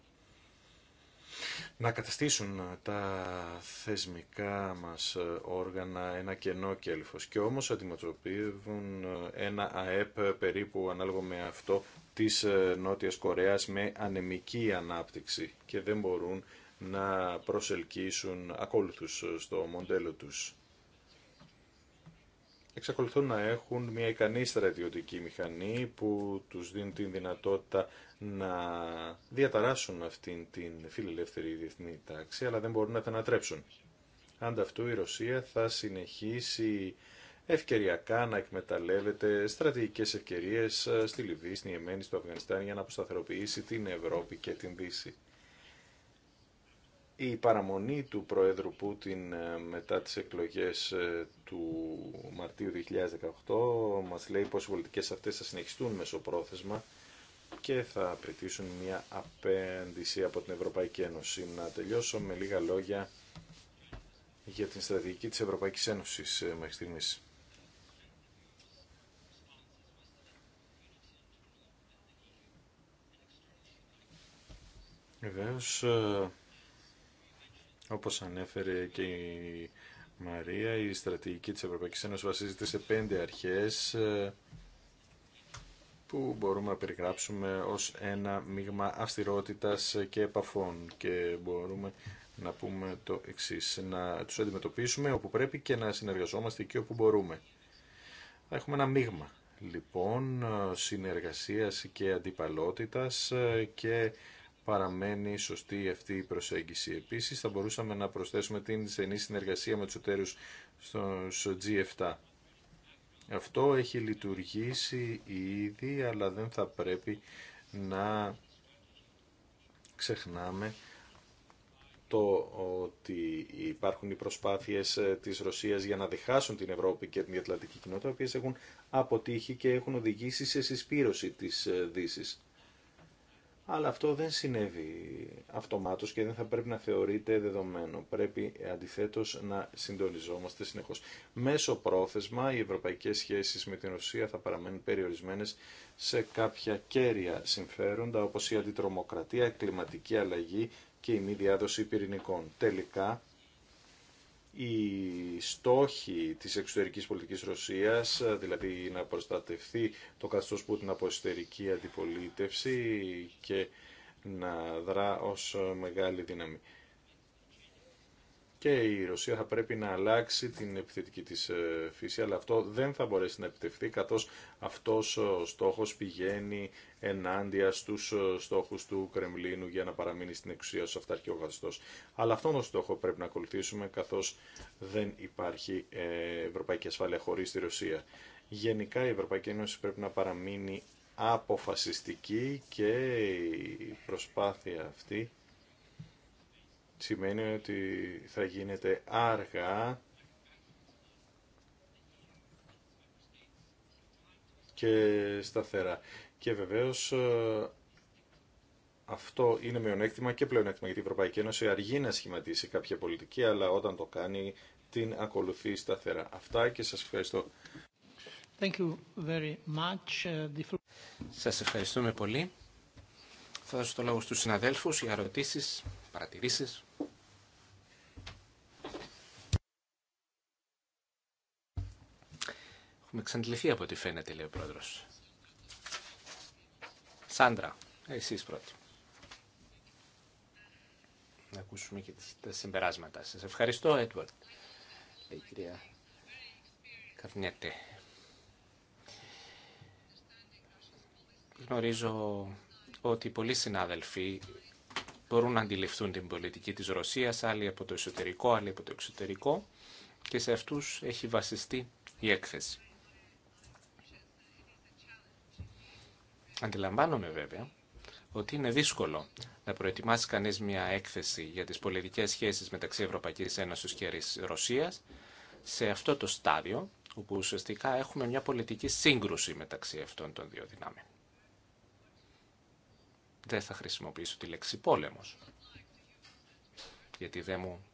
να καταστήσουν τα θεσμικά μας όργανα ένα κενό κέλφος και όμως αντιμετωπίζουν ένα ΑΕΠ περίπου ανάλογο με αυτό της ε, Νότιας Κορέας με ανεμική ανάπτυξη και δεν μπορούν να προσελκύσουν ακόλουθους ε, στο μοντέλο τους. Εξακολουθούν να έχουν μια ικανή στρατιωτική μηχανή που τους δίνει την δυνατότητα να διαταράσουν αυτήν την φιλελεύθερη διεθνή τάξη, αλλά δεν μπορούν να την ανατρέψουν. αυτού η Ρωσία θα συνεχίσει ευκαιριακά να εκμεταλλεύεται στρατηγικέ ευκαιρίε ε, στη Λιβύη, στην Ιεμένη, στο Αφγανιστάν για να αποσταθεροποιήσει την Ευρώπη και την Δύση. Η παραμονή του Προέδρου Πούτιν ε, μετά τις εκλογές ε, του Μαρτίου 2018 μας λέει πως οι πολιτικές αυτές θα συνεχιστούν μεσοπρόθεσμα και θα απαιτήσουν μια απέντηση από την Ευρωπαϊκή Ένωση. Να τελειώσω με λίγα λόγια για την στρατηγική της Ευρωπαϊκής Ένωσης μέχρι στιγμής. Βεβαίως, ε, όπως ανέφερε και η Μαρία, η στρατηγική της Ευρωπαϊκής Ένωσης βασίζεται σε πέντε αρχές ε, που μπορούμε να περιγράψουμε ως ένα μείγμα αυστηρότητας και επαφών και μπορούμε να πούμε το εξής, να τους αντιμετωπίσουμε όπου πρέπει και να συνεργαζόμαστε και όπου μπορούμε. έχουμε ένα μείγμα λοιπόν συνεργασίας και αντιπαλότητας ε, και παραμένει σωστή αυτή η προσέγγιση. Επίσης θα μπορούσαμε να προσθέσουμε την στενή συνεργασία με τους εταίρους στο G7. Αυτό έχει λειτουργήσει ήδη, αλλά δεν θα πρέπει να ξεχνάμε το ότι υπάρχουν οι προσπάθειες ε, της Ρωσίας για να διχάσουν την Ευρώπη και την Ατλαντική κοινότητα, οι οποίες έχουν αποτύχει και έχουν οδηγήσει σε συσπήρωση της ε, Δύσης αλλά αυτό δεν συνέβη αυτομάτως και δεν θα πρέπει να θεωρείται δεδομένο. Πρέπει ε, αντιθέτως να συντονιζόμαστε συνεχώς. Μέσω πρόθεσμα οι ευρωπαϊκές σχέσεις με την Ρωσία θα παραμένουν περιορισμένες σε κάποια κέρια συμφέροντα όπως η αντιτρομοκρατία, η κλιματική αλλαγή και η μη διάδοση πυρηνικών. Τελικά οι στόχοι της εξωτερικής πολιτικής Ρωσίας, δηλαδή να προστατευθεί το καθεστώς που από εσωτερική αντιπολίτευση και να δρά ως μεγάλη δύναμη και η Ρωσία θα πρέπει να αλλάξει την επιθετική της ε, φύση, αλλά αυτό δεν θα μπορέσει να επιτευχθεί, καθώς αυτός ε, ο στόχος πηγαίνει ενάντια στους ε, στόχους του Κρεμλίνου για να παραμείνει στην εξουσία ως αυταρχικό Αλλά αυτόν τον στόχο πρέπει να ακολουθήσουμε, καθώς δεν υπάρχει ευρωπαϊκή ασφάλεια χωρίς τη Ρωσία. Γενικά η Ευρωπαϊκή Ένωση πρέπει να παραμείνει αποφασιστική και η προσπάθεια αυτή σημαίνει ότι θα γίνεται άργα και σταθερά. Και βεβαίως ε, αυτό είναι μειονέκτημα και πλεονέκτημα γιατί η Ευρωπαϊκή Ένωση αργεί να σχηματίσει κάποια πολιτική, αλλά όταν το κάνει την ακολουθεί σταθερά. Αυτά και σας ευχαριστώ. Thank you very much. Ε, σας ευχαριστούμε πολύ. Θα δώσω το λόγο στους συναδέλφους για ερωτήσεις παρατηρήσεις. Έχουμε εξαντληθεί από ό,τι φαίνεται, λέει ο πρόεδρος. Σάντρα, εσείς πρώτοι. Να ακούσουμε και τα συμπεράσματα σας. Ευχαριστώ, Έντουαρτ. Η κυρία Καρνιέτε. Γνωρίζω ότι πολλοί συνάδελφοι μπορούν να αντιληφθούν την πολιτική της Ρωσίας, άλλοι από το εσωτερικό, άλλοι από το εξωτερικό και σε αυτούς έχει βασιστεί η έκθεση. Αντιλαμβάνομαι βέβαια ότι είναι δύσκολο να προετοιμάσει κανείς μια έκθεση για τις πολιτικές σχέσεις μεταξύ Ευρωπαϊκής Ένωσης και Ρωσίας σε αυτό το στάδιο, όπου ουσιαστικά έχουμε μια πολιτική σύγκρουση μεταξύ αυτών των δύο δυνάμεων δεν θα χρησιμοποιήσω τη λέξη πόλεμος. Γιατί δεν μου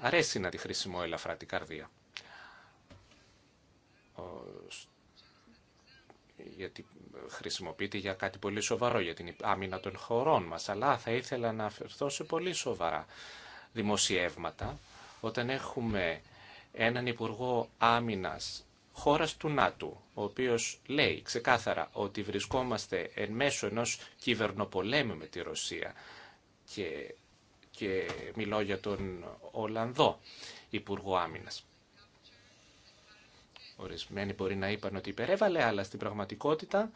αρέσει να τη χρησιμώ ελαφρά την καρδία. Γιατί χρησιμοποιείται για κάτι πολύ σοβαρό, για την άμυνα των χωρών μας. Αλλά θα ήθελα να αφαιρθώ σε πολύ σοβαρά δημοσιεύματα. Όταν έχουμε έναν Υπουργό Άμυνας χώρας του ΝΑΤΟ, ο οποίος λέει ξεκάθαρα ότι βρισκόμαστε εν μέσω ενός κυβερνοπολέμου με τη Ρωσία και, και μιλώ για τον Ολλανδό Υπουργό Άμυνας. Ορισμένοι μπορεί να είπαν ότι υπερέβαλε, αλλά στην πραγματικότητα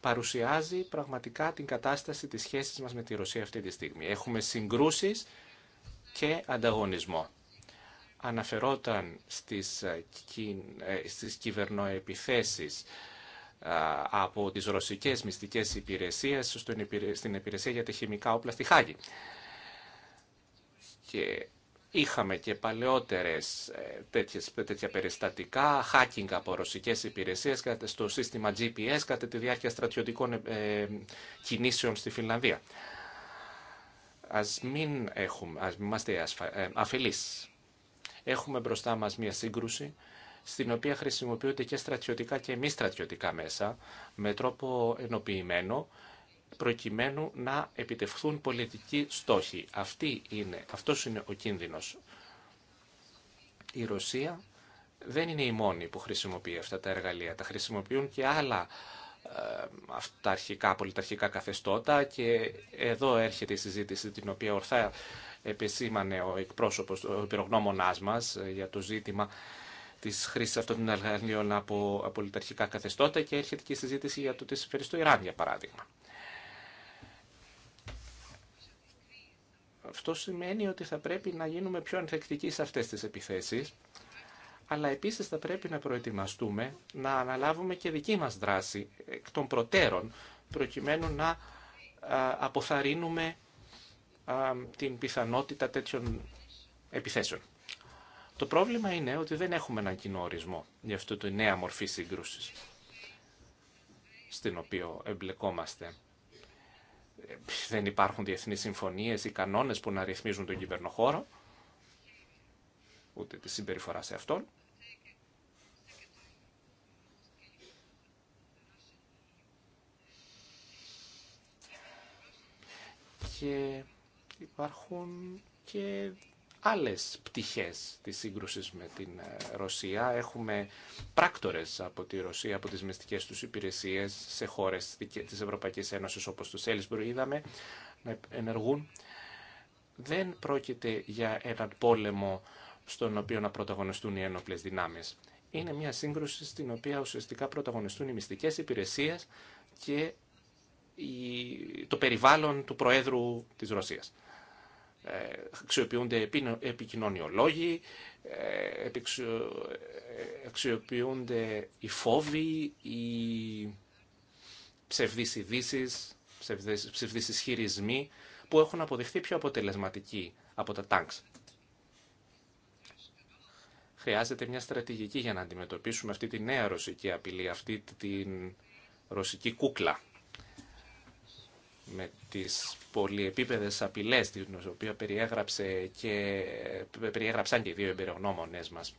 παρουσιάζει πραγματικά την κατάσταση της σχέσης μας με τη Ρωσία αυτή τη στιγμή. Έχουμε συγκρούσεις και ανταγωνισμό αναφερόταν στις, ε, ε, στις κυβερνοεπιθέσεις ε, από τις ρωσικές μυστικές υπηρεσίες στην υπηρεσία για τα χημικά όπλα στη Χάγη. Και είχαμε και παλαιότερες τέτοιες, τέτοια περιστατικά, hacking από ρωσικές υπηρεσίες στο σύστημα GPS κατά τη διάρκεια στρατιωτικών κινήσεων στη Φινλανδία. Ας μην έχουμε, ας μην είμαστε Έχουμε μπροστά μας μια σύγκρουση στην οποία χρησιμοποιούνται και στρατιωτικά και μη στρατιωτικά μέσα με τρόπο ενοποιημένο προκειμένου να επιτευχθούν πολιτικοί στόχοι. Αυτή είναι, αυτός είναι ο κίνδυνος. Η Ρωσία δεν είναι η μόνη που χρησιμοποιεί αυτά τα εργαλεία. Τα χρησιμοποιούν και άλλα ε, αυταρχικά, πολιταρχικά καθεστώτα και εδώ έρχεται η συζήτηση την οποία ορθά επεσήμανε ο εκπρόσωπος, ο υπηρογνώμονάς μας ε, για το ζήτημα της χρήσης αυτών των εργαλείων από απολυταρχικά καθεστώτα και έρχεται και η συζήτηση για το τι συμφέρει στο Ιράν, για παράδειγμα. Αυτό σημαίνει ότι θα πρέπει να γίνουμε πιο ανθεκτικοί σε αυτές τις επιθέσεις, αλλά επίσης θα πρέπει να προετοιμαστούμε να αναλάβουμε και δική μας δράση εκ των προτέρων, προκειμένου να ε, αποθαρρύνουμε την πιθανότητα τέτοιων επιθέσεων. Το πρόβλημα είναι ότι δεν έχουμε έναν κοινό ορισμό για αυτό τη νέα μορφή σύγκρουση στην οποία εμπλεκόμαστε. Δεν υπάρχουν διεθνείς συμφωνίες ή κανόνες που να ρυθμίζουν τον κυβερνοχώρο, ούτε τη συμπεριφορά σε αυτόν. Και υπάρχουν και άλλες πτυχές της σύγκρουσης με την ε, Ρωσία. Έχουμε πράκτορες από τη Ρωσία, από τις μυστικές τους υπηρεσίες σε χώρες της Ευρωπαϊκής Ένωσης όπως το Σέλισμπρου, είδαμε να ενεργούν. Δεν πρόκειται για έναν πόλεμο στον οποίο να πρωταγωνιστούν οι ένοπλες δυνάμεις. Είναι μια σύγκρουση στην οποία ουσιαστικά πρωταγωνιστούν οι μυστικές υπηρεσίες και το περιβάλλον του Προέδρου της Ρωσίας. Ε, αξιοποιούνται επικοινωνιολόγοι, ε, ε, αξιοποιούνται οι φόβοι, οι ψευδείς ειδήσει, ψευδείς, ισχυρισμοί που έχουν αποδειχθεί πιο αποτελεσματικοί από τα τάγκς. Χρειάζεται μια στρατηγική για να αντιμετωπίσουμε αυτή τη νέα ρωσική απειλή, αυτή την ρωσική κούκλα με τις πολυεπίπεδες απειλές την οποία περιέγραψε και, περιέγραψαν και οι δύο εμπειρογνώμονες μας.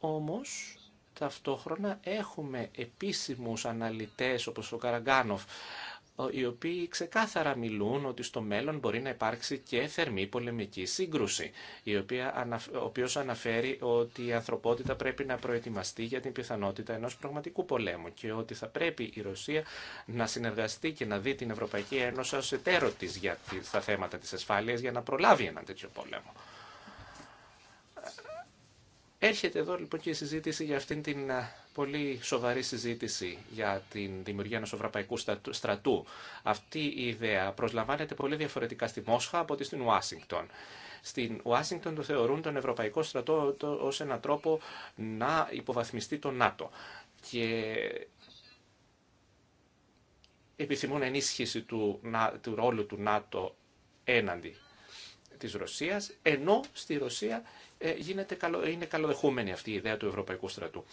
Όμως, ταυτόχρονα έχουμε επίσημους αναλυτές όπως ο Καραγκάνοφ οι οποίοι ξεκάθαρα μιλούν ότι στο μέλλον μπορεί να υπάρξει και θερμή πολεμική σύγκρουση, η οποία, ο οποίο αναφέρει ότι η ανθρωπότητα πρέπει να προετοιμαστεί για την πιθανότητα ενός πραγματικού πολέμου και ότι θα πρέπει η Ρωσία να συνεργαστεί και να δει την Ευρωπαϊκή Ένωση ω εταίρο τη για, τα θέματα τη ασφάλεια για να προλάβει ένα τέτοιο πόλεμο. Έρχεται εδώ λοιπόν και η συζήτηση για αυτήν την πολύ σοβαρή συζήτηση για την δημιουργία ενό ευρωπαϊκού στρατού. Αυτή η ιδέα προσλαμβάνεται πολύ διαφορετικά στη Μόσχα από ότι στην Ουάσιγκτον. Στην Ουάσιγκτον το θεωρούν τον Ευρωπαϊκό στρατό ως έναν τρόπο να υποβαθμιστεί το ΝΑΤΟ. Και επιθυμούν ενίσχυση του, του ρόλου του ΝΑΤΟ έναντι της Ρωσίας, ενώ στη Ρωσία ε, γίνεται καλο, είναι καλοδεχούμενη αυτή η ιδέα του Ευρωπαϊκού στρατού.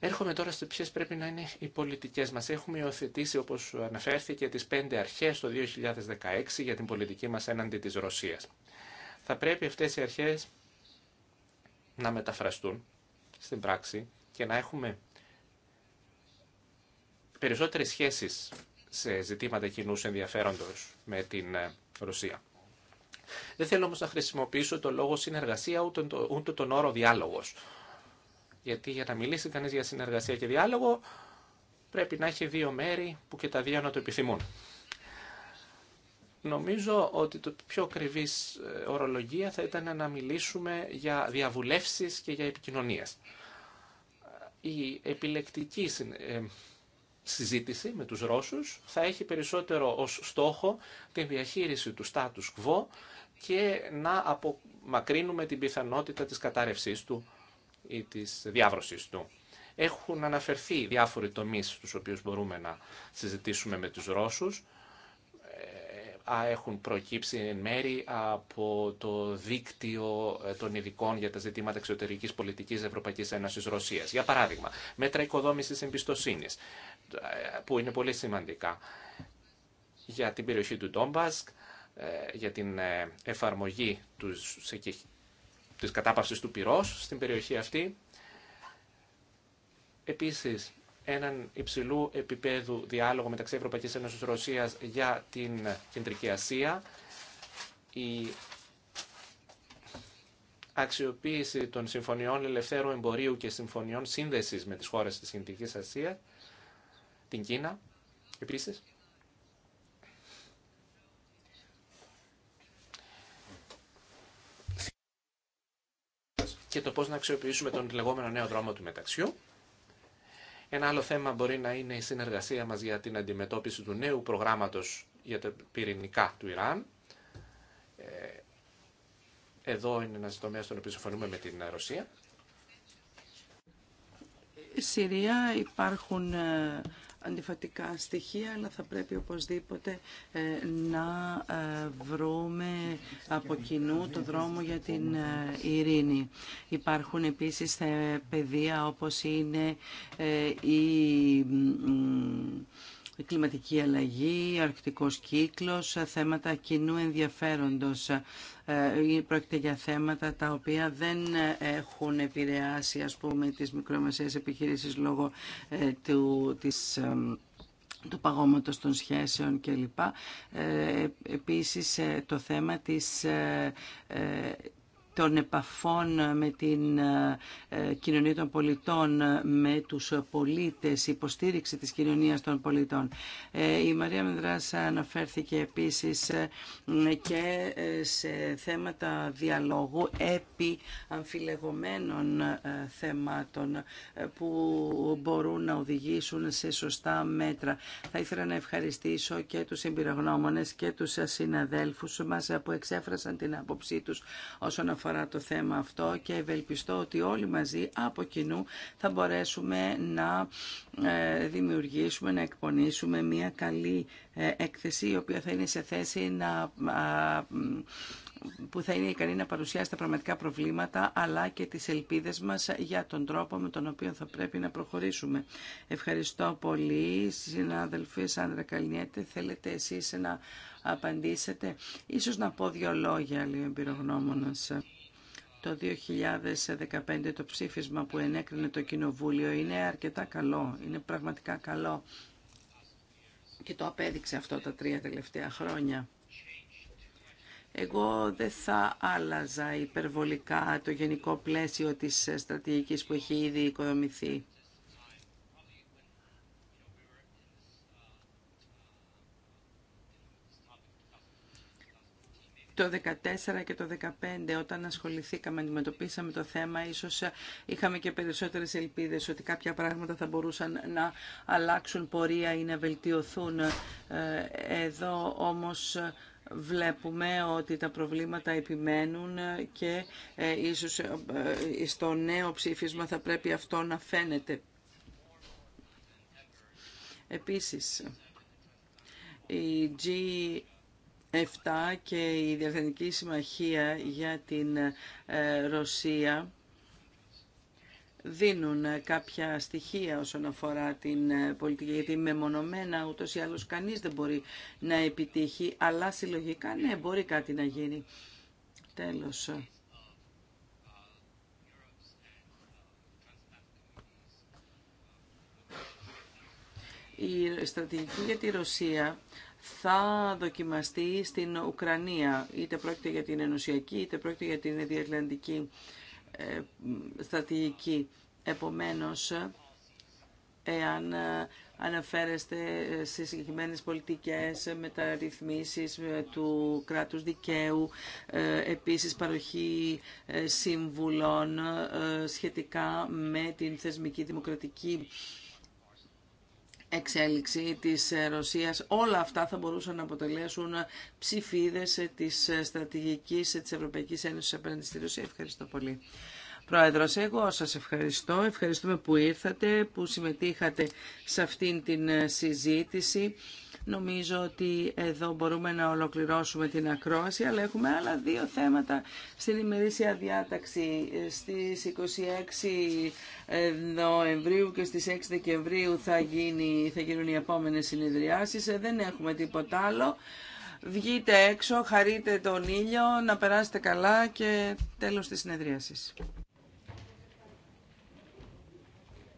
Έρχομαι τώρα στο ποιε πρέπει να είναι οι πολιτικέ μα. Έχουμε υιοθετήσει, όπω αναφέρθηκε, τι πέντε αρχέ το 2016 για την πολιτική μα έναντι τη Ρωσία. Θα πρέπει αυτέ οι αρχέ να μεταφραστούν στην πράξη και να έχουμε περισσότερες σχέσεις σε ζητήματα κοινού ενδιαφέροντος με την ε, Ρωσία. Δεν θέλω όμω να χρησιμοποιήσω το λόγο συνεργασία ούτε, τον όρο διάλογος. Γιατί για να μιλήσει κανείς για συνεργασία και διάλογο πρέπει να έχει δύο μέρη που και τα δύο να το επιθυμούν. Νομίζω ότι το πιο ακριβή ε, ορολογία θα ήταν να μιλήσουμε για διαβουλεύσεις και για επικοινωνίες. Η επιλεκτική ε, συζήτηση με τους Ρώσους θα έχει περισσότερο ως στόχο την διαχείριση του status quo και να απομακρύνουμε την πιθανότητα της κατάρρευσής του ή της διάβρωσης του. Έχουν αναφερθεί διάφοροι τομείς στους οποίους μπορούμε να συζητήσουμε με τους Ρώσους έχουν προκύψει εν μέρη από το δίκτυο ε, των ειδικών για τα ζητήματα εξωτερικής πολιτικής Ευρωπαϊκής Ένωσης Ρωσίας. Για παράδειγμα, μέτρα οικοδόμησης εμπιστοσύνης, ε, που είναι πολύ σημαντικά για την περιοχή του Ντόμπασκ, ε, για την εφαρμογή της κατάπαυσης του πυρός στην περιοχή αυτή. Επίσης, έναν υψηλού επίπεδου διάλογο μεταξύ Ευρωπαϊκής Ευρωπαϊκή και Ρωσίας για την Κεντρική Ασία. Η αξιοποίηση των συμφωνιών ελευθέρου εμπορίου και συμφωνιών σύνδεσης με τις χώρες της Κεντρικής Ασία, την Κίνα επίση. και το πώς να αξιοποιήσουμε τον λεγόμενο νέο δρόμο του μεταξιού. Ένα άλλο θέμα μπορεί να είναι η συνεργασία μας για την αντιμετώπιση του νέου προγράμματος για τα πυρηνικά του Ιράν. Ε, εδώ είναι ένα τομέας στον οποίο συμφωνούμε με την Ρωσία. Συρία υπάρχουν ε, αντιφατικά στοιχεία, αλλά θα πρέπει οπωσδήποτε ε, να ε, βρούμε από κοινού το δρόμο για την ε, ειρήνη. Υπάρχουν επίσης παιδεία όπως είναι η η κλιματική αλλαγή, αρκτικός κύκλος, θέματα κοινού ενδιαφέροντος. Ε, πρόκειται για θέματα τα οποία δεν έχουν επηρεάσει, ας πούμε, τις μικρομεσαίες επιχειρήσεις λόγω ε, του, της του παγώματος των σχέσεων κλπ. Ε, επίσης ε, το θέμα της των επαφών με την ε, κοινωνία των πολιτών, με τους πολίτες, υποστήριξη της κοινωνίας των πολιτών. Ε, η Μαρία Μενδράς αναφέρθηκε επίσης ε, και σε θέματα διαλόγου επί αμφιλεγωμένων θεμάτων που μπορούν να οδηγήσουν σε σωστά μέτρα. Θα ήθελα να ευχαριστήσω και τους εμπειρογνώμονες και τους συναδέλφους μας που εξέφρασαν την άποψή τους όσον αφορά αφορά το θέμα αυτό και ευελπιστώ ότι όλοι μαζί από κοινού θα μπορέσουμε να ε, δημιουργήσουμε, να εκπονήσουμε μια καλή ε, έκθεση η οποία θα είναι σε θέση να που θα είναι ικανή να παρουσιάσει τα πραγματικά προβλήματα αλλά και τις ελπίδες μας για τον τρόπο με τον οποίο θα πρέπει να προχωρήσουμε. Ευχαριστώ πολύ. Συνάδελφοι, Σάντρα Καλνιέτε, θέλετε εσείς να απαντήσετε. Ίσως να πω δύο λόγια, λέει ο το 2015 το ψήφισμα που ενέκρινε το Κοινοβούλιο είναι αρκετά καλό, είναι πραγματικά καλό και το απέδειξε αυτό τα τρία τελευταία χρόνια. Εγώ δεν θα άλλαζα υπερβολικά το γενικό πλαίσιο της στρατηγικής που έχει ήδη οικοδομηθεί. το 2014 και το 2015 όταν ασχοληθήκαμε, αντιμετωπίσαμε το θέμα, ίσως ε, είχαμε και περισσότερες ελπίδες ότι κάποια πράγματα θα μπορούσαν να αλλάξουν πορεία ή να βελτιωθούν. Ε, εδώ όμως ε, βλέπουμε ότι τα προβλήματα επιμένουν και ίσως στο νέο ψήφισμα θα πρέπει αυτό να φαίνεται. Επίσης, η G 7 και η Διαθενική Συμμαχία για την ε, Ρωσία δίνουν κάποια στοιχεία όσον αφορά την ε, πολιτική, γιατί μεμονωμένα ούτως ή άλλως κανείς δεν μπορεί να επιτύχει, αλλά συλλογικά ναι, μπορεί κάτι να γίνει. Τέλος. Η στρατηγική για τη Ρωσία θα δοκιμαστεί στην Ουκρανία. Είτε πρόκειται για την ενωσιακή, είτε πρόκειται για την διατλαντική ε, στρατηγική. Επομένως, εάν ε, αναφέρεστε σε συγκεκριμένες πολιτικές μεταρρυθμίσεις ε, του κράτους δικαίου, επίσης παροχή συμβουλών σχετικά με την θεσμική δημοκρατική εξέλιξη της ε, Ρωσίας. Όλα αυτά θα μπορούσαν να αποτελέσουν ψηφίδες ε, της ε, στρατηγικής της Ευρωπαϊκής Ένωσης απέναντι στη Ρωσία. Ευχαριστώ πολύ. Πρόεδρος, εγώ σας ευχαριστώ. Ευχαριστούμε που ήρθατε, που συμμετείχατε σε αυτήν την ε, συζήτηση. Νομίζω ότι εδώ μπορούμε να ολοκληρώσουμε την ακρόαση, αλλά έχουμε άλλα δύο θέματα στην ημερήσια διάταξη. Ε, στις 26 ε, Νοεμβρίου και στις 6 Δεκεμβρίου θα, γίνει, θα γίνουν οι επόμενες συνεδριάσεις. Δεν έχουμε τίποτα άλλο. Βγείτε έξω, χαρείτε τον ήλιο, να περάσετε καλά και τέλος της συνεδρίασης.